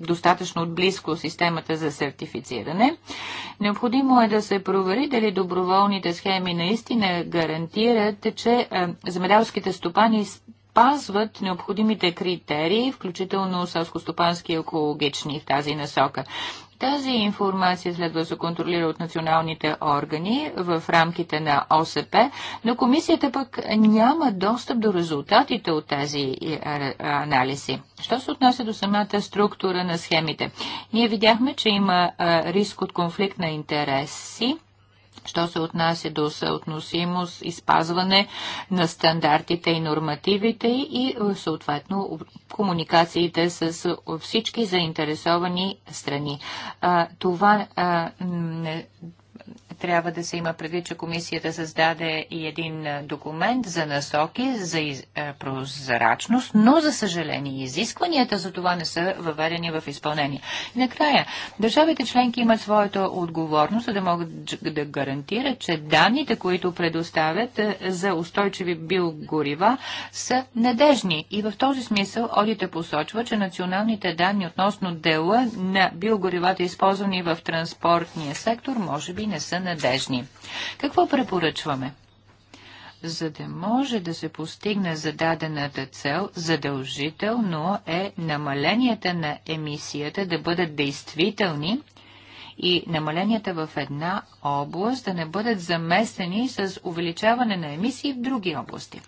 достатъчно отблизко системата за сертифициране. Необходимо е да се провери дали доброволните схеми наистина гарантират, че е, земеделските стопани спазват необходимите критерии, включително селско-стопански и екологични в тази насока. Тази информация следва да се контролира от националните органи в рамките на ОСП, но комисията пък няма достъп до резултатите от тези е, анализи. Що се отнася до самата структура на схемите? Ние видяхме, че има риск от конфликт на интереси що се отнася до съотносимост и спазване на стандартите и нормативите и е, съответно комуникациите с всички заинтересовани страни. Това е, трябва да се има предвид, че комисията създаде и един е, документ за насоки за из... Е, прозрачност, но за съжаление изискванията за това не са въведени в изпълнение. И накрая, държавите членки имат своята отговорност, за да могат да гарантират, че данните, които предоставят е, за устойчиви биогорива, са надежни. И в този смисъл одите посочва, че националните данни относно дела на биогоривата, използвани в транспортния сектор, може би не са надежни. Какво препоръчваме? За да може да се постигне зададената цел, задължително е намаленията на емисията да бъдат действителни и намаленията в една област да не бъдат заместени с увеличаване на емисии в други области.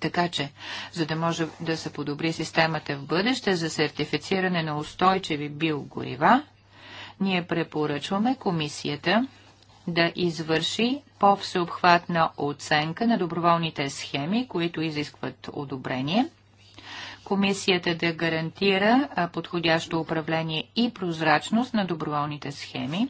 Така че, за да може да се подобри системата в бъдеще за сертифициране на устойчиви биогорива, ние препоръчваме комисията да извърши по-всеобхватна оценка на доброволните схеми, които изискват одобрение. Комисията да гарантира подходящо управление и прозрачност на доброволните схеми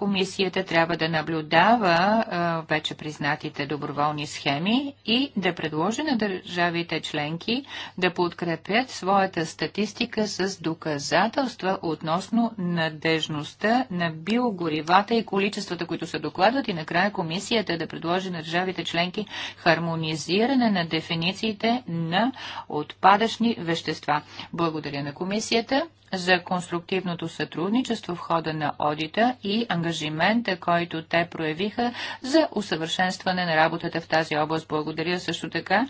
Комисията трябва да наблюдава а, вече признатите доброволни схеми и да предложи на държавите членки да подкрепят своята статистика с доказателства относно надежността на биогоривата и количествата, които се докладват и накрая комисията да предложи на държавите членки хармонизиране на дефинициите на отпадъчни вещества. Благодаря на комисията за конструктивното сътрудничество в хода на одита и ангажирането ангажимента, който те проявиха за усъвършенстване на работата в тази област. Благодаря също така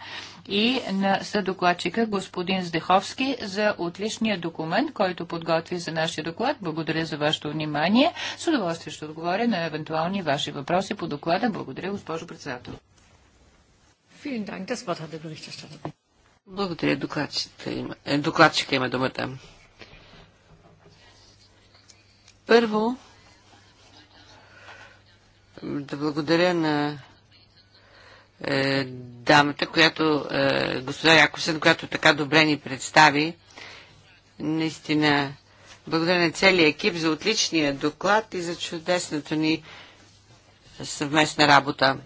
и на съдокладчика господин Здеховски за отличния документ, който подготви за нашия доклад. Благодаря за вашето внимание. С удоволствие ще отговоря на евентуални ваши въпроси по доклада. Благодаря, госпожо председател. Благодаря. Докладчика има, е, докладчика има думата. Първо, да благодаря на е, дамата, която, е, господа Якобсен, която така добре ни представи. Наистина, благодаря на целия екип за отличния доклад и за чудесната ни съвместна работа.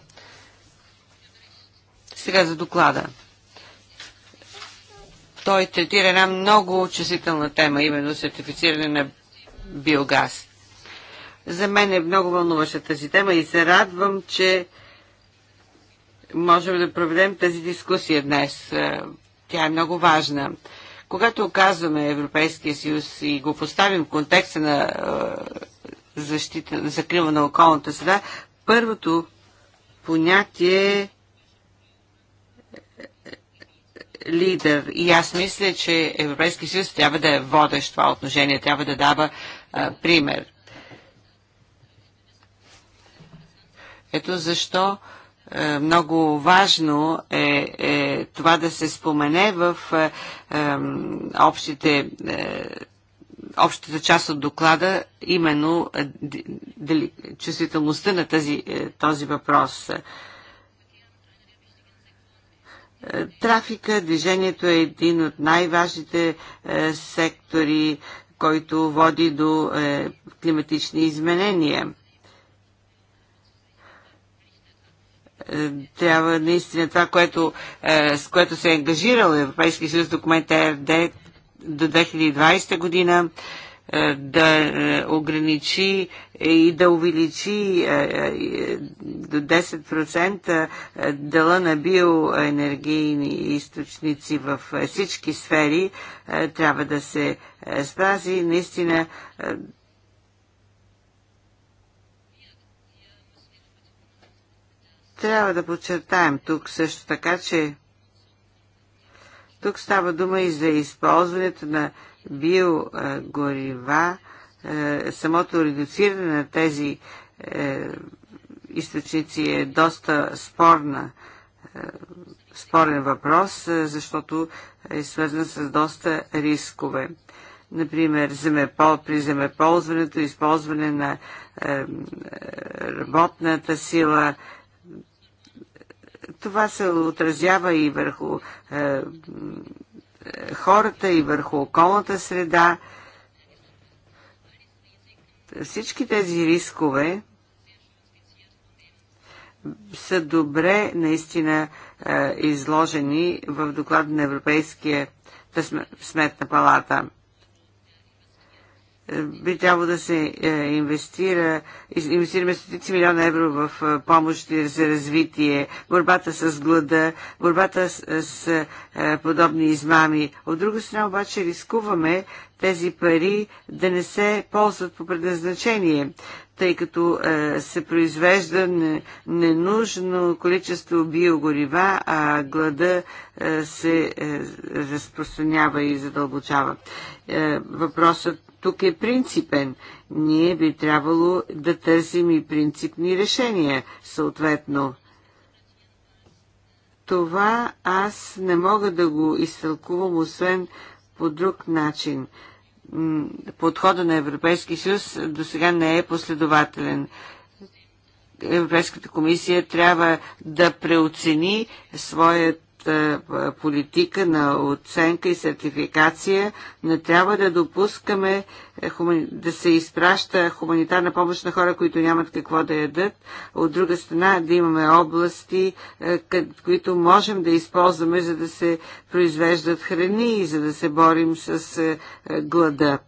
Сега за доклада. Той третира една много чувствителна тема, именно сертифициране на биогаз. За мен е много вълнуваща тази тема и се радвам, че можем да проведем тази дискусия днес. Е, тя е много важна. Когато оказваме Европейския съюз и го поставим в контекста на е, защита, на закрива на околната среда, първото понятие е, лидер. И аз мисля, че Европейския съюз трябва да е водещ това отношение, трябва да дава а, пример. Ето защо е, много важно е, е това да се спомене в е, е, общите. Е, общата част от доклада, именно е, дали, чувствителността на тази, е, този въпрос. Трафика, движението е един от най-важните сектори, който води до климатични изменения. Е, трябва наистина това, което, е, с което се е ангажирал Европейския съюз документ РД до 2020 година е, да ограничи и да увеличи до 10% дела на биоенергийни източници в всички сфери трябва да се спази. Наистина Трябва да подчертаем тук също така, че тук става дума и за използването на биогорива, е, самото редуциране на тези е, източници е доста спорна, е, спорен въпрос, защото е свързан с доста рискове. Например, земепол, при земеползването, използване на работната сила, това се отразява и върху е, хората, и върху околната среда. Всички тези рискове са добре наистина е, изложени в доклад на Европейския сметна палата би трябвало да се е, инвестира, инвестираме стотици милиона евро в е, помощ за развитие, борбата с глада, борбата с, е, с подобни измами. От друга страна обаче рискуваме тези пари да не се ползват по предназначение, тъй като се произвежда ненужно количество биогорива, а глада се разпространява и задълбочава. Въпросът тук е принципен. Ние би трябвало да търсим и принципни решения, съответно. Това аз не мога да го изтълкувам, освен по друг начин. Подхода на Европейски съюз до сега не е последователен. Европейската комисия трябва да преоцени своят е, политика на оценка и сертификация не трябва да допускаме е, да се изпраща хуманитарна помощ на хора, които нямат какво да ядат. От друга страна да имаме области, е, които можем да използваме, за да се произвеждат храни и за да се борим с глада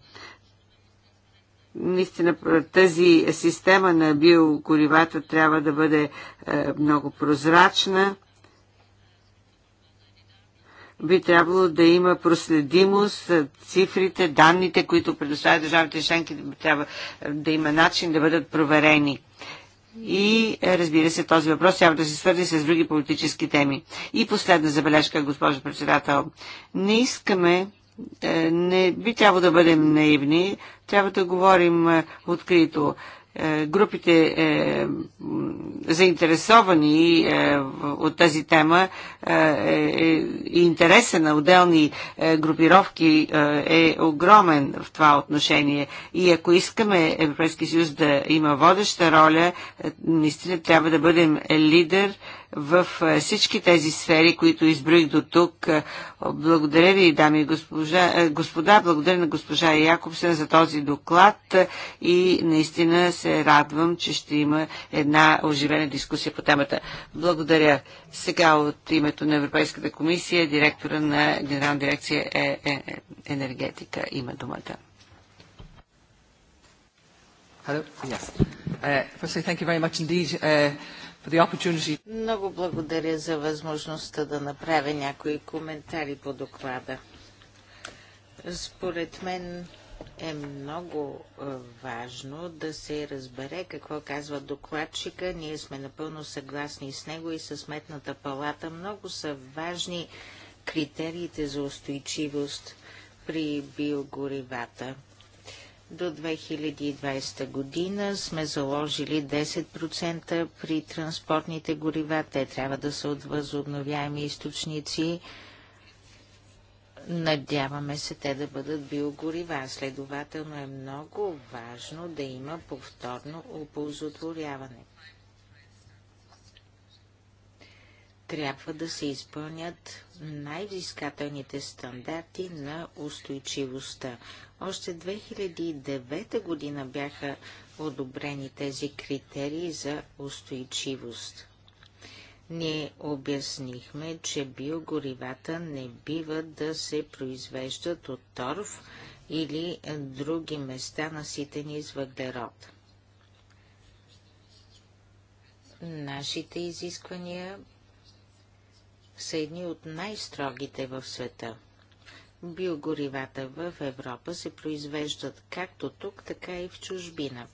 наистина тази система на биоколивата трябва да бъде много прозрачна би трябвало да има проследимост, цифрите, данните, които предоставят държавите членки, трябва да има начин да бъдат проверени. И е, разбира се, този въпрос трябва да се свързи с други политически теми. И последна забележка, госпожо председател. Не искаме, е, не би трябвало да бъдем наивни, трябва да говорим е, открито. Е, групите е, заинтересовани е, от тази тема е, е, и интереса на отделни групировки е огромен в това отношение. И ако искаме Европейския съюз да има водеща роля, наистина трябва да бъдем лидер в е, всички тези сфери, които изброих до тук. Е, благодаря ви, дами и госпожа, е, господа, благодаря на госпожа Якобсен за този доклад и наистина се радвам, че ще има една оживена дискусия по темата. Благодаря. Сега от името на Европейската комисия, директора на Генерална дирекция е, е, енергетика има думата. Hello? Yes. Uh, firstly, thank you very much indeed. Uh, много благодаря за възможността да направя някои коментари по доклада. Според мен е много е, важно да се разбере какво казва докладчика. Ние сме напълно съгласни с него и с Сметната палата. Много са важни критериите за устойчивост при биогоривата. До 2020 година сме заложили 10% при транспортните горива. Те трябва да са от възобновяеми източници. Надяваме се те да бъдат биогорива. Следователно е много важно да има повторно оползотворяване. Трябва да се изпълнят най-взискателните стандарти на устойчивостта. Още 2009 година бяха одобрени тези критерии за устойчивост. Ние обяснихме, че биогоривата не бива да се произвеждат от торф или други места наситени с въглерод. Нашите изисквания са едни от най-строгите в света биогоривата в Европа се произвеждат както тук, така и в чужбина.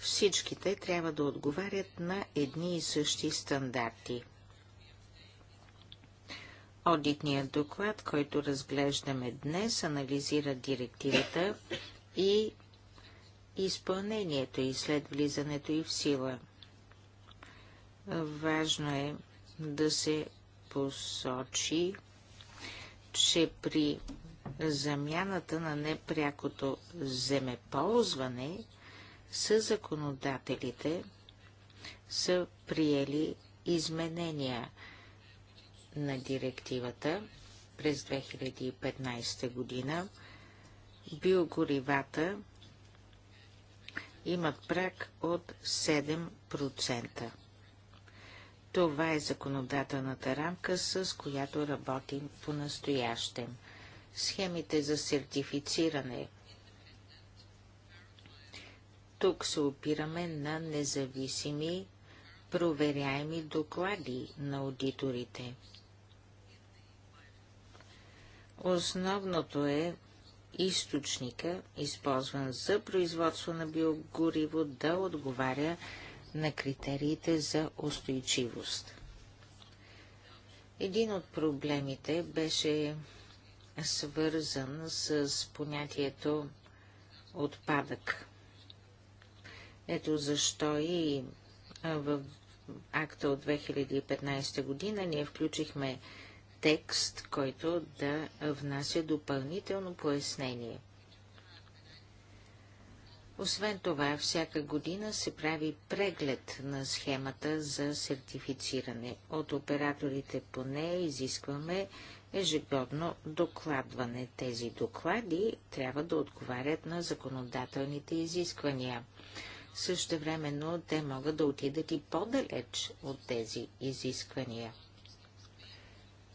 Всичките трябва да отговарят на едни и същи стандарти. Одитният доклад, който разглеждаме днес, анализира директивата и изпълнението и след влизането и в сила. Важно е да се посочи, че при замяната на непрякото земеползване с законодателите са приели изменения на директивата през 2015 година. Биогоривата имат прак от 7%. Това е законодателната рамка, с която работим по-настоящем. Схемите за сертифициране. Тук се опираме на независими, проверяеми доклади на аудиторите. Основното е източника, използван за производство на биогориво, да отговаря на на критериите за устойчивост. Един от проблемите беше свързан с понятието отпадък. Ето защо и в акта от 2015 година ние включихме текст, който да внася допълнително пояснение – освен това, всяка година се прави преглед на схемата за сертифициране. От операторите по нея изискваме ежегодно докладване. Тези доклади трябва да отговарят на законодателните изисквания. Също времено те могат да отидат и по-далеч от тези изисквания.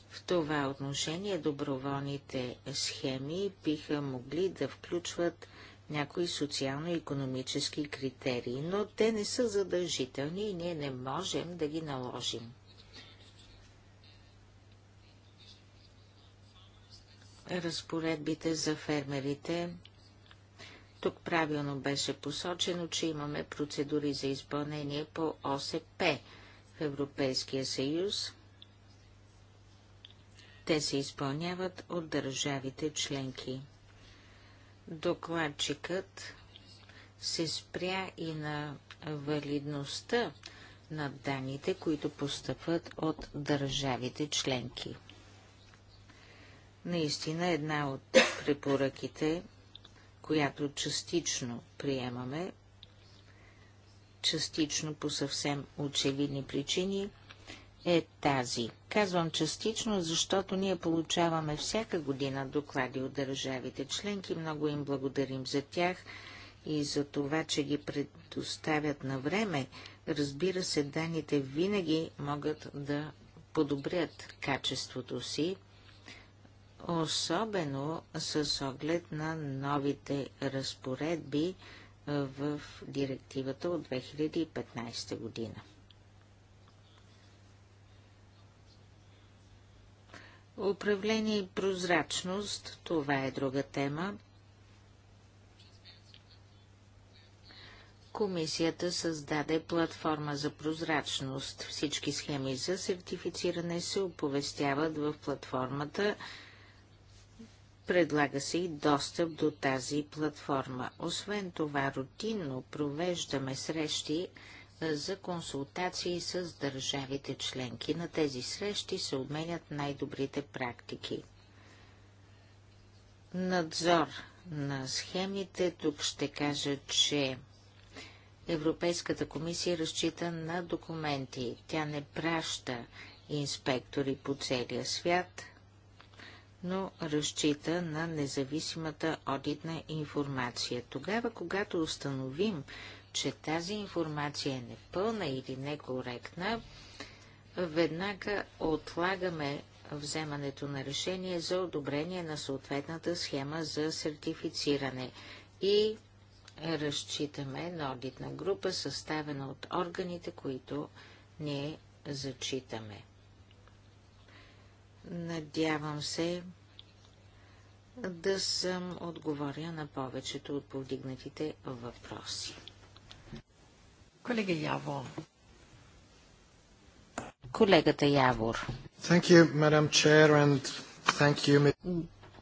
В това отношение доброволните схеми биха могли да включват някои социално-економически критерии, но те не са задължителни и ние не можем да ги наложим. Разпоредбите за фермерите. Тук правилно беше посочено, че имаме процедури за изпълнение по ОСП в Европейския съюз. Те се изпълняват от държавите членки. Докладчикът се спря и на валидността на данните, които постъпват от държавите членки. Наистина една от препоръките, която частично приемаме, частично по съвсем очевидни причини, е тази. Казвам частично, защото ние получаваме всяка година доклади от държавите членки. Много им благодарим за тях и за това, че ги предоставят на време. Разбира се, данните винаги могат да подобрят качеството си, особено с оглед на новите разпоредби в директивата от 2015 година. Управление и прозрачност, това е друга тема. Комисията създаде платформа за прозрачност. Всички схеми за сертифициране се оповестяват в платформата. Предлага се и достъп до тази платформа. Освен това, рутинно провеждаме срещи за консултации с държавите членки. На тези срещи се обменят най-добрите практики. Надзор на схемите. Тук ще кажа, че Европейската комисия разчита на документи. Тя не праща инспектори по целия свят, но разчита на независимата одитна информация. Тогава, когато установим, че тази информация е непълна или некоректна, веднага отлагаме вземането на решение за одобрение на съответната схема за сертифициране и разчитаме на одитна група, съставена от органите, които ние зачитаме. Надявам се да съм отговоря на повечето от повдигнатите въпроси. Колега Колегата Явор. Thank you, Madam Chair, and thank you.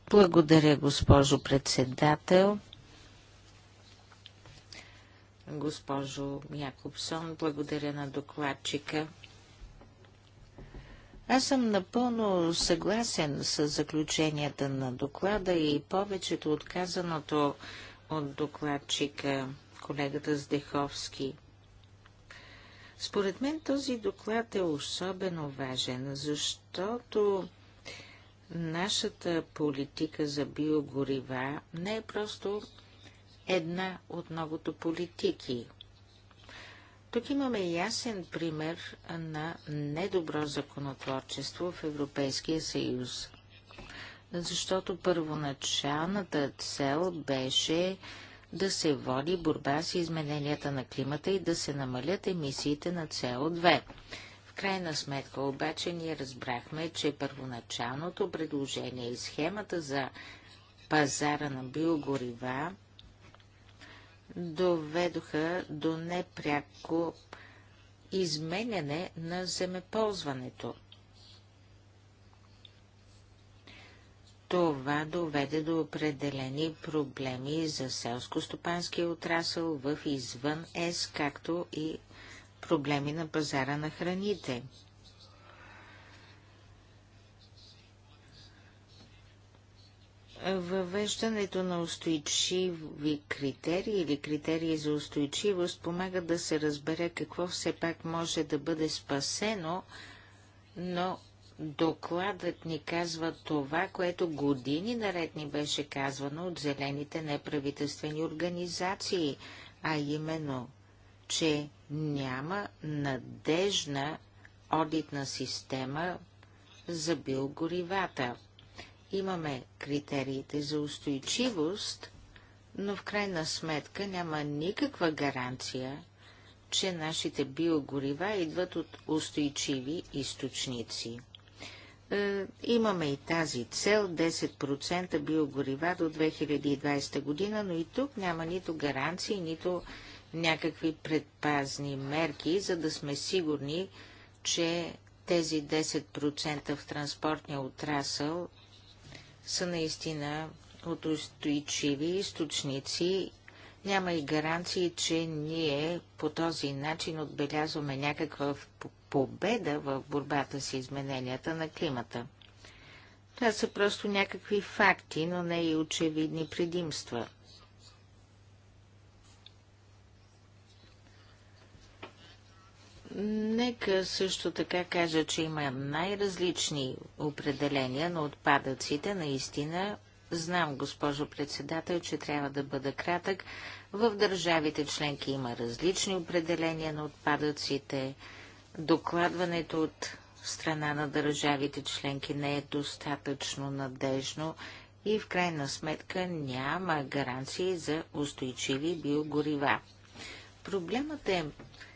Благодаря, госпожо председател. Госпожо Якобсон, благодаря на докладчика. Аз съм напълно съгласен с заключенията на доклада и повечето отказаното от докладчика, колегата Здеховски. Според мен този доклад е особено важен, защото нашата политика за биогорива не е просто една от многото политики. Тук имаме ясен пример на недобро законотворчество в Европейския съюз. Защото първоначалната цел беше да се води борба с измененията на климата и да се намалят емисиите на СО2. В крайна сметка обаче ние разбрахме, че първоначалното предложение и схемата за пазара на биогорива доведоха до непряко изменяне на земеползването – Това доведе до определени проблеми за селско-стопанския отрасъл в извън ЕС, както и проблеми на пазара на храните. Въвеждането на устойчиви критерии или критерии за устойчивост помага да се разбере какво все пак може да бъде спасено, но Докладът ни казва това, което години наред ни беше казвано от зелените неправителствени организации, а именно, че няма надежна одитна система за биогоривата. Имаме критериите за устойчивост, но в крайна сметка няма никаква гаранция, че нашите биогорива идват от устойчиви източници. Е, имаме и тази цел 10% биогорива до 2020 година, но и тук няма нито гаранции, нито някакви предпазни мерки, за да сме сигурни, че тези 10% в транспортния отрасъл са наистина от устойчиви източници. Няма и гаранции, че ние по този начин отбелязваме някаква победа в борбата с измененията на климата. Това са просто някакви факти, но не и очевидни предимства. Нека също така кажа, че има най-различни определения на отпадъците. Наистина, знам, госпожо председател, че трябва да бъда кратък. В държавите членки има различни определения на отпадъците докладването от страна на държавите членки не е достатъчно надежно и в крайна сметка няма гаранции за устойчиви биогорива. Проблемът е,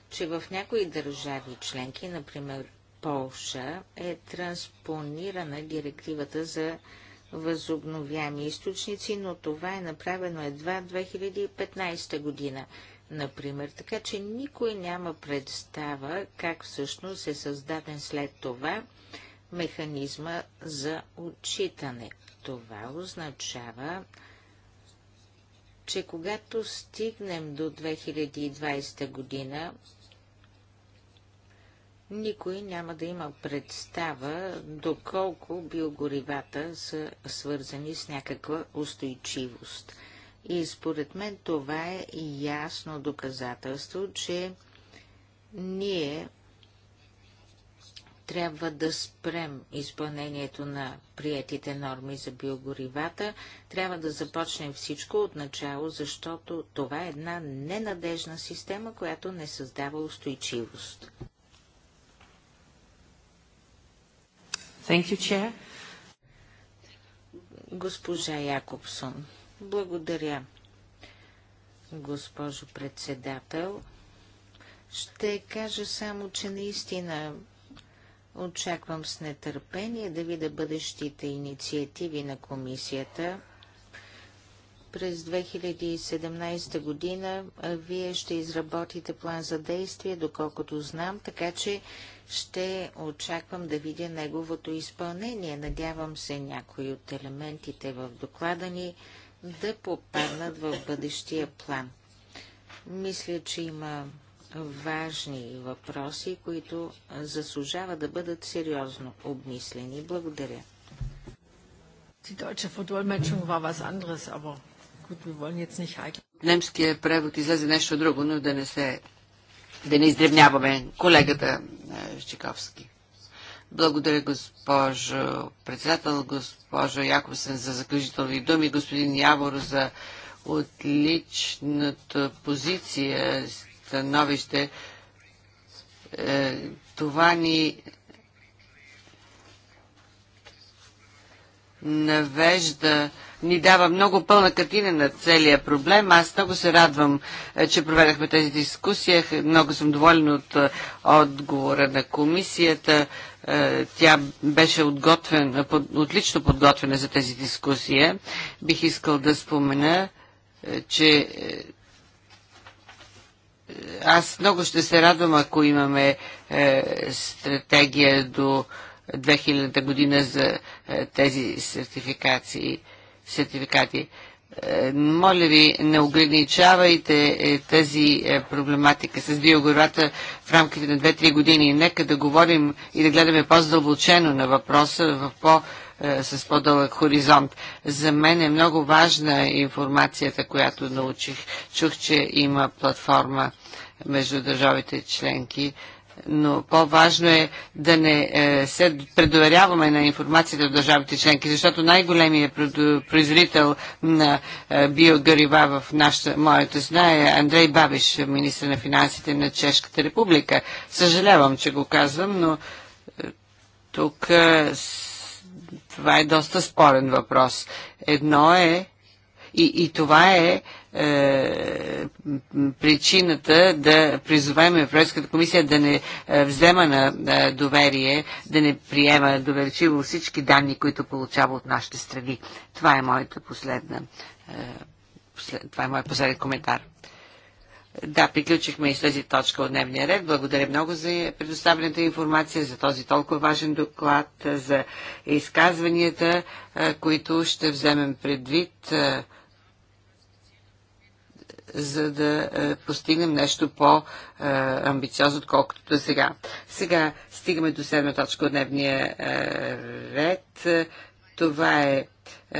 че в някои държави членки, например Полша, е транспонирана директивата за възобновяеми източници, но това е направено едва 2015 година например. Така че никой няма представа как всъщност е създаден след това механизма за отчитане. Това означава, че когато стигнем до 2020 година, никой няма да има представа доколко биогоривата са свързани с някаква устойчивост. И според мен това е ясно доказателство, че ние трябва да спрем изпълнението на приятите норми за биогоривата, трябва да започнем всичко от начало, защото това е една ненадежна система, която не създава устойчивост. Thank you, Chair. Госпожа Якобсон. Благодаря, госпожо председател. Ще кажа само, че наистина очаквам с нетърпение да видя бъдещите инициативи на комисията. През 2017 година вие ще изработите план за действие, доколкото знам, така че ще очаквам да видя неговото изпълнение. Надявам се някои от елементите в доклада ни да попаднат в бъдещия план. Мисля, че има важни въпроси, които заслужава да бъдат сериозно обмислени. Благодаря. Немският превод излезе нещо друго, но да не се да не издревняваме колегата Щиковски. Благодаря, госпожо председател, госпожо Яковсен за заключителни думи, господин Явор за отличната позиция, становище. Е, това ни навежда, ни дава много пълна картина на целия проблем. Аз много се радвам, е, че проведахме тези дискусия. Много съм доволен от е, отговора на комисията. Е, тя беше отготвен, отлично подготвена за тази дискусия. Бих искал да спомена, е, че е, аз много ще се радвам, ако имаме стратегия до 2000 година за тези сертификации, сертификати. Е, моля ви, не ограничавайте е, тази е, проблематика с биогората в рамките на 2-3 години. Нека да говорим и да гледаме по-задълбочено на въпроса в по- с по-дълъг хоризонт. За мен е много важна информацията, която научих. Чух, че има платформа между държавите членки но по-важно е да не е, се предоверяваме на информацията от държавите членки, защото най-големият производител на е, биогорива в нашата, моята зна е Андрей Бабиш, министр на финансите на Чешката република. Съжалявам, че го казвам, но е, тук това е доста спорен въпрос. Едно е и, и това е е, причината да призовем Европейската комисия да не е, взема на е, доверие, да не приема доверчиво всички данни, които получава от нашите страни. Това е моята последна, това е моят последен коментар. Да, приключихме и с тази точка от дневния ред. Благодаря много за предоставената информация, за този толкова важен доклад, за изказванията, които ще вземем предвид за да е, постигнем нещо по-амбициозно, отколкото до сега. Сега стигаме до седма точка от дневния е, ред. Това е,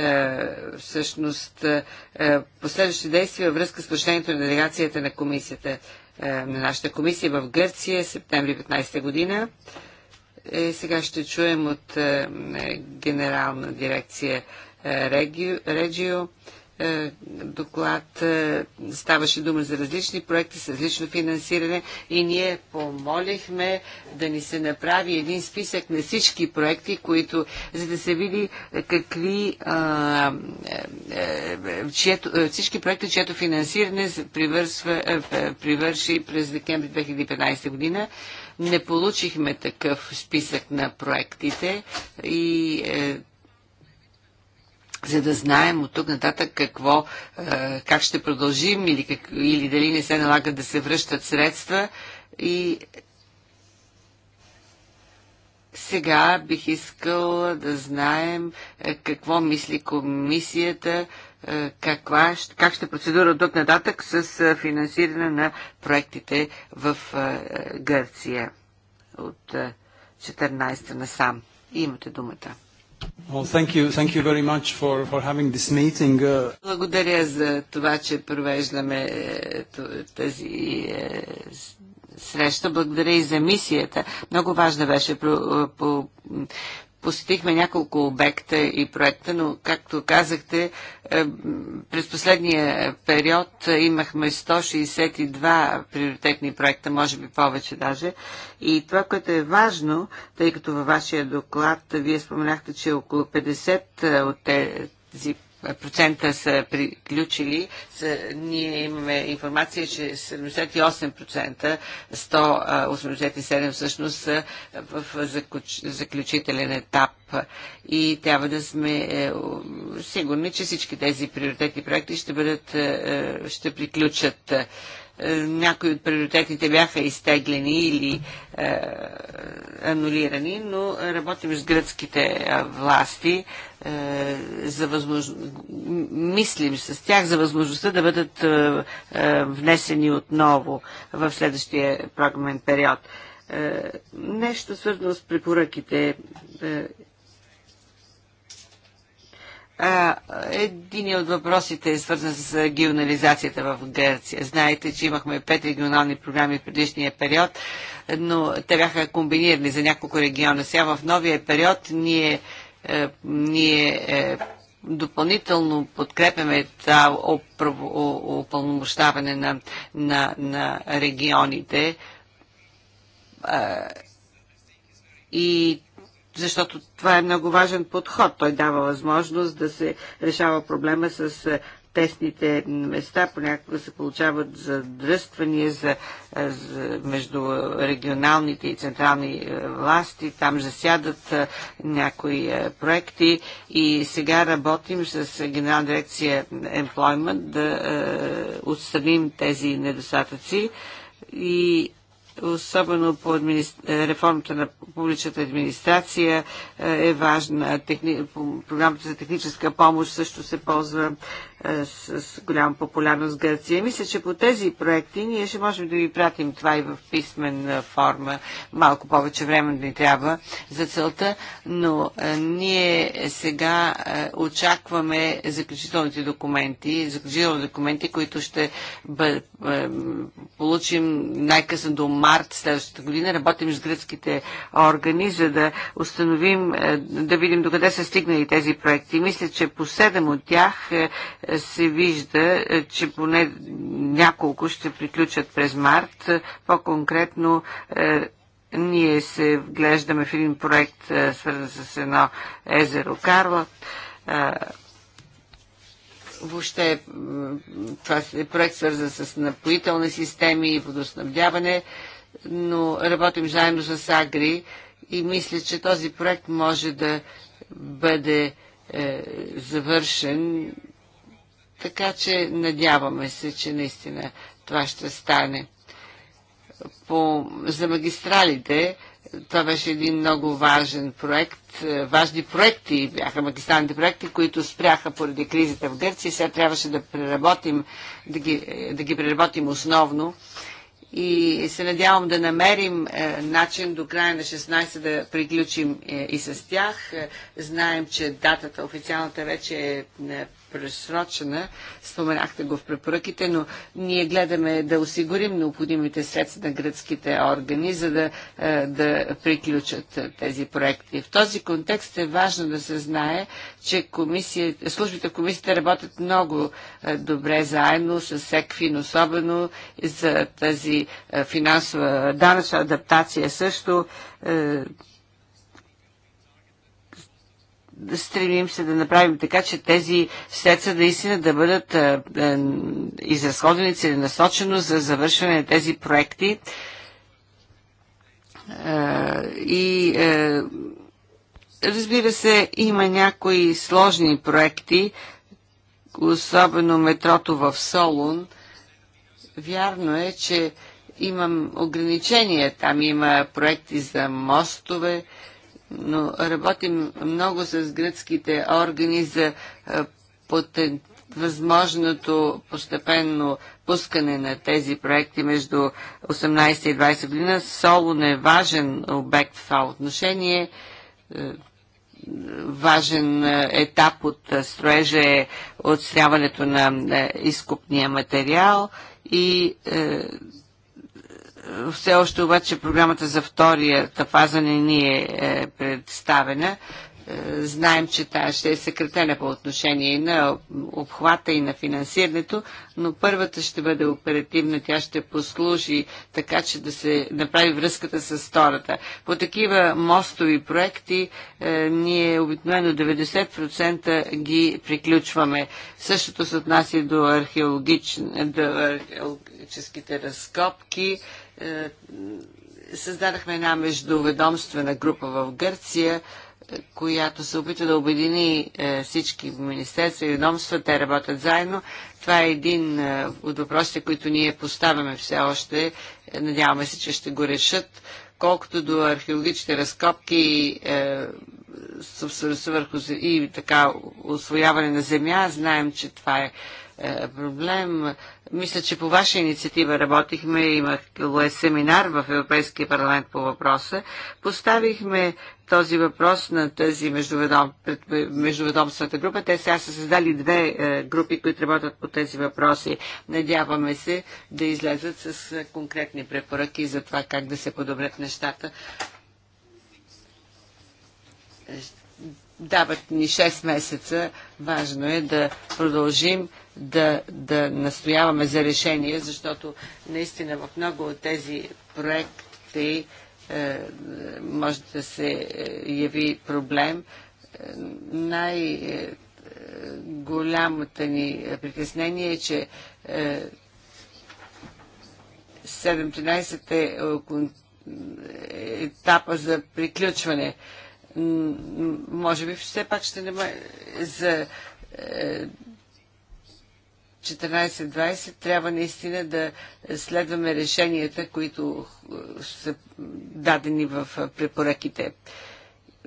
е всъщност последващи действия във връзка с посещението на делегацията на комисията на нашата комисия в Гърция, септември 15 година. Е, сега ще чуем от е, генерална дирекция е, Регио, Реджио е, доклад е, ставаше дума за различни проекти с различно финансиране и ние помолихме да ни се направи един списък на всички проекти, които, за да се види какви а, е, чието, всички проекти, чието финансиране привърши през декември 2015 година. Не получихме такъв списък на проектите и за да знаем от тук нататък какво, е, как ще продължим или, как, или дали не се налага да се връщат средства. И сега бих искал да знаем е, какво мисли комисията, е, каква, как ще процедура от тук нататък с финансиране на проектите в Гърция от 14 насам. Имате думата. Uh, Благодаря за това, че провеждаме е, тази е, среща. Благодаря и за мисията. Много важна беше е, посетихме няколко обекта и проекта, но както казахте, е, през последния период имахме 162 приоритетни проекта, може би повече даже. И това, което е важно, тъй като във вашия доклад вие споменахте, че около 50 от тези процента са приключили. Ние имаме информация, че 78%, 187 всъщност са в заключителен етап и трябва да сме е, сигурни, че всички тези приоритетни проекти ще, бъдат, е, е, ще приключат е, някои от приоритетите бяха изтеглени или е, анулирани, но работим с гръцките власти, е, за възмож... мислим с тях за възможността да бъдат е, е, внесени отново в следващия програмен период. Е, нещо свързано с препоръките. Е, един от въпросите е свързан с регионализацията в Гърция. Знаете, че имахме пет регионални програми в предишния период, но те бяха комбинирани за няколко региона. Сега в новия период ние, е, ние е, допълнително подкрепяме това опълномощаване на, на, на регионите и защото това е много важен подход. Той дава възможност да се решава проблема с е, тесните места, понякога се получават задръствания за, е, за, между регионалните и централни е, власти, там засядат някои проекти и сега работим с Генерална дирекция Employment да отстраним тези недостатъци и особено по е, реформата на публичната администрация е, е важна. Техни... Програмата за техническа помощ също се ползва е, с голяма популярност в Гърция. Мисля, че по тези проекти ние ще можем да ви пратим това и в писмен е, форма. Малко повече време да ни трябва за целта, но е, ние сега очакваме заключителните документи, заключителни документи, които ще бъ... получим най-късно до март следващата година. Работим с гръцките органи, за да установим, да видим докъде са стигнали тези проекти. Мисля, че по седем от тях се вижда, е, че поне няколко ще приключат през март. По-конкретно е, ние се вглеждаме в един проект, е, свързан с едно езеро Карла. Въобще това е проект свързан с напоителни системи и водоснабдяване, но работим заедно с Агри и мисля, че този проект може да бъде е, завършен така че надяваме се, че наистина това ще стане. По, за магистралите, това беше един много важен проект. Важни проекти бяха магистралните проекти, които спряха поради кризата в Гърция. Сега трябваше да, преработим, да, ги, да ги преработим основно. И се надявам да намерим е, начин до края на 16 да приключим е, и с тях. Е, знаем, че датата официалната вече е, е пресрочена, споменахте го в препоръките, но ние гледаме да осигурим необходимите средства на гръцките органи, за да, е, да приключат тези проекти. В този контекст е важно да се знае, че комисия, службите в комисията работят много е, добре заедно с ЕКФИН, особено за тази е, финансова данъчна адаптация също стремим се да направим така, че тези средства наистина да бъдат е, е, изразходени целенасочено за завършване на тези проекти. Е, и разбира се, има някои сложни проекти, особено метрото в Солун. Вярно е, че имам ограничения. Там има проекти за мостове, но работим много с гръцките органи за възможното постепенно пускане на тези проекти между 18 и 20 година. Солун е важен обект в това отношение. Е, важен е, етап от е, строежа е отстряването на изкупния материал и все още обаче програмата за вторията фаза не ни е, е представена. Е, знаем, че тя ще е съкратена по отношение и на обхвата и на финансирането, но първата ще бъде оперативна, тя ще послужи така, че да се направи връзката с втората. По такива мостови проекти е, ние обикновено 90% ги приключваме. Същото се отнася до археологическите разкопки. Е, създадахме една междуведомствена група в Гърция, е, която се опитва да обедини е, всички министерства и ведомства. Те работят заедно. Това е един от въпросите, които ние поставяме все още. Надяваме се, че ще го решат. Колкото до археологичните разкопки е, върху и така освояване на земя, знаем, че това е е, проблем. Мисля, че по ваша инициатива работихме, имах е семинар в Европейския парламент по въпроса. Поставихме този въпрос на тази междуведомствената група. Те сега са създали две е, групи, които работят по тези въпроси. Надяваме се да излезат с е, конкретни препоръки за това как да се подобрят нещата дават ни 6 месеца. Важно е да продължим да, да настояваме за решение, защото наистина в много от тези проекти е, може да се е, яви проблем. Е, Най-голямото е, ни притеснение е, че е, 17 е етапа за приключване. Може би все пак ще не за 14-20 трябва наистина да следваме решенията, които е, са дадени в е, препоръките.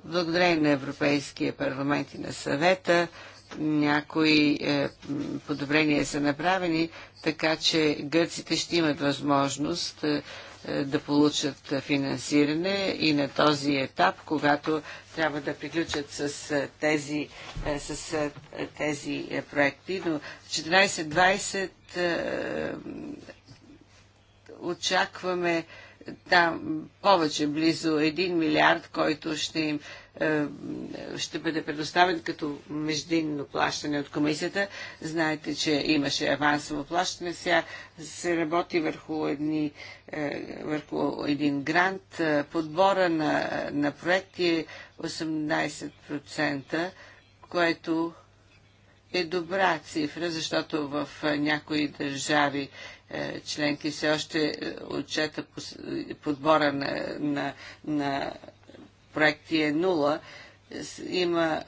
Благодарение на Европейския парламент и на съвета някои е, подобрения са направени, така че гърците ще имат възможност да получат финансиране и на този етап, когато трябва да приключат с тези, с тези проекти, но 14-20 очакваме там повече, близо 1 милиард, който ще им ще бъде предоставен като междинно плащане от комисията. Знаете, че имаше авансово плащане. Сега се работи върху, едни, върху един грант. Подбора на, на проекти е 18%, което е добра цифра, защото в някои държави е, членки все още е, отчета подбора на, на, на проекти е нула. Има,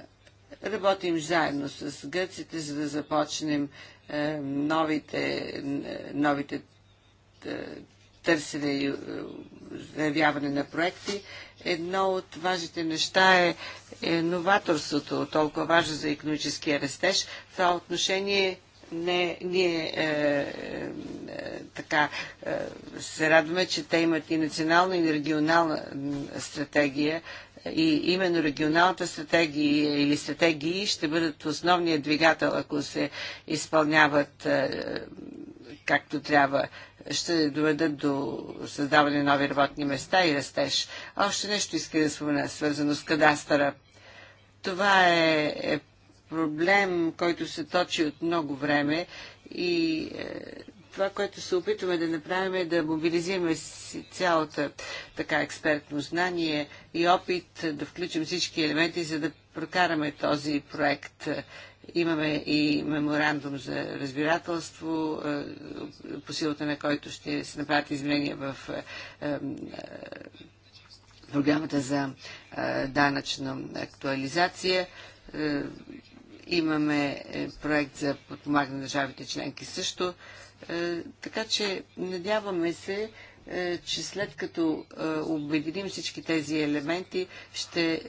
работим заедно с гърците, за да започнем е, новите, новите търсене и заявяване на проекти. Едно от важните неща е, е новаторството, толкова важно за економическия растеж. В това отношение не, ние е, е, е, така е, се радваме, че те имат и национална и регионална стратегия и именно регионалната стратегия или стратегии ще бъдат основният двигател, ако се изпълняват е, е както трябва ще доведат до създаване на нови работни места и растеж. Още нещо иска да спомена, свързано с кадастъра. Това е, е проблем, който се точи от много време и е, това, което се опитваме да направим е да мобилизираме цялата така експертно знание и опит да включим всички елементи, за да прокараме този проект Имаме и меморандум за разбирателство, е, по силата на който ще се направят изменения в е, е, програмата за данъчна актуализация. Имаме проект за подпомагане на държавите членки също. Така че надяваме се, че след като обединим всички тези елементи, ще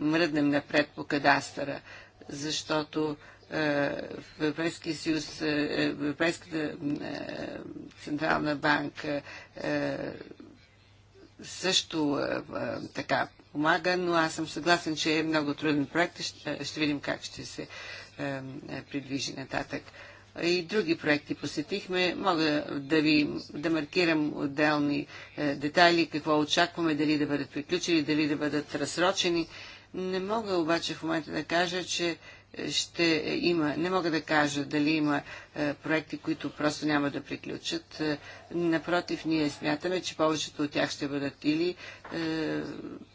мръднем напред по кадастъра защото в е, Европейския съюз, е, Европейската е, централна банка също така помага, но аз съм съгласен, че е много труден проект. Ще, ще видим как ще се придвижи нататък. И други проекти посетихме. Мога да ви да маркирам отделни детайли, какво очакваме, дали да бъдат приключени, дали да бъдат разсрочени. Не мога обаче в момента да кажа, че е, ще има, не мога да кажа дали има е, проекти, които просто няма да приключат. Е, напротив, ние смятаме, че повечето от тях ще бъдат или е,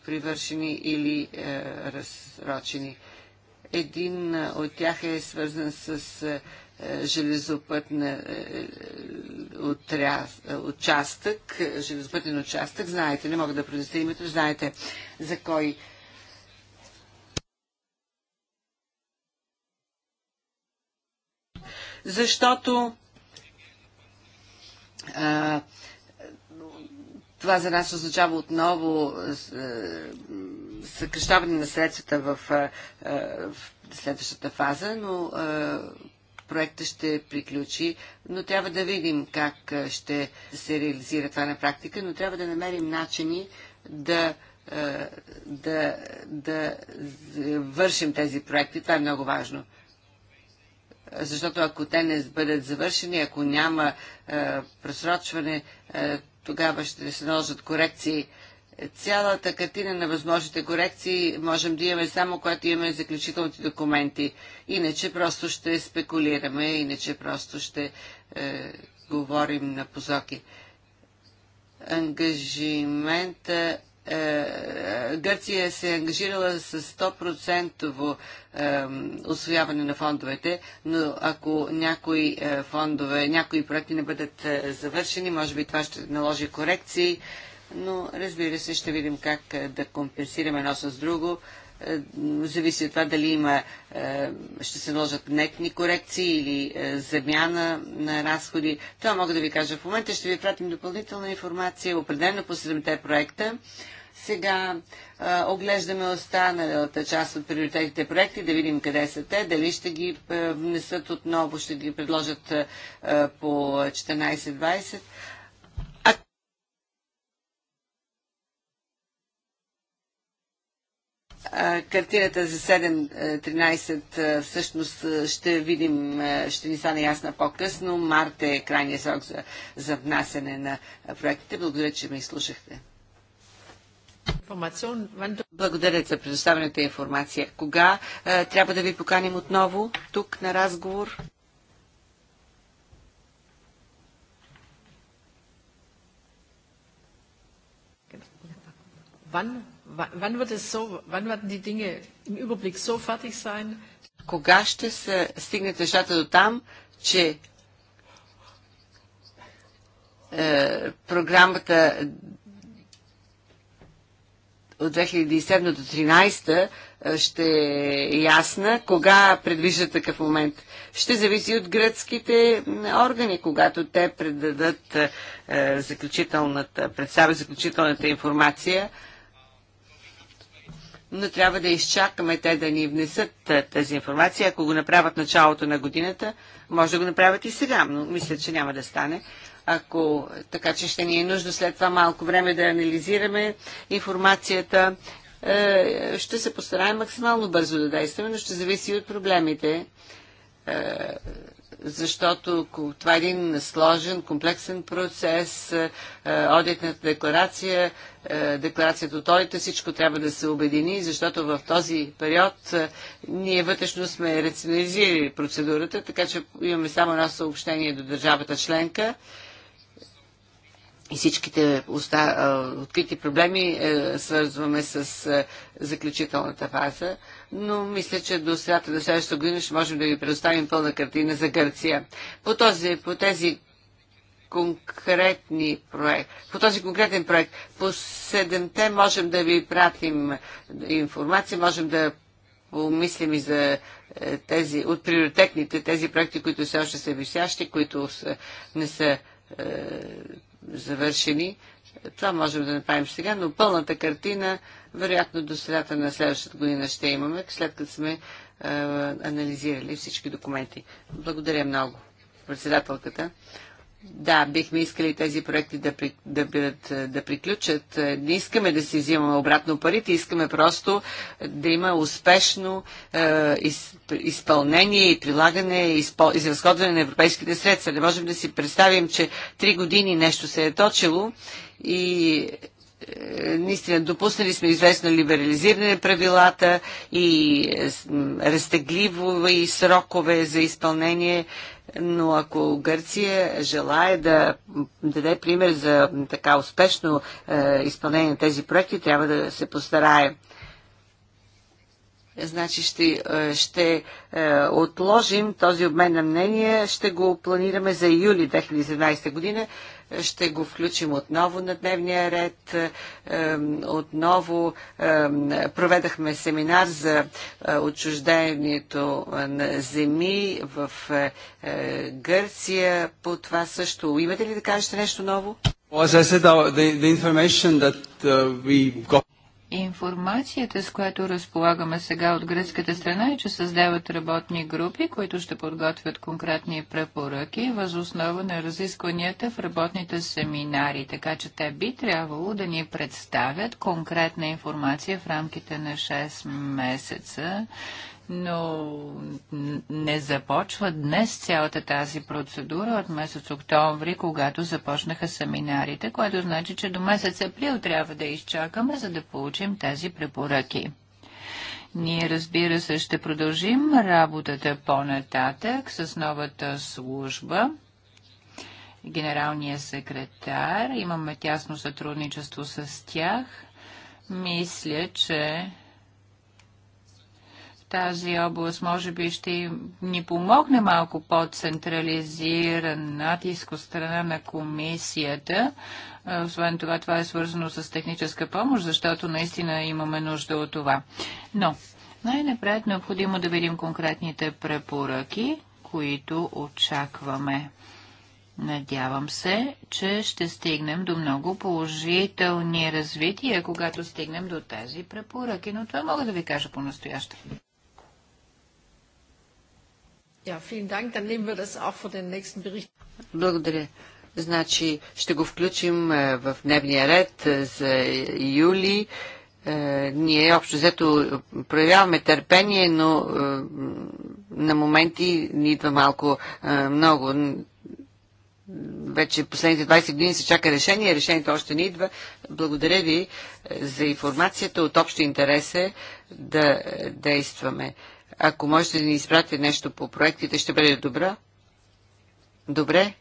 привършени, или е, разрочени. Един е, от тях е свързан с е, е железопътна е, участък, железопътен участък. Знаете, не мога да произнеса името, знаете за кой защото а, това за нас означава отново съкрещаване на средствата в, в следващата фаза, но проекта ще приключи, но трябва да видим как ще се реализира това на практика, но трябва да намерим начини да, да, да вършим тези проекти. Това е много важно защото ако те не бъдат завършени, ако няма е, просрочване, е, тогава ще се наложат корекции. Цялата картина на възможните корекции можем да имаме само когато имаме заключителните документи. Иначе просто ще спекулираме, иначе просто ще е, говорим на позоки. Ангажимента е, Гърция се е ангажирала с 100% освояване на фондовете, но ако някои е, фондове, някои проекти не бъдат е, завършени, може би това ще наложи корекции, но разбира се, ще видим как да компенсираме едно с друго. Зависи от това дали има, ще се наложат нетни корекции или замяна на разходи. Това мога да ви кажа в момента. Ще ви пратим допълнителна информация, определено по 7 проекта. Сега а, оглеждаме останалата част от приоритетите проекти, да видим къде са те, дали ще ги внесат отново, ще ги предложат а, по 14-20. Картината за 7.13 всъщност ще видим, ще ни стане ясна по-късно. Март е крайния срок за, за внасене на проектите. Благодаря, че ме изслушахте. Благодаря за предоставената информация. Кога е, трябва да ви поканим отново тук на разговор? Е Кога ще се стигнат нещата до там, че е, програмата от 2007 до 2013 ще е ясна. Кога предвижда такъв момент? Ще зависи от гръцките органи, когато те предадат заключителната, представят заключителната информация. Но трябва да изчакаме те да ни внесат тази информация. Ако го направят началото на годината, може да го направят и сега, но мисля, че няма да стане ако, така че ще ни е нужно след това малко време да анализираме информацията. Е, ще се постараем максимално бързо да действаме, но ще зависи от проблемите, е, защото това е един сложен, комплексен процес, е, одитната декларация, декларацията от одита, всичко трябва да се обедини, защото в този период ние вътрешно сме рационализирали процедурата, така че имаме само едно съобщение до държавата членка и всичките уста, открити проблеми е, свързваме с е, заключителната фаза, но мисля, че до средата на следващата година ще можем да ви предоставим пълна картина за Гърция. По, този, по тези конкретни проект, по този конкретен проект, по седемте можем да ви пратим информация, можем да помислим и за е, тези, от приоритетните, тези проекти, които все още са висящи, които са, не са завършени. Това можем да направим сега, но пълната картина, вероятно до средата на следващата година ще имаме, след като сме е, анализирали всички документи. Благодаря много, председателката. Да, бихме искали тези проекти да, при, да, бидат, е, да приключат. Е, не искаме да си взимаме обратно парите, искаме просто да има успешно е, из, изпълнение и прилагане, изпо, изразходване на европейските средства. Не можем да си представим, че три години нещо се е точило и е, наистина допуснали сме известно либерализиране на правилата и е, разтегливо и срокове за изпълнение, но ако Гърция желая да даде пример за така успешно е, изпълнение на тези проекти, трябва да се постарае. Значи ще, ще отложим този обмен на мнение, ще го планираме за юли 2017 година ще го включим отново на дневния ред. Е, отново проведахме семинар за е, отчуждението на земи в е, Гърция. По това също имате ли да кажете нещо ново? Well, as I said, the, the information that uh, we got Информацията, с която разполагаме сега от гръцката страна е, че създават работни групи, които ще подготвят конкретни препоръки възоснова на разискванията в работните семинари, така че те би трябвало да ни представят конкретна информация в рамките на 6 месеца но не започва днес цялата тази процедура от месец октомври, когато започнаха семинарите, което значи, че до месец април трябва да изчакаме, за да получим тези препоръки. Ние, разбира се, ще продължим работата по-нататък с новата служба генералният секретар. Имаме тясно сътрудничество с тях. Мисля, че тази област може би ще ни помогне малко по-централизиран натиск от страна на комисията. Освен това, това е свързано с техническа помощ, защото наистина имаме нужда от това. Но най-напред необходимо да видим конкретните препоръки, които очакваме. Надявам се, че ще стигнем до много положителни развития, когато стигнем до тези препоръки, но това мога да ви кажа по-настояще. Благодаря. Значи ще го включим е, в дневния ред е, за юли. Е, ние общо взето проявяваме търпение, но на моменти ни идва малко много. Вече последните 20 години се чака решение, решението още не идва. Благодаря ви за информацията от общ интерес е да действаме. Ако можете да ни изпратите нещо по проектите, ще бъде добра. Добре.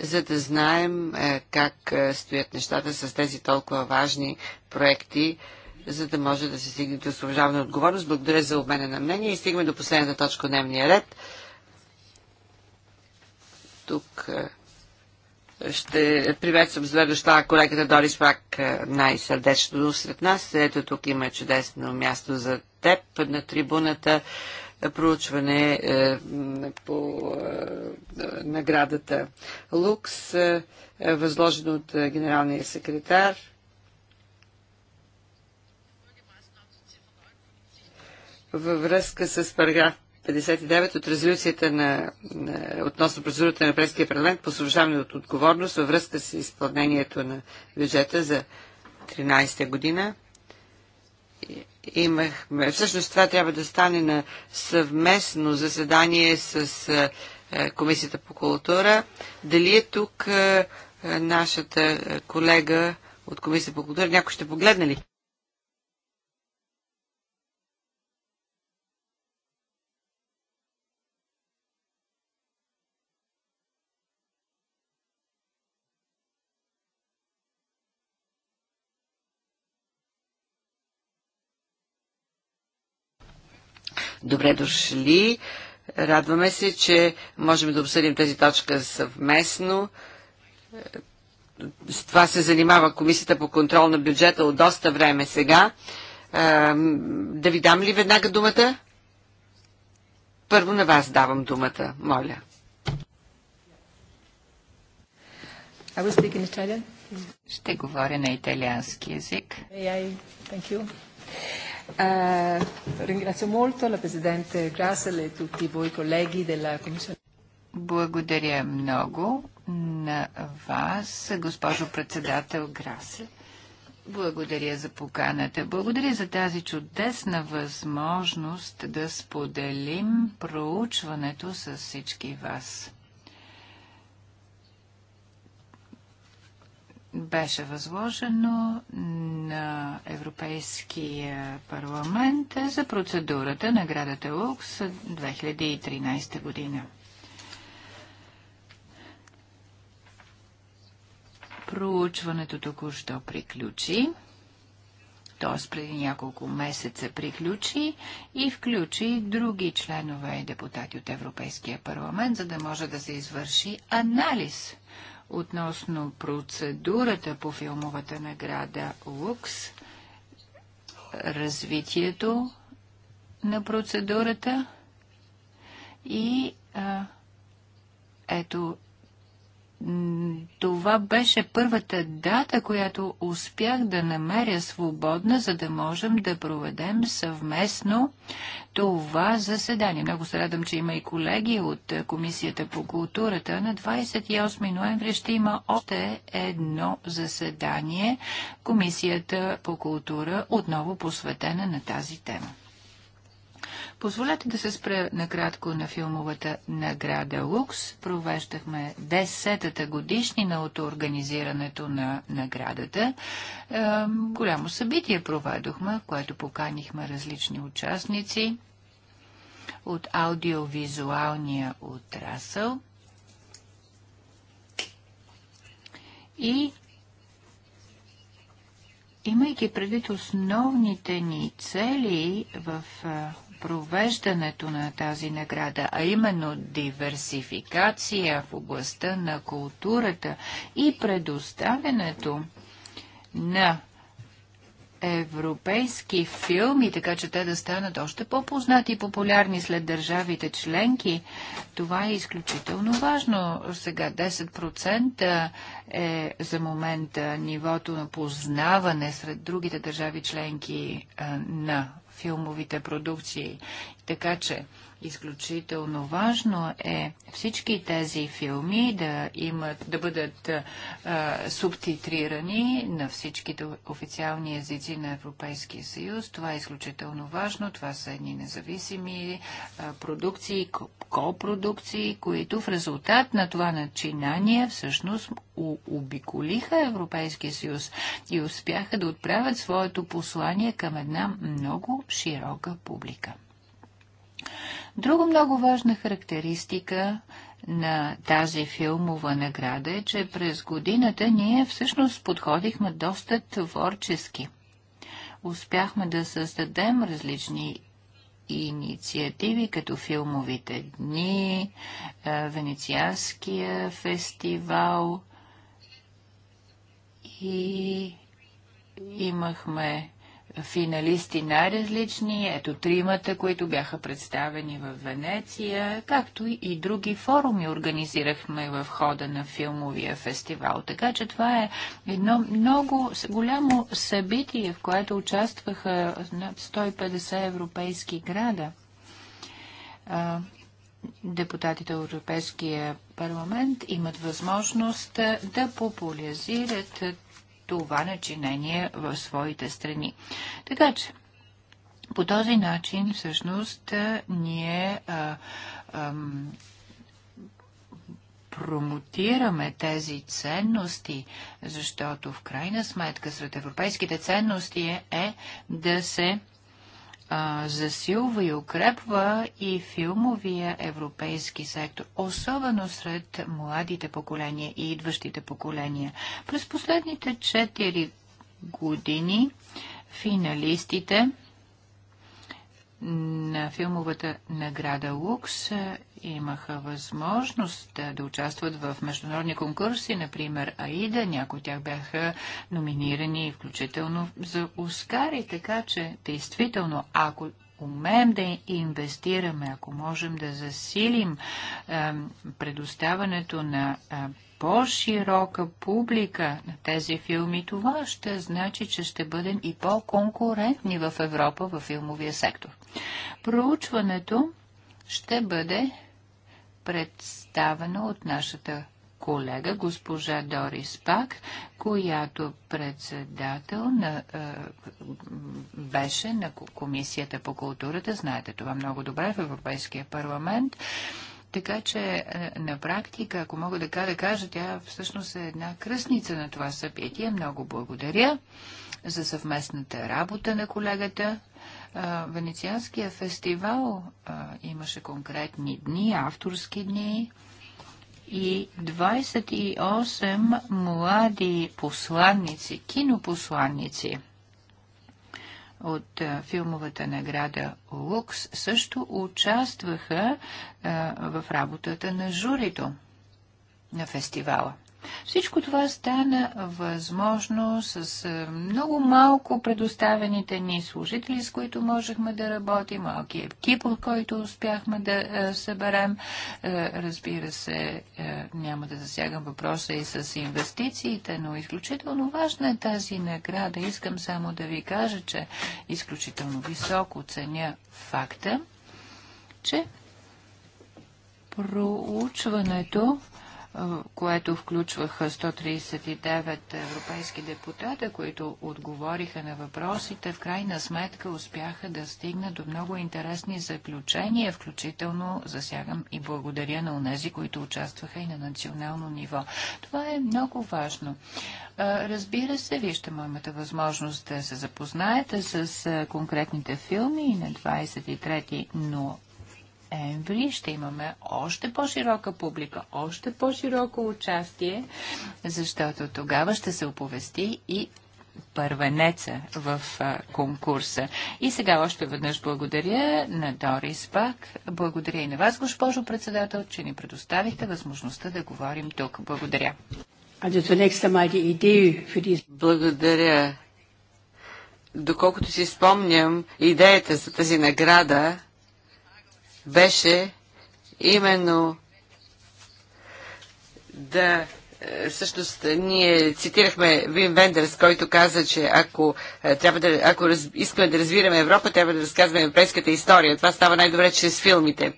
За да знаем е, как е, стоят нещата с тези толкова важни проекти, за да може да се стигне до служавна отговорност. Благодаря за обмена на мнение и стигаме до последната точка дневния ред. Тук е, ще приветствам с дъгъща колегата Дорис Пак е, най-сърдечно сред нас. Ето тук има чудесно място за теб на трибуната проучване е, по е, наградата Лукс, е, е възложено от е, генералния секретар. Във връзка с параграф 59 от резолюцията на, относно процедурата на Европейския парламент по освобождаване от отговорност във връзка с изпълнението на бюджета за 13-та година. Имахме. Всъщност това трябва да стане на съвместно заседание с е, е, Комисията по култура. Дали е тук е, нашата колега от Комисията по култура? Някой ще погледне ли? Добре дошли. Радваме се, че можем да обсъдим тази точка съвместно. С това се занимава Комисията по контрол на бюджета от доста време сега. Да ви дам ли веднага думата? Първо на вас давам думата, моля. Ще говоря на италиански язик. Hey, I... Thank you. Eh, ringrazio molto la Presidente Grassel e tutti voi colleghi della Commissione. Благодаря много на вас, госпожо председател Грасел. Благодаря за поканата. Благодаря за тази чудесна възможност да споделим проучването с всички вас. беше възложено на Европейския парламент за процедурата на градата Лукс 2013 година. Проучването току-що приключи, т.е. преди няколко месеца приключи и включи други членове и депутати от Европейския парламент, за да може да се извърши анализ Относно процедурата по филмовата награда Лукс, развитието на процедурата и а, ето това беше първата дата, която успях да намеря свободна, за да можем да проведем съвместно това заседание. Много се радвам, че има и колеги от Комисията по културата. На 28 ноември ще има още едно заседание. Комисията по култура отново посветена на тази тема. Позволете да се спра накратко на филмовата награда Лукс. Провеждахме 10-та годишнина от организирането на наградата. Е, голямо събитие проведохме, което поканихме различни участници от аудиовизуалния отрасъл. И имайки предвид основните ни цели в е, провеждането на тази награда, а именно диверсификация в областта на културата и предоставянето на европейски филми, така че те да станат още по-познати и популярни след държавите членки. Това е изключително важно. Сега 10% е за момента нивото на познаване сред другите държави членки на филмовите продукции. Така че Изключително важно е всички тези филми да, имат, да бъдат а, субтитрирани на всичките официални езици на Европейския съюз. Това е изключително важно. Това са едни независими а, продукции, копродукции, които в резултат на това начинание всъщност обиколиха Европейския съюз и успяха да отправят своето послание към една много широка публика. Друга много важна характеристика на тази филмова награда е, че през годината ние всъщност подходихме доста творчески. Успяхме да създадем различни инициативи, като филмовите дни, е, Венецианския фестивал и имахме финалисти най-различни. Ето тримата, които бяха представени в Венеция, както и други форуми организирахме в хода на филмовия фестивал. Така че това е едно много голямо събитие, в което участваха над 150 европейски града. Депутатите от Европейския парламент имат възможност да популяризират това начинение в своите страни. Така че, по този начин, всъщност, ние а, а, промотираме тези ценности, защото в крайна сметка сред европейските ценности е, е да се засилва и укрепва и филмовия европейски сектор, особено сред младите поколения и идващите поколения. През последните четири години финалистите на филмовата награда Лукс е, имаха възможност да, е, да участват в международни конкурси, например АИДА. Някои от тях бяха номинирани включително за Оскари, така че действително, ако умеем да инвестираме, ако можем да засилим е, предоставането на е, по-широка публика на тези филми, това ще значи, че ще бъдем и по-конкурентни в Европа във филмовия сектор. Проучването ще бъде представено от нашата колега, госпожа Дорис Пак, която председател на, е, беше на Комисията по културата. Знаете това много добре в Европейския парламент. Така че е, на практика, ако мога така да кажа, тя всъщност е една кръсница на това събитие. Много благодаря за съвместната работа на колегата. Е, Венецианския фестивал е, имаше конкретни дни, авторски дни и 28 млади посланници, кинопосланници – от е, филмовата награда Лукс също участваха е, в работата на журито на фестивала. Всичко това стана възможно с е, много малко предоставените ни служители, с които можехме да работим, малки екип, от който успяхме да е, съберем. Е, разбира се, няма да засягам въпроса и с инвестициите, но изключително важна е тази награда. Искам само да ви кажа, че изключително високо ценя факта, че проучването което включваха 139 европейски депутата, които отговориха на въпросите, в крайна сметка успяха да стигнат до много интересни заключения, включително засягам и благодаря на унези, които участваха и на национално ниво. Това е много важно. Разбира се, вие ще имате възможност да се запознаете с конкретните филми и на 23 ноември ще имаме още по-широка публика, още по-широко участие, защото тогава ще се оповести и първенеца в а, конкурса. И сега още веднъж благодаря на Дорис Пак. Благодаря и на вас, госпожо председател, че ни предоставихте възможността да говорим тук. Благодаря. E благодаря. Доколкото си спомням, идеята за тази награда беше именно да е, всъщност ние цитирахме Вим Вендерс, който каза, че ако, е, трябва да, ако раз, искаме да разбираме Европа, трябва да разказваме европейската история. Това става най-добре чрез филмите.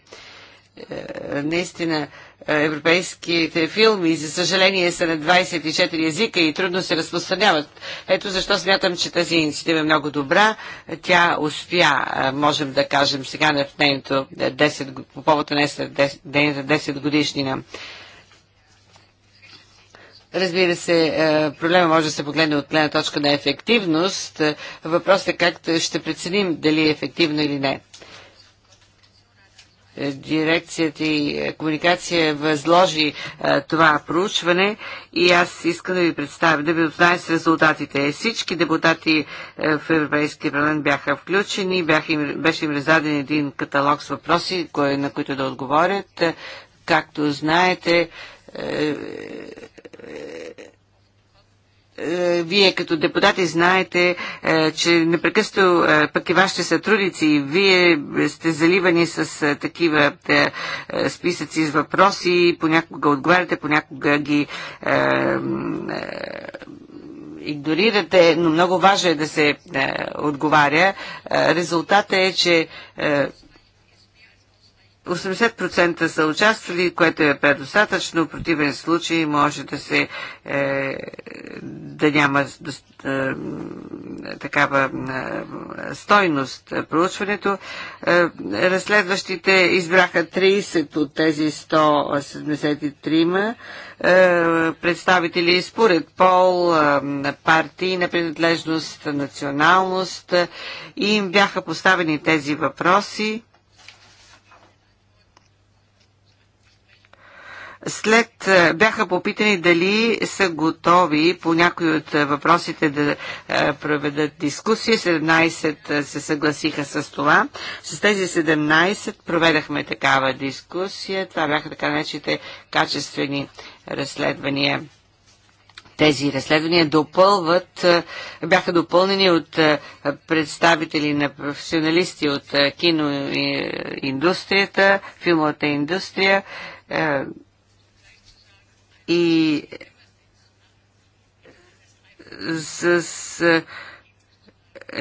Е, наистина, европейските филми, за съжаление, са на 24 езика и трудно се разпространяват. Ето защо смятам, че тази инициатива е много добра. Тя успя, можем да кажем, сега на нейното 10, по повод на нейната 10, 10 годишнина. Разбира се, проблема може да се погледне от гледна точка на ефективност. Въпросът е как ще преценим дали е ефективно или не дирекцията и е, комуникация възложи е, това проучване и аз искам да ви представя, да ви отзная с резултатите. Всички депутати е, в Европейския парламент бяха включени, бяха им, беше им раздаден един каталог с въпроси, на които да отговорят. Както знаете, е, вие като депутати знаете, е, че непрекъсто е, пък и вашите сътрудници, вие сте заливани с такива списъци с въпроси, понякога отговаряте, понякога ги игнорирате, но много важно е да се отговаря. Резултатът е, че 80% са участвали, което е предостатъчно. В противен случай може да се е, да няма е, такава е, стойност проучването. Е, разследващите избраха 30 от тези 173 е, представители според пол, е, на принадлежност, националност и им бяха поставени тези въпроси След е, бяха попитани дали са готови по някои от е, въпросите да е, проведат дискусия. 17 се съгласиха с това. С тези 17 проведахме такава дискусия. Това бяха така наречените качествени разследвания тези разследвания допълват, бяха допълнени от представители на професионалисти от киноиндустрията, филмовата индустрия, и с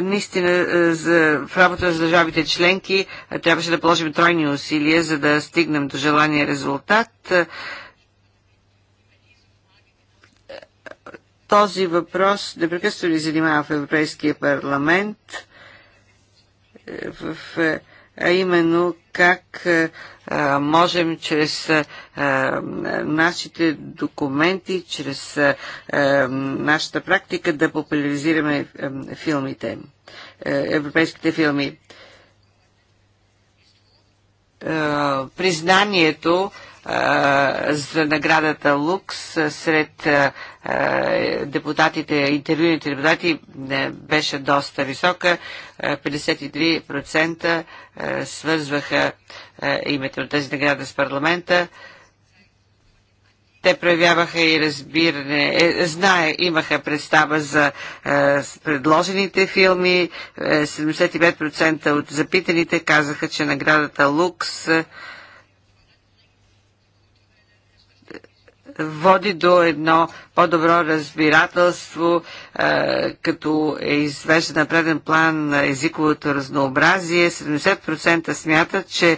наистина за, в работа с държавите членки трябваше да положим тройни усилия, за да стигнем до желания резултат. Този въпрос непрекъснато ни занимава в Европейския парламент, в, а именно как е, е, можем чрез е, нашите документи, чрез нашата практика да популяризираме филмите, европейските филми признанието за наградата Лукс сред депутатите, интервюните депутати беше доста висока. 53% свързваха името на тази награда с парламента. Те проявяваха и разбиране, е, знае, имаха представа за е, предложените филми. Е, 75% от запитаните казаха, че наградата Лукс е, води до едно по-добро разбирателство, е, като е извежда на преден план езиковото разнообразие. 70% смятат, че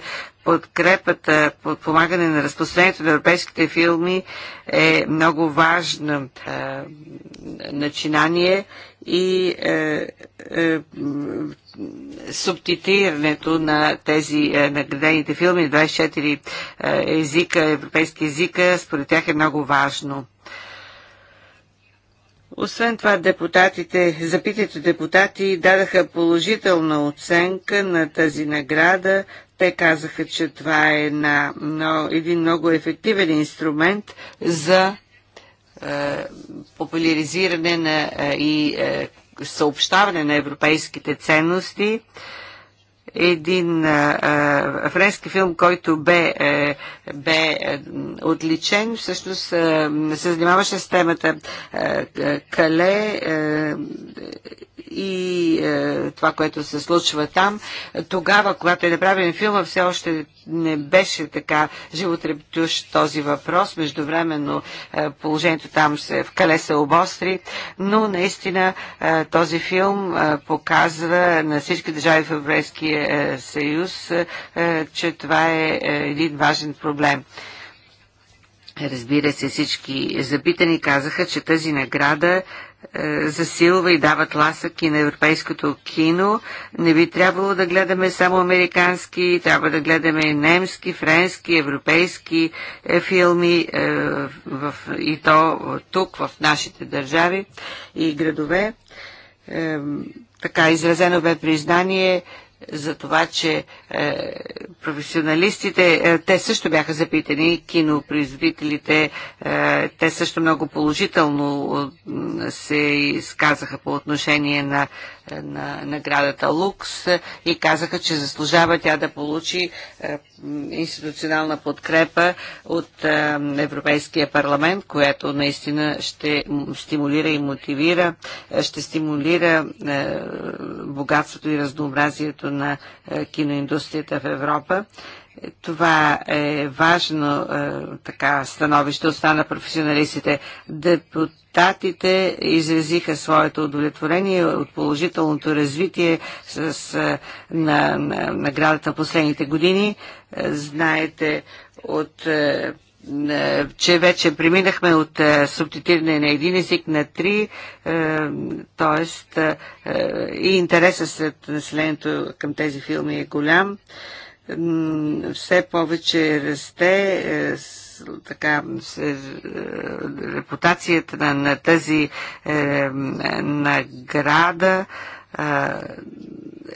подкрепата, подпомагане на разпространението на европейските филми е много важно е, начинание и е, е, субтитрирането на тези е, наградените филми, 24 е, езика, европейски езика, според тях е много важно. Е, освен това, депутатите, запитите депутати дадаха положителна оценка на тази награда. Те казаха, че това е на, но, един много ефективен инструмент за е, популяризиране на, е, и е, съобщаване на европейските ценности. Е, един а, а, френски филм, който бе, а, е, бе а, е, отличен, всъщност а, е, се занимаваше с темата а, Кале а, и а, това, което се случва там. Тогава, когато е направен филма, все още не беше така животрептущ този въпрос. Междувременно а, положението там се в Кале се обостри, но наистина а, този филм а, показва на всички държави в Европейския Европейския съюз, е, е, че това е, е един важен проблем. Разбира се, всички запитани казаха, че тази награда засилва и дава тласък и на европейското кино. Не би трябвало да гледаме само американски, трябва да гледаме и немски, френски, европейски филми и то тук, в нашите държави и градове. Така изразено бе признание за това, че е, професионалистите, е, те също бяха запитани, кинопроизводителите, е, те също много положително е, се изказаха по отношение на на наградата Лукс и казаха, че заслужава тя да получи е, институционална подкрепа от е, Европейския парламент, която наистина ще стимулира и мотивира, е, ще стимулира богатството и разнообразието на киноиндустрията в Европа. Това е важно е, така становище от страна професионалистите. Депутатите изразиха своето удовлетворение от положителното развитие с, е, на, на наградата на последните години. Е, знаете от че вече преминахме от субтитриране на един език на три, т.е. и интересът сред населението към тези филми е голям все повече расте е, така се, е, репутацията на, на тази е, награда. Е,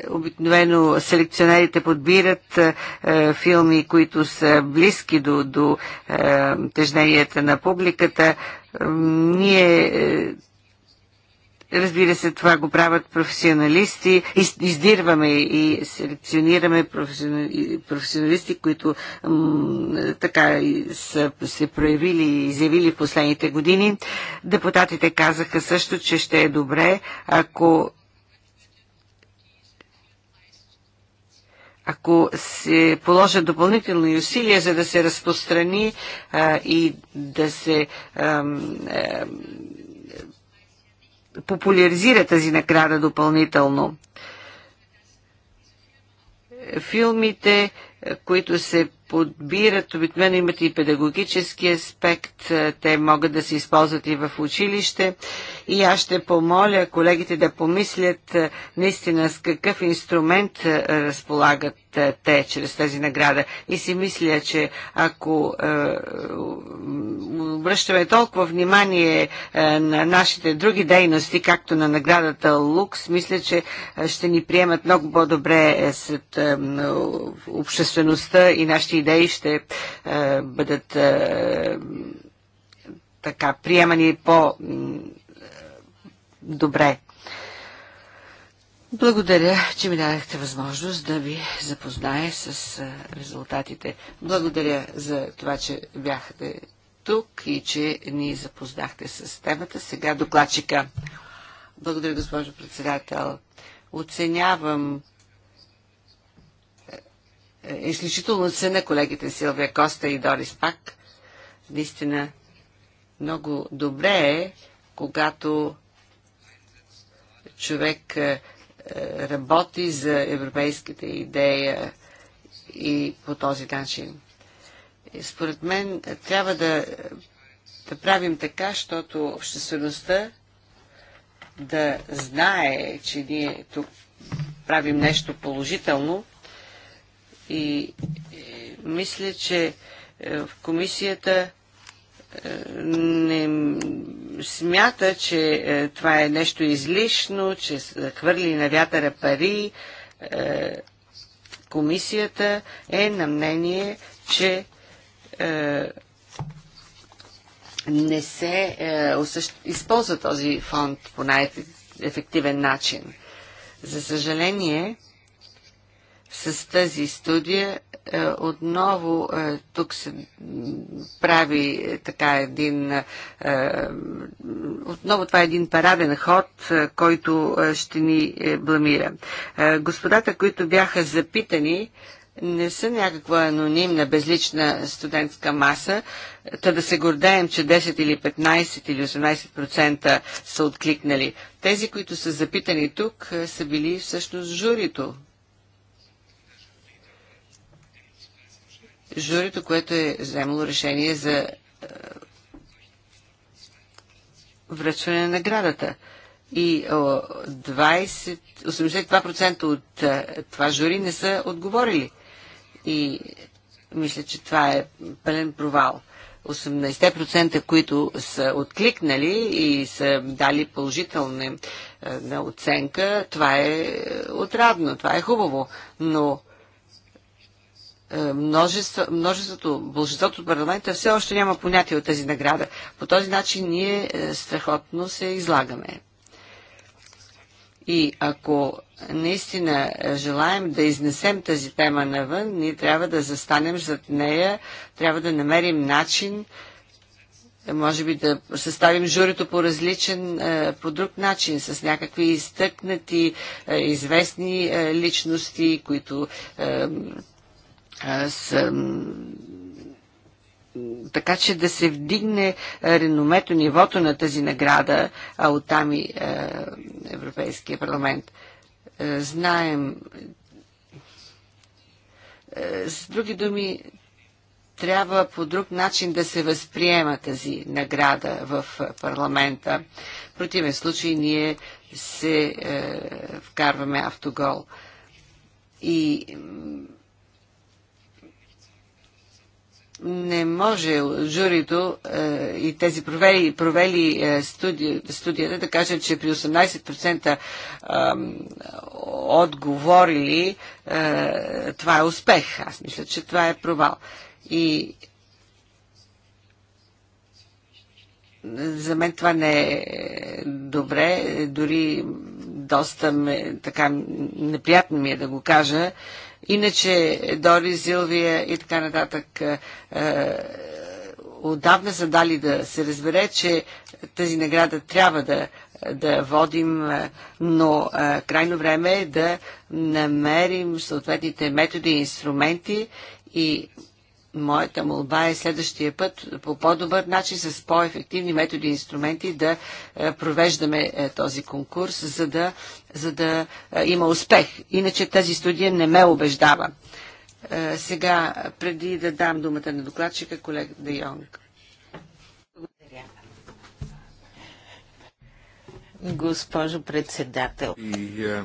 обикновено селекционерите подбират е, е, филми, които са близки до, до е, тежненията на публиката. Е, ние е, Разбира се, това го правят професионалисти. издирваме и селекционираме професионалисти, които така са се проявили и изявили в последните години. Депутатите казаха също, че ще е добре, ако ако се положат допълнителни усилия, за да се разпространи а, и да се а, а, популяризира тази награда допълнително. Филмите, които се подбират, обикновено имат и педагогически аспект, те могат да се използват и в училище. И аз ще помоля колегите да помислят наистина с какъв инструмент разполагат е, те чрез тази награда. И си мисля, че ако е, връщаме толкова внимание е, на нашите други дейности, както на наградата Лукс, мисля, че е, ще ни приемат много по-добре е, сред е, обществеността и нашите идеи ще е, бъдат е, така приемани по- добре. Благодаря, че ми дадахте възможност да ви запознае с резултатите. Благодаря за това, че бяхте тук и че ни запознахте с темата. Сега докладчика. Благодаря, госпожо председател. Оценявам е, е, изключително се на колегите Силвия Коста и Дорис Пак. Наистина много добре е, когато човек е, е, работи за европейската идея и по този начин. И според мен е, трябва да, да правим така, защото обществеността да знае, че ние тук правим нещо положително и, мисля, че е, в комисията не смята, че е, това е нещо излишно, че хвърли на вятъра пари. Е, комисията е на мнение, че е, не се използва този фонд по най-ефективен начин. За съжаление, с тази студия е, отново е, тук се прави е, така един... Отново това е един параден ход, който ще ни бламира. Господата, които бяха запитани, не са някаква анонимна, безлична студентска маса, та да се гордеем, че 10 или 15 или 18% са откликнали. Тези, които са запитани тук, са били всъщност журито, журито, което е вземало решение за е, връчване на наградата. И 20, 82% от е, това жури не са отговорили. И мисля, че това е пълен провал. 18%, които са откликнали и са дали положителна е, оценка, това е отрадно, това е хубаво, но е, множество, множеството, большинството от парламента все още няма понятие от тази награда. По този начин ние е, страхотно се излагаме. И ако наистина е, желаем да изнесем тази тема навън, ние трябва да застанем зад нея, трябва да намерим начин, може би да съставим журито по различен, по друг начин, с някакви изтъкнати, известни личности, които с, така че да се вдигне реномето, нивото на тази награда, а там и е, Европейския парламент. Е, знаем, е, с други думи, трябва по друг начин да се възприема тази награда в парламента. В противен случай ние се е, вкарваме автогол. И не може журито е, и тези провели, провели е, студи, студията да кажат, че при 18% е, отговорили е, това е успех. Аз мисля, че това е провал. И за мен това не е добре, дори доста ме, така неприятно ми е да го кажа, Иначе Дори, Зилвия и така нататък е, е, отдавна са дали да се разбере, че тази награда трябва да, да водим, е, но е, крайно време е да намерим съответните методи и инструменти и моята молба е следващия път по по-добър начин, с по-ефективни методи и инструменти да е, провеждаме този конкурс, за да за да е, има успех. Иначе тази студия не ме убеждава. Е, сега, преди да дам думата на докладчика, колега Де Йонг. Благодаря. Госпожо председател. Е,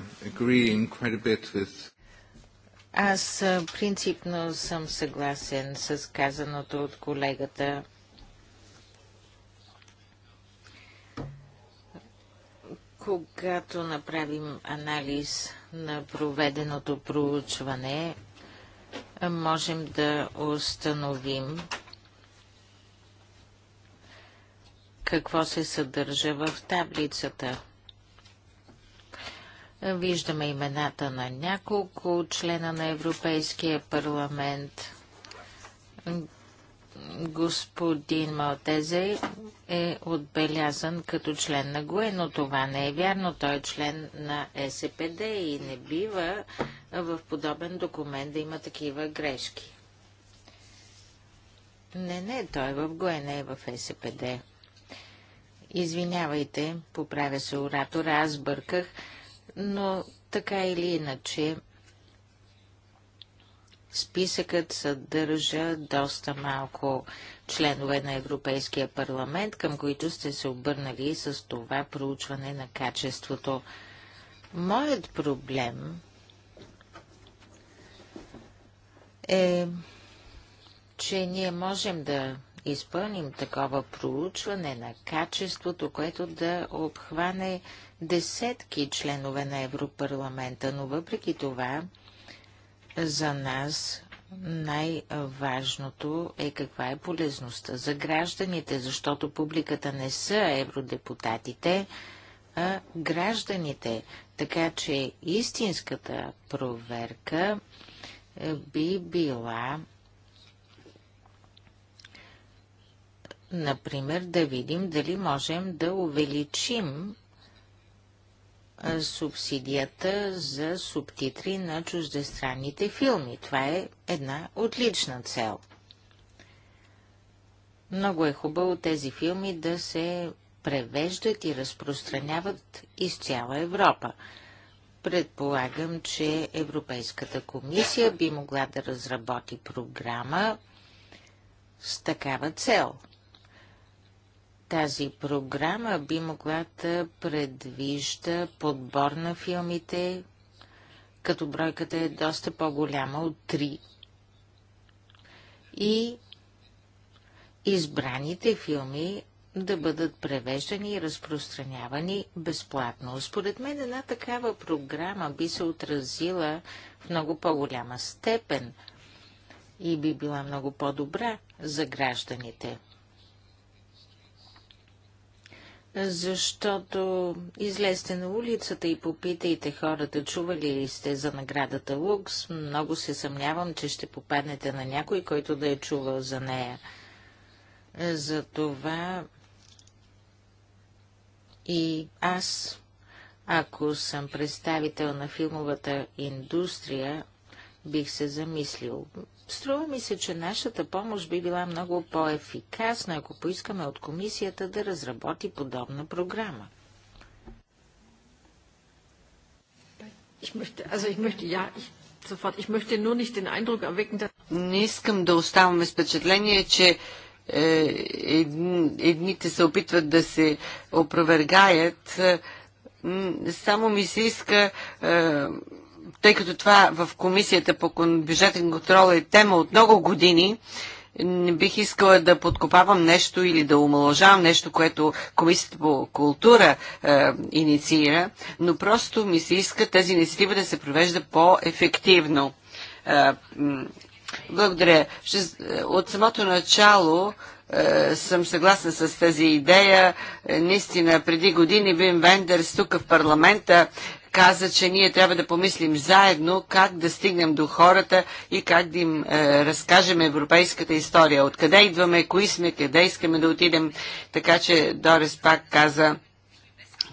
Аз принципно съм съгласен с казаното от колегата. Когато направим анализ на проведеното проучване, можем да установим какво се съдържа в таблицата. Виждаме имената на няколко члена на Европейския парламент, господин Малтезе е отбелязан като член на ГУЕ, но това не е вярно. Той е член на СПД и не бива в подобен документ да има такива грешки. Не, не, той е в ГУЕ, не е в СПД. Извинявайте, поправя се оратора, аз бърках, но така или иначе Списъкът съдържа доста малко членове на Европейския парламент, към които сте се обърнали с това проучване на качеството. Моят проблем е, че ние можем да изпълним такова проучване на качеството, което да обхване десетки членове на Европарламента, но въпреки това за нас най-важното е каква е полезността за гражданите, защото публиката не са евродепутатите, а гражданите. Така че истинската проверка е, би била, например, да видим дали можем да увеличим субсидията за субтитри на чуждестранните филми. Това е една отлична цел. Много е хубаво тези филми да се превеждат и разпространяват из цяла Европа. Предполагам, че Европейската комисия би могла да разработи програма с такава цел – тази програма би могла да предвижда подбор на филмите, като бройката е доста по-голяма от 3. И избраните филми да бъдат превеждани и разпространявани безплатно. Според мен една такава програма би се отразила в много по-голяма степен и би била много по-добра за гражданите. Защото излезте на улицата и попитайте хората, чували ли сте за наградата Лукс, много се съмнявам, че ще попаднете на някой, който да е чувал за нея. Затова и аз, ако съм представител на филмовата индустрия, бих се замислил. Струва ми се, че нашата помощ би била много по-ефикасна, ако поискаме от комисията да разработи подобна програма. Не искам да оставаме с впечатление, че е, едните се опитват да се опровергаят. Само ми се иска е, тъй като това в Комисията по бюджетен контрол е тема от много години, не бих искала да подкопавам нещо или да омалъжавам нещо, което Комисията по култура е, инициира, но просто ми се иска тази инициатива да се провежда по-ефективно. Е, благодаря. Ще, от самото начало е, съм съгласна с тази идея. Е, наистина, преди години Вим Вендерс тук в парламента каза, че ние трябва да помислим заедно как да стигнем до хората и как да им е, разкажем европейската история. Откъде идваме, кои сме, къде искаме да отидем. Така че Дорес пак каза,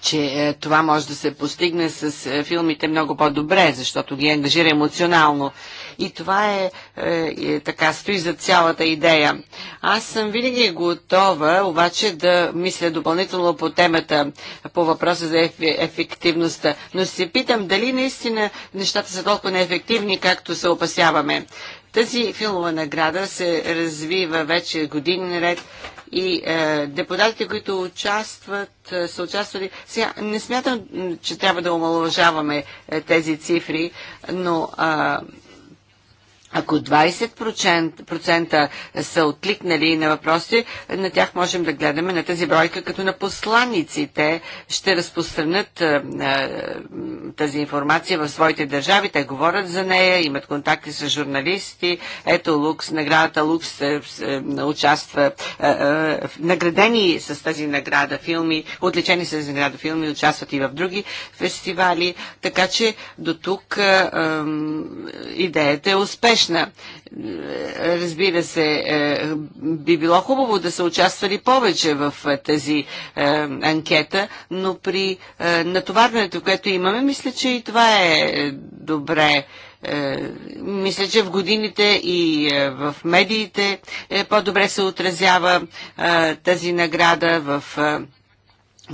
че е, това може да се постигне с е, филмите много по-добре, защото ги ангажира емоционално. И това е, е, е така, стои за цялата идея. Аз съм винаги готова, обаче, да мисля допълнително по темата, по въпроса за еф, ефективността. Но се питам дали наистина нещата са толкова неефективни, както се опасяваме. Тази филмова награда се развива вече години наред и е, депутатите, които участват, е, са участвали. Сега, не смятам, че трябва да омалуважаваме е, тези цифри, но е, ако 20% са откликнали на въпроси, на тях можем да гледаме на тази бройка като на посланици. Те ще разпространят тази информация в своите държави. Те говорят за нея, имат контакти с журналисти. Ето Лукс, наградата Лукс е, е, участва е, наградени с тази награда филми, отличени с тази награда филми, участват и в други фестивали. Така че до тук идеята е успешна успешна. Разбира се, е, би било хубаво да са участвали повече в е, тази е, анкета, но при натоварването, което имаме, мисля, че и това е добре мисля, че в годините и в медиите по-добре се отразява тази награда в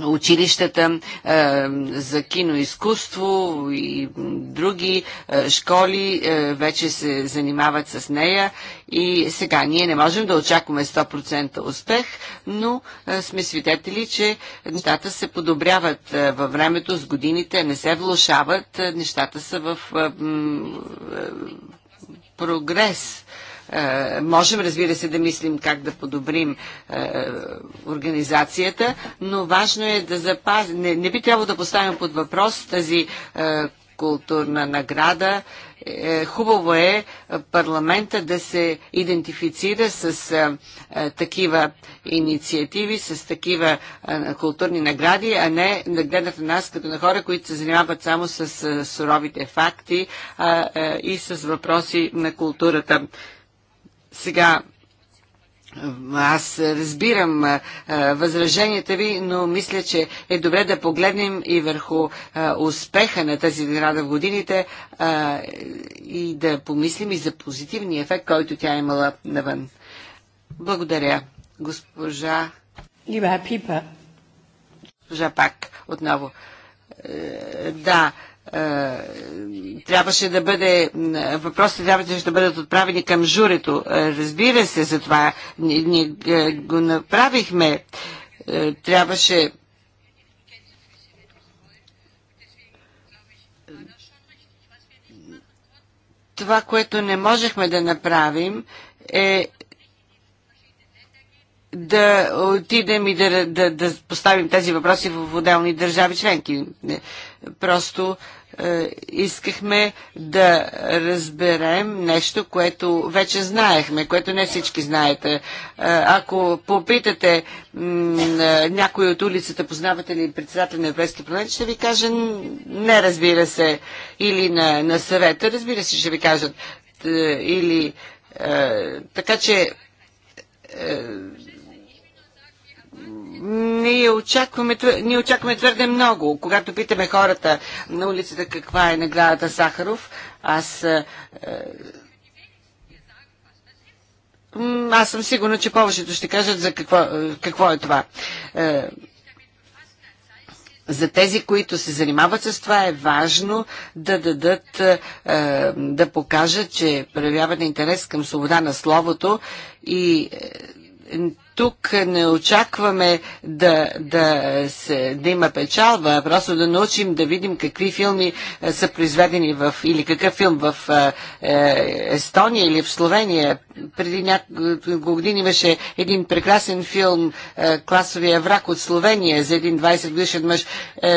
училищата е, за киноизкуство и други е, школи е, вече се занимават с нея и сега ние не можем да очакваме 100% успех, но сме свидетели, че нещата се подобряват във времето с годините, не се влушават, нещата са в прогрес е, можем, разбира се, да мислим как да подобрим е, организацията, но важно е да запазим. Не, не би трябвало да поставим под въпрос тази е, културна награда. Хубаво е парламента да се идентифицира с такива инициативи, с такива културни награди, а не да гледат на нас като на хора, които се занимават само с суровите факти и с въпроси на културата сега, аз разбирам възраженията ви, но мисля, че е добре да погледнем и върху успеха на тази награда в годините и да помислим и за позитивния ефект, който тя е имала навън. Благодаря, госпожа. Госпожа Пак, отново. Е, да, е, трябваше да бъде, въпросите трябваше да бъдат отправени към журито. Е, разбира се, за това. ние е, го направихме. Трябваше това, което не можехме да направим е да отидем и да, да, да поставим тези въпроси в отделни държави членки. Просто е, искахме да разберем нещо, което вече знаехме, което не всички знаете. Е, ако попитате е, някой от улицата, познавате ли председател на Европейския парламент, ще ви каже не, разбира се, или на, на съвета, разбира се, ще ви кажат. Е, или, е, така че ние очакваме, ние очакваме твърде много. Когато питаме хората на улицата каква е наградата Сахаров, аз е, аз съм сигурна, че повечето ще кажат за какво, е, какво е това. Е, за тези, които се занимават с това, е важно да дадат, да покажат, че проявяват интерес към свобода на словото и тук не очакваме да, да, се, да има печалба, а просто да научим да видим какви филми е, са произведени в, или какъв филм в е, е, Естония или в Словения. Преди няколко години имаше един прекрасен филм е, Класовия враг от Словения за един 20 годишен мъж.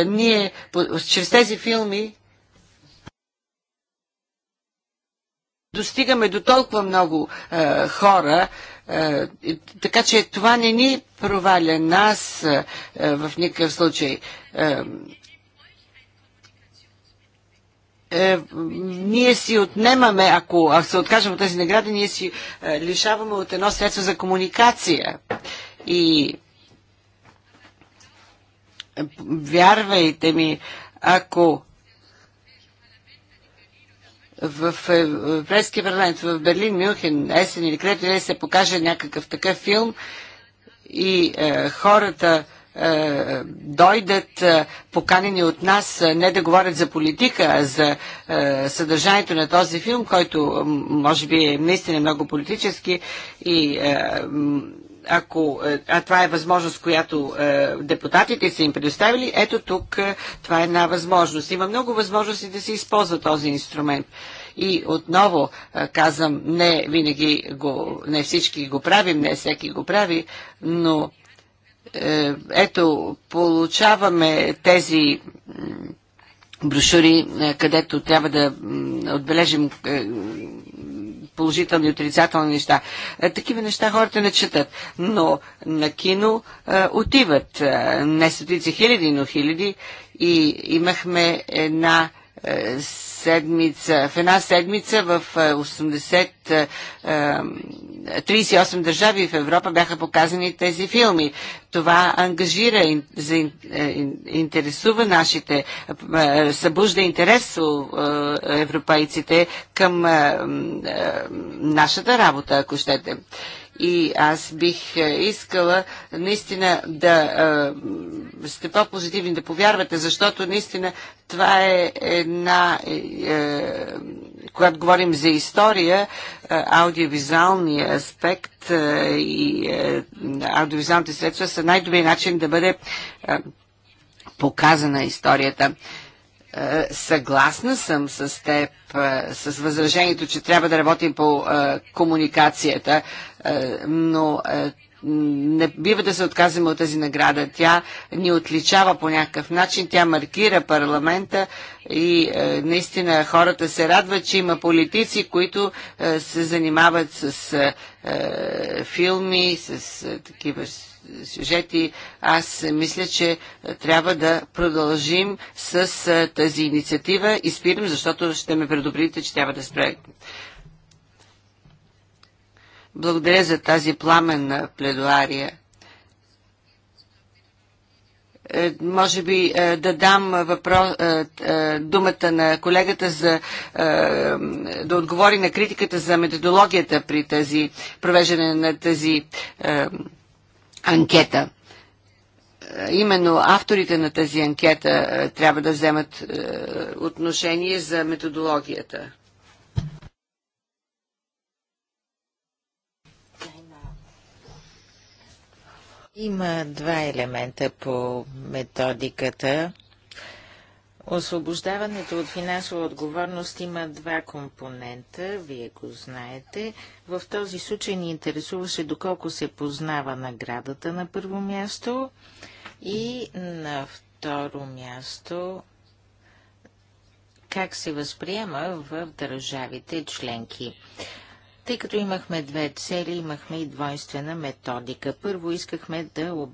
Ние по, чрез тези филми достигаме до толкова много е, хора, е, така че това не ни проваля нас е, е, в никакъв случай ние си отнемаме, ако, се откажем от тези награди, ние си лишаваме от едно средство за комуникация. И вярвайте ми, ако в Еврейския парламент, в Берлин, Мюнхен, Есен или където и е, се покаже някакъв такъв филм и е, хората е, дойдат е, поканени от нас е, не да говорят за политика, а за е, съдържанието на този филм, който може би е наистина много политически и е, ако, е, а това е възможност, която е, депутатите са им предоставили, ето тук е, това е една възможност. Има много възможности да се използва този инструмент. И отново казвам, не винаги го, не всички го правим, не всеки го прави, но ето, получаваме тези брошури, където трябва да отбележим положителни и отрицателни неща. Е, такива неща хората не четат, но на кино е, отиват е, не стотици хиляди, но хиляди и имахме една седмица, в една седмица в 80, е, 38 е, е, държави в Европа бяха показани тези филми. Това ангажира, интересува нашите, събужда интерес у европейците към нашата работа, ако щете и аз бих е, искала наистина да е, сте по-позитивни, да повярвате, защото наистина това е една, е, е, когато говорим за история, е, аудиовизуалния аспект е, и е, аудиовизуалните средства са най-добрият начин да бъде е, показана историята е, съгласна съм с теб, с възражението, че трябва да работим по комуникацията. Е, но е, не бива да се отказваме от тази награда. Тя ни отличава по някакъв начин, тя маркира парламента и е, наистина хората се радват, че има политици, които се занимават с филми, с такива сюжети. Аз мисля, че трябва да продължим с тази инициатива и спирам, защото ще ме предупредите, че трябва да спрем. Благодаря за тази пламенна пледуария. Е, може би е, да дам въпрос, е, думата на колегата за да отговори на критиката за методологията при тази провеждане на тази анкета именно авторите на тази анкета трябва да вземат отношение за методологията. Има два елемента по методиката. Освобождаването от финансова отговорност има два компонента, вие го знаете. В този случай ни интересуваше доколко се познава наградата на първо място и на второ място как се възприема в държавите членки. Тъй като имахме две цели, имахме и двойствена методика. Първо искахме да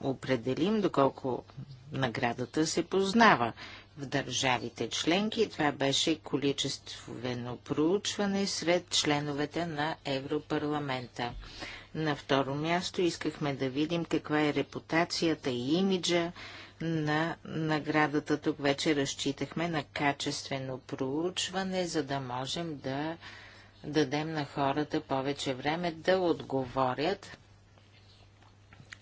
определим доколко наградата се познава в държавите членки. Това беше количествено проучване сред членовете на Европарламента. На второ място искахме да видим каква е репутацията и имиджа на наградата. Тук вече разчитахме на качествено проучване, за да можем да дадем на хората повече време да отговорят,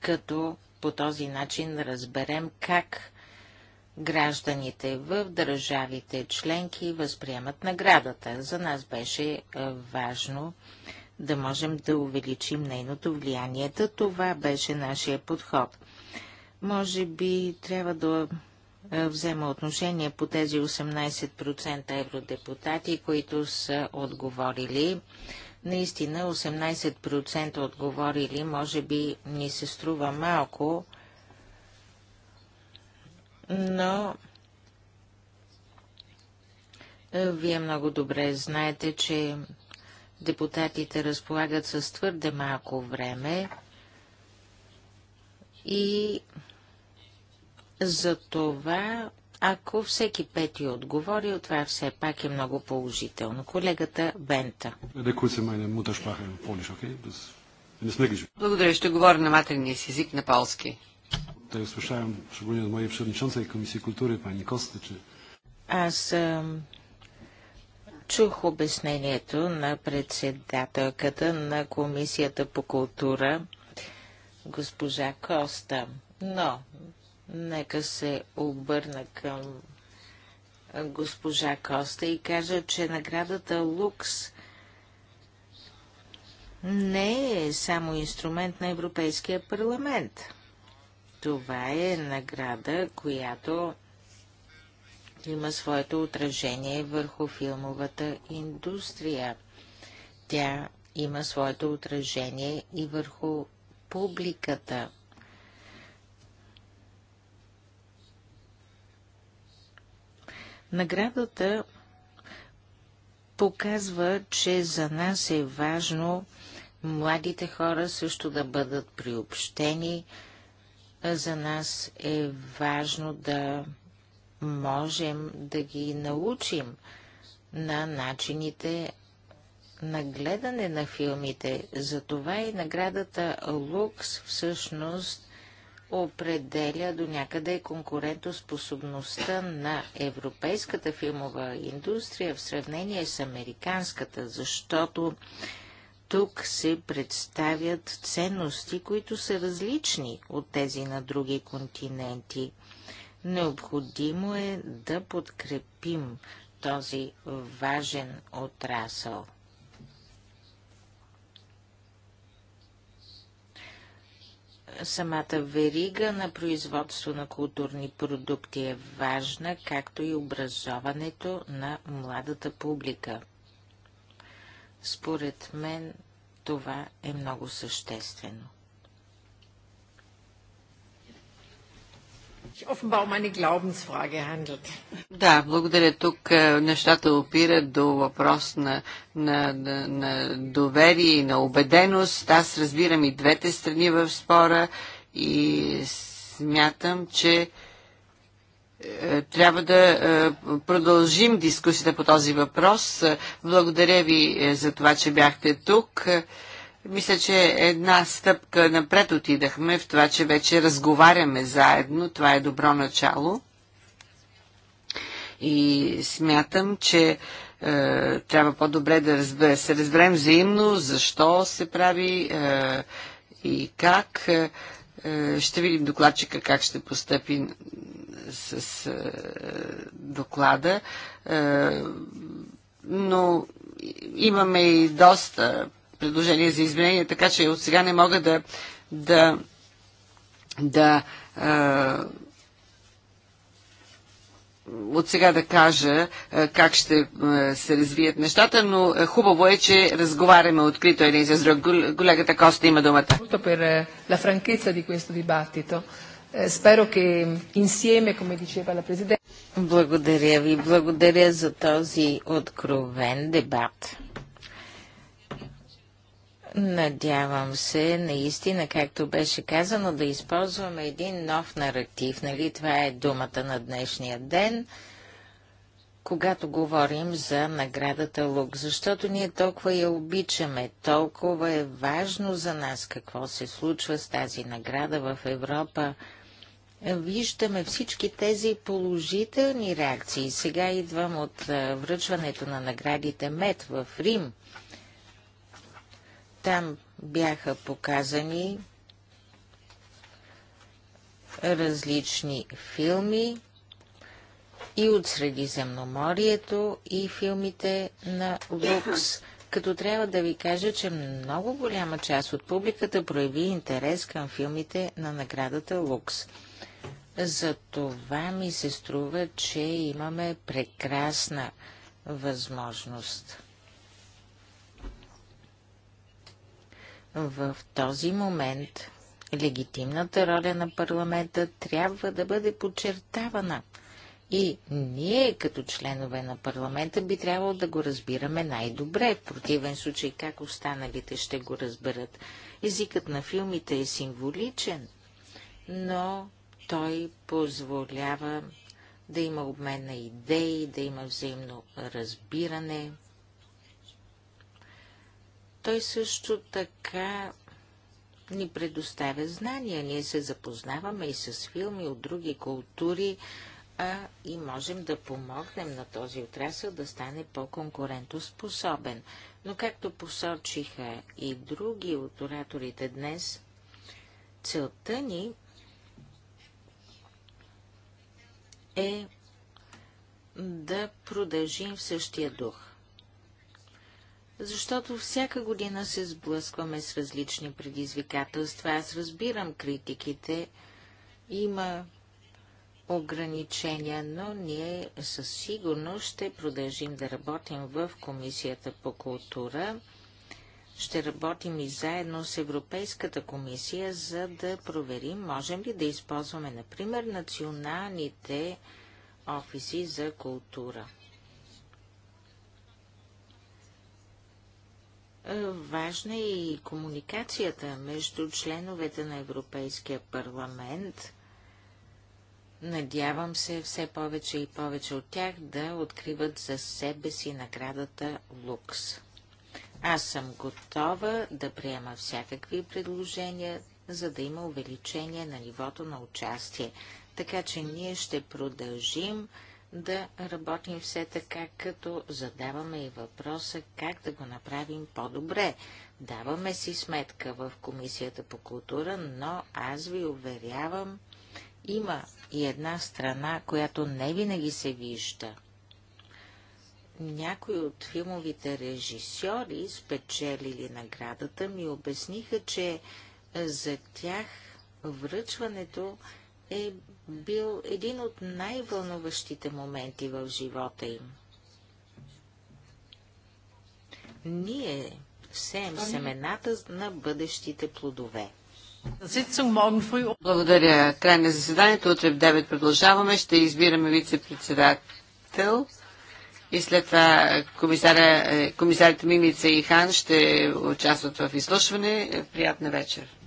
като по този начин разберем как гражданите в държавите членки възприемат наградата. За нас беше важно да можем да увеличим нейното влияние. Да това беше нашия подход. Може би трябва да е, взема отношение по тези 18% евродепутати, които са отговорили. Наистина 18% отговорили може би ни се струва малко, но е, вие много добре знаете, че депутатите разполагат с твърде малко време и за това, ако всеки пети отговори, това все пак е много положително. Колегата Бента. Благодаря, ще говоря на матерния си език на полски. Аз чух обяснението на председателката на Комисията по култура, госпожа Коста. Но Нека се обърна към госпожа Коста и кажа, че наградата Лукс не е само инструмент на Европейския парламент. Това е награда, която има своето отражение върху филмовата индустрия. Тя има своето отражение и върху публиката. Наградата показва, че за нас е важно младите хора също да бъдат приобщени. За нас е важно да можем да ги научим на начините на гледане на филмите. Затова и наградата Лукс всъщност определя до някъде конкурентоспособността на европейската филмова индустрия в сравнение с американската, защото тук се представят ценности, които са различни от тези на други континенти. Необходимо е да подкрепим този важен отрасъл. Самата верига на производство на културни продукти е важна, както и образоването на младата публика. Според мен това е много съществено. Um да, благодаря. Тук е, нещата опират до въпрос на, на, на, на доверие и на убеденост. Аз разбирам и двете страни в спора и смятам, че е, трябва да е, продължим дискусията по този въпрос. Благодаря ви за това, че бяхте тук. Мисля, че една стъпка напред отидахме в това, че вече разговаряме заедно. Това е добро начало. И смятам, че е, трябва по-добре да разбер, се разберем взаимно защо се прави е, и как. Е, е, ще видим докладчика как ще постъпи с е, доклада. Е, но имаме и доста предложение за изменение, така че от сега не мога да, да, да от сега да кажа как ще се развият нещата, но хубаво е, че разговаряме открито един за друг. Колегата Коста има думата. Е, Благодаря ви. Благодаря за този откровен дебат. Надявам се, наистина, както беше казано, да използваме един нов наратив. Нали? Това е думата на днешния ден, когато говорим за наградата Лук, защото ние толкова я обичаме, толкова е важно за нас какво се случва с тази награда в Европа. Виждаме всички тези положителни реакции. Сега идвам от връчването на наградите МЕД в Рим – там бяха показани различни филми и от Средиземноморието и филмите на Лукс като трябва да ви кажа, че много голяма част от публиката прояви интерес към филмите на наградата Лукс. За това ми се струва, че имаме прекрасна възможност. В този момент легитимната роля на парламента трябва да бъде подчертавана. И ние, като членове на парламента, би трябвало да го разбираме най-добре. В противен случай, как останалите ще го разберат? Езикът на филмите е символичен, но той позволява да има обмен на идеи, да има взаимно разбиране – той също така ни предоставя знания. Ние се запознаваме и с филми от други култури а и можем да помогнем на този отрасъл да стане по-конкурентоспособен. Но както посочиха и други от ораторите днес, целта ни е да продължим в същия дух защото всяка година се сблъскваме с различни предизвикателства. Аз разбирам критиките, има ограничения, но ние със сигурност ще продължим да работим в Комисията по култура. Ще работим и заедно с Европейската комисия, за да проверим, можем ли да използваме, например, националните офиси за култура. Е, важна е и комуникацията между членовете на Европейския парламент. Надявам се все повече и повече от тях да откриват за себе си наградата Лукс. Аз съм готова да приема всякакви предложения, за да има увеличение на нивото на участие. Така че ние ще продължим да работим все така, като задаваме и въпроса как да го направим по-добре. Даваме си сметка в Комисията по култура, но аз ви уверявам, има и една страна, която не винаги се вижда. Някои от филмовите режисьори, спечелили наградата, ми обясниха, че за тях връчването е бил един от най-вълнуващите моменти в живота им. Ние сеем семената на бъдещите плодове. Um Благодаря. Край на заседанието. Утре в 9 продължаваме. Ще избираме вице-председател и след това е, комисарите Мимица и Хан ще участват в изслушване. Приятна вечер.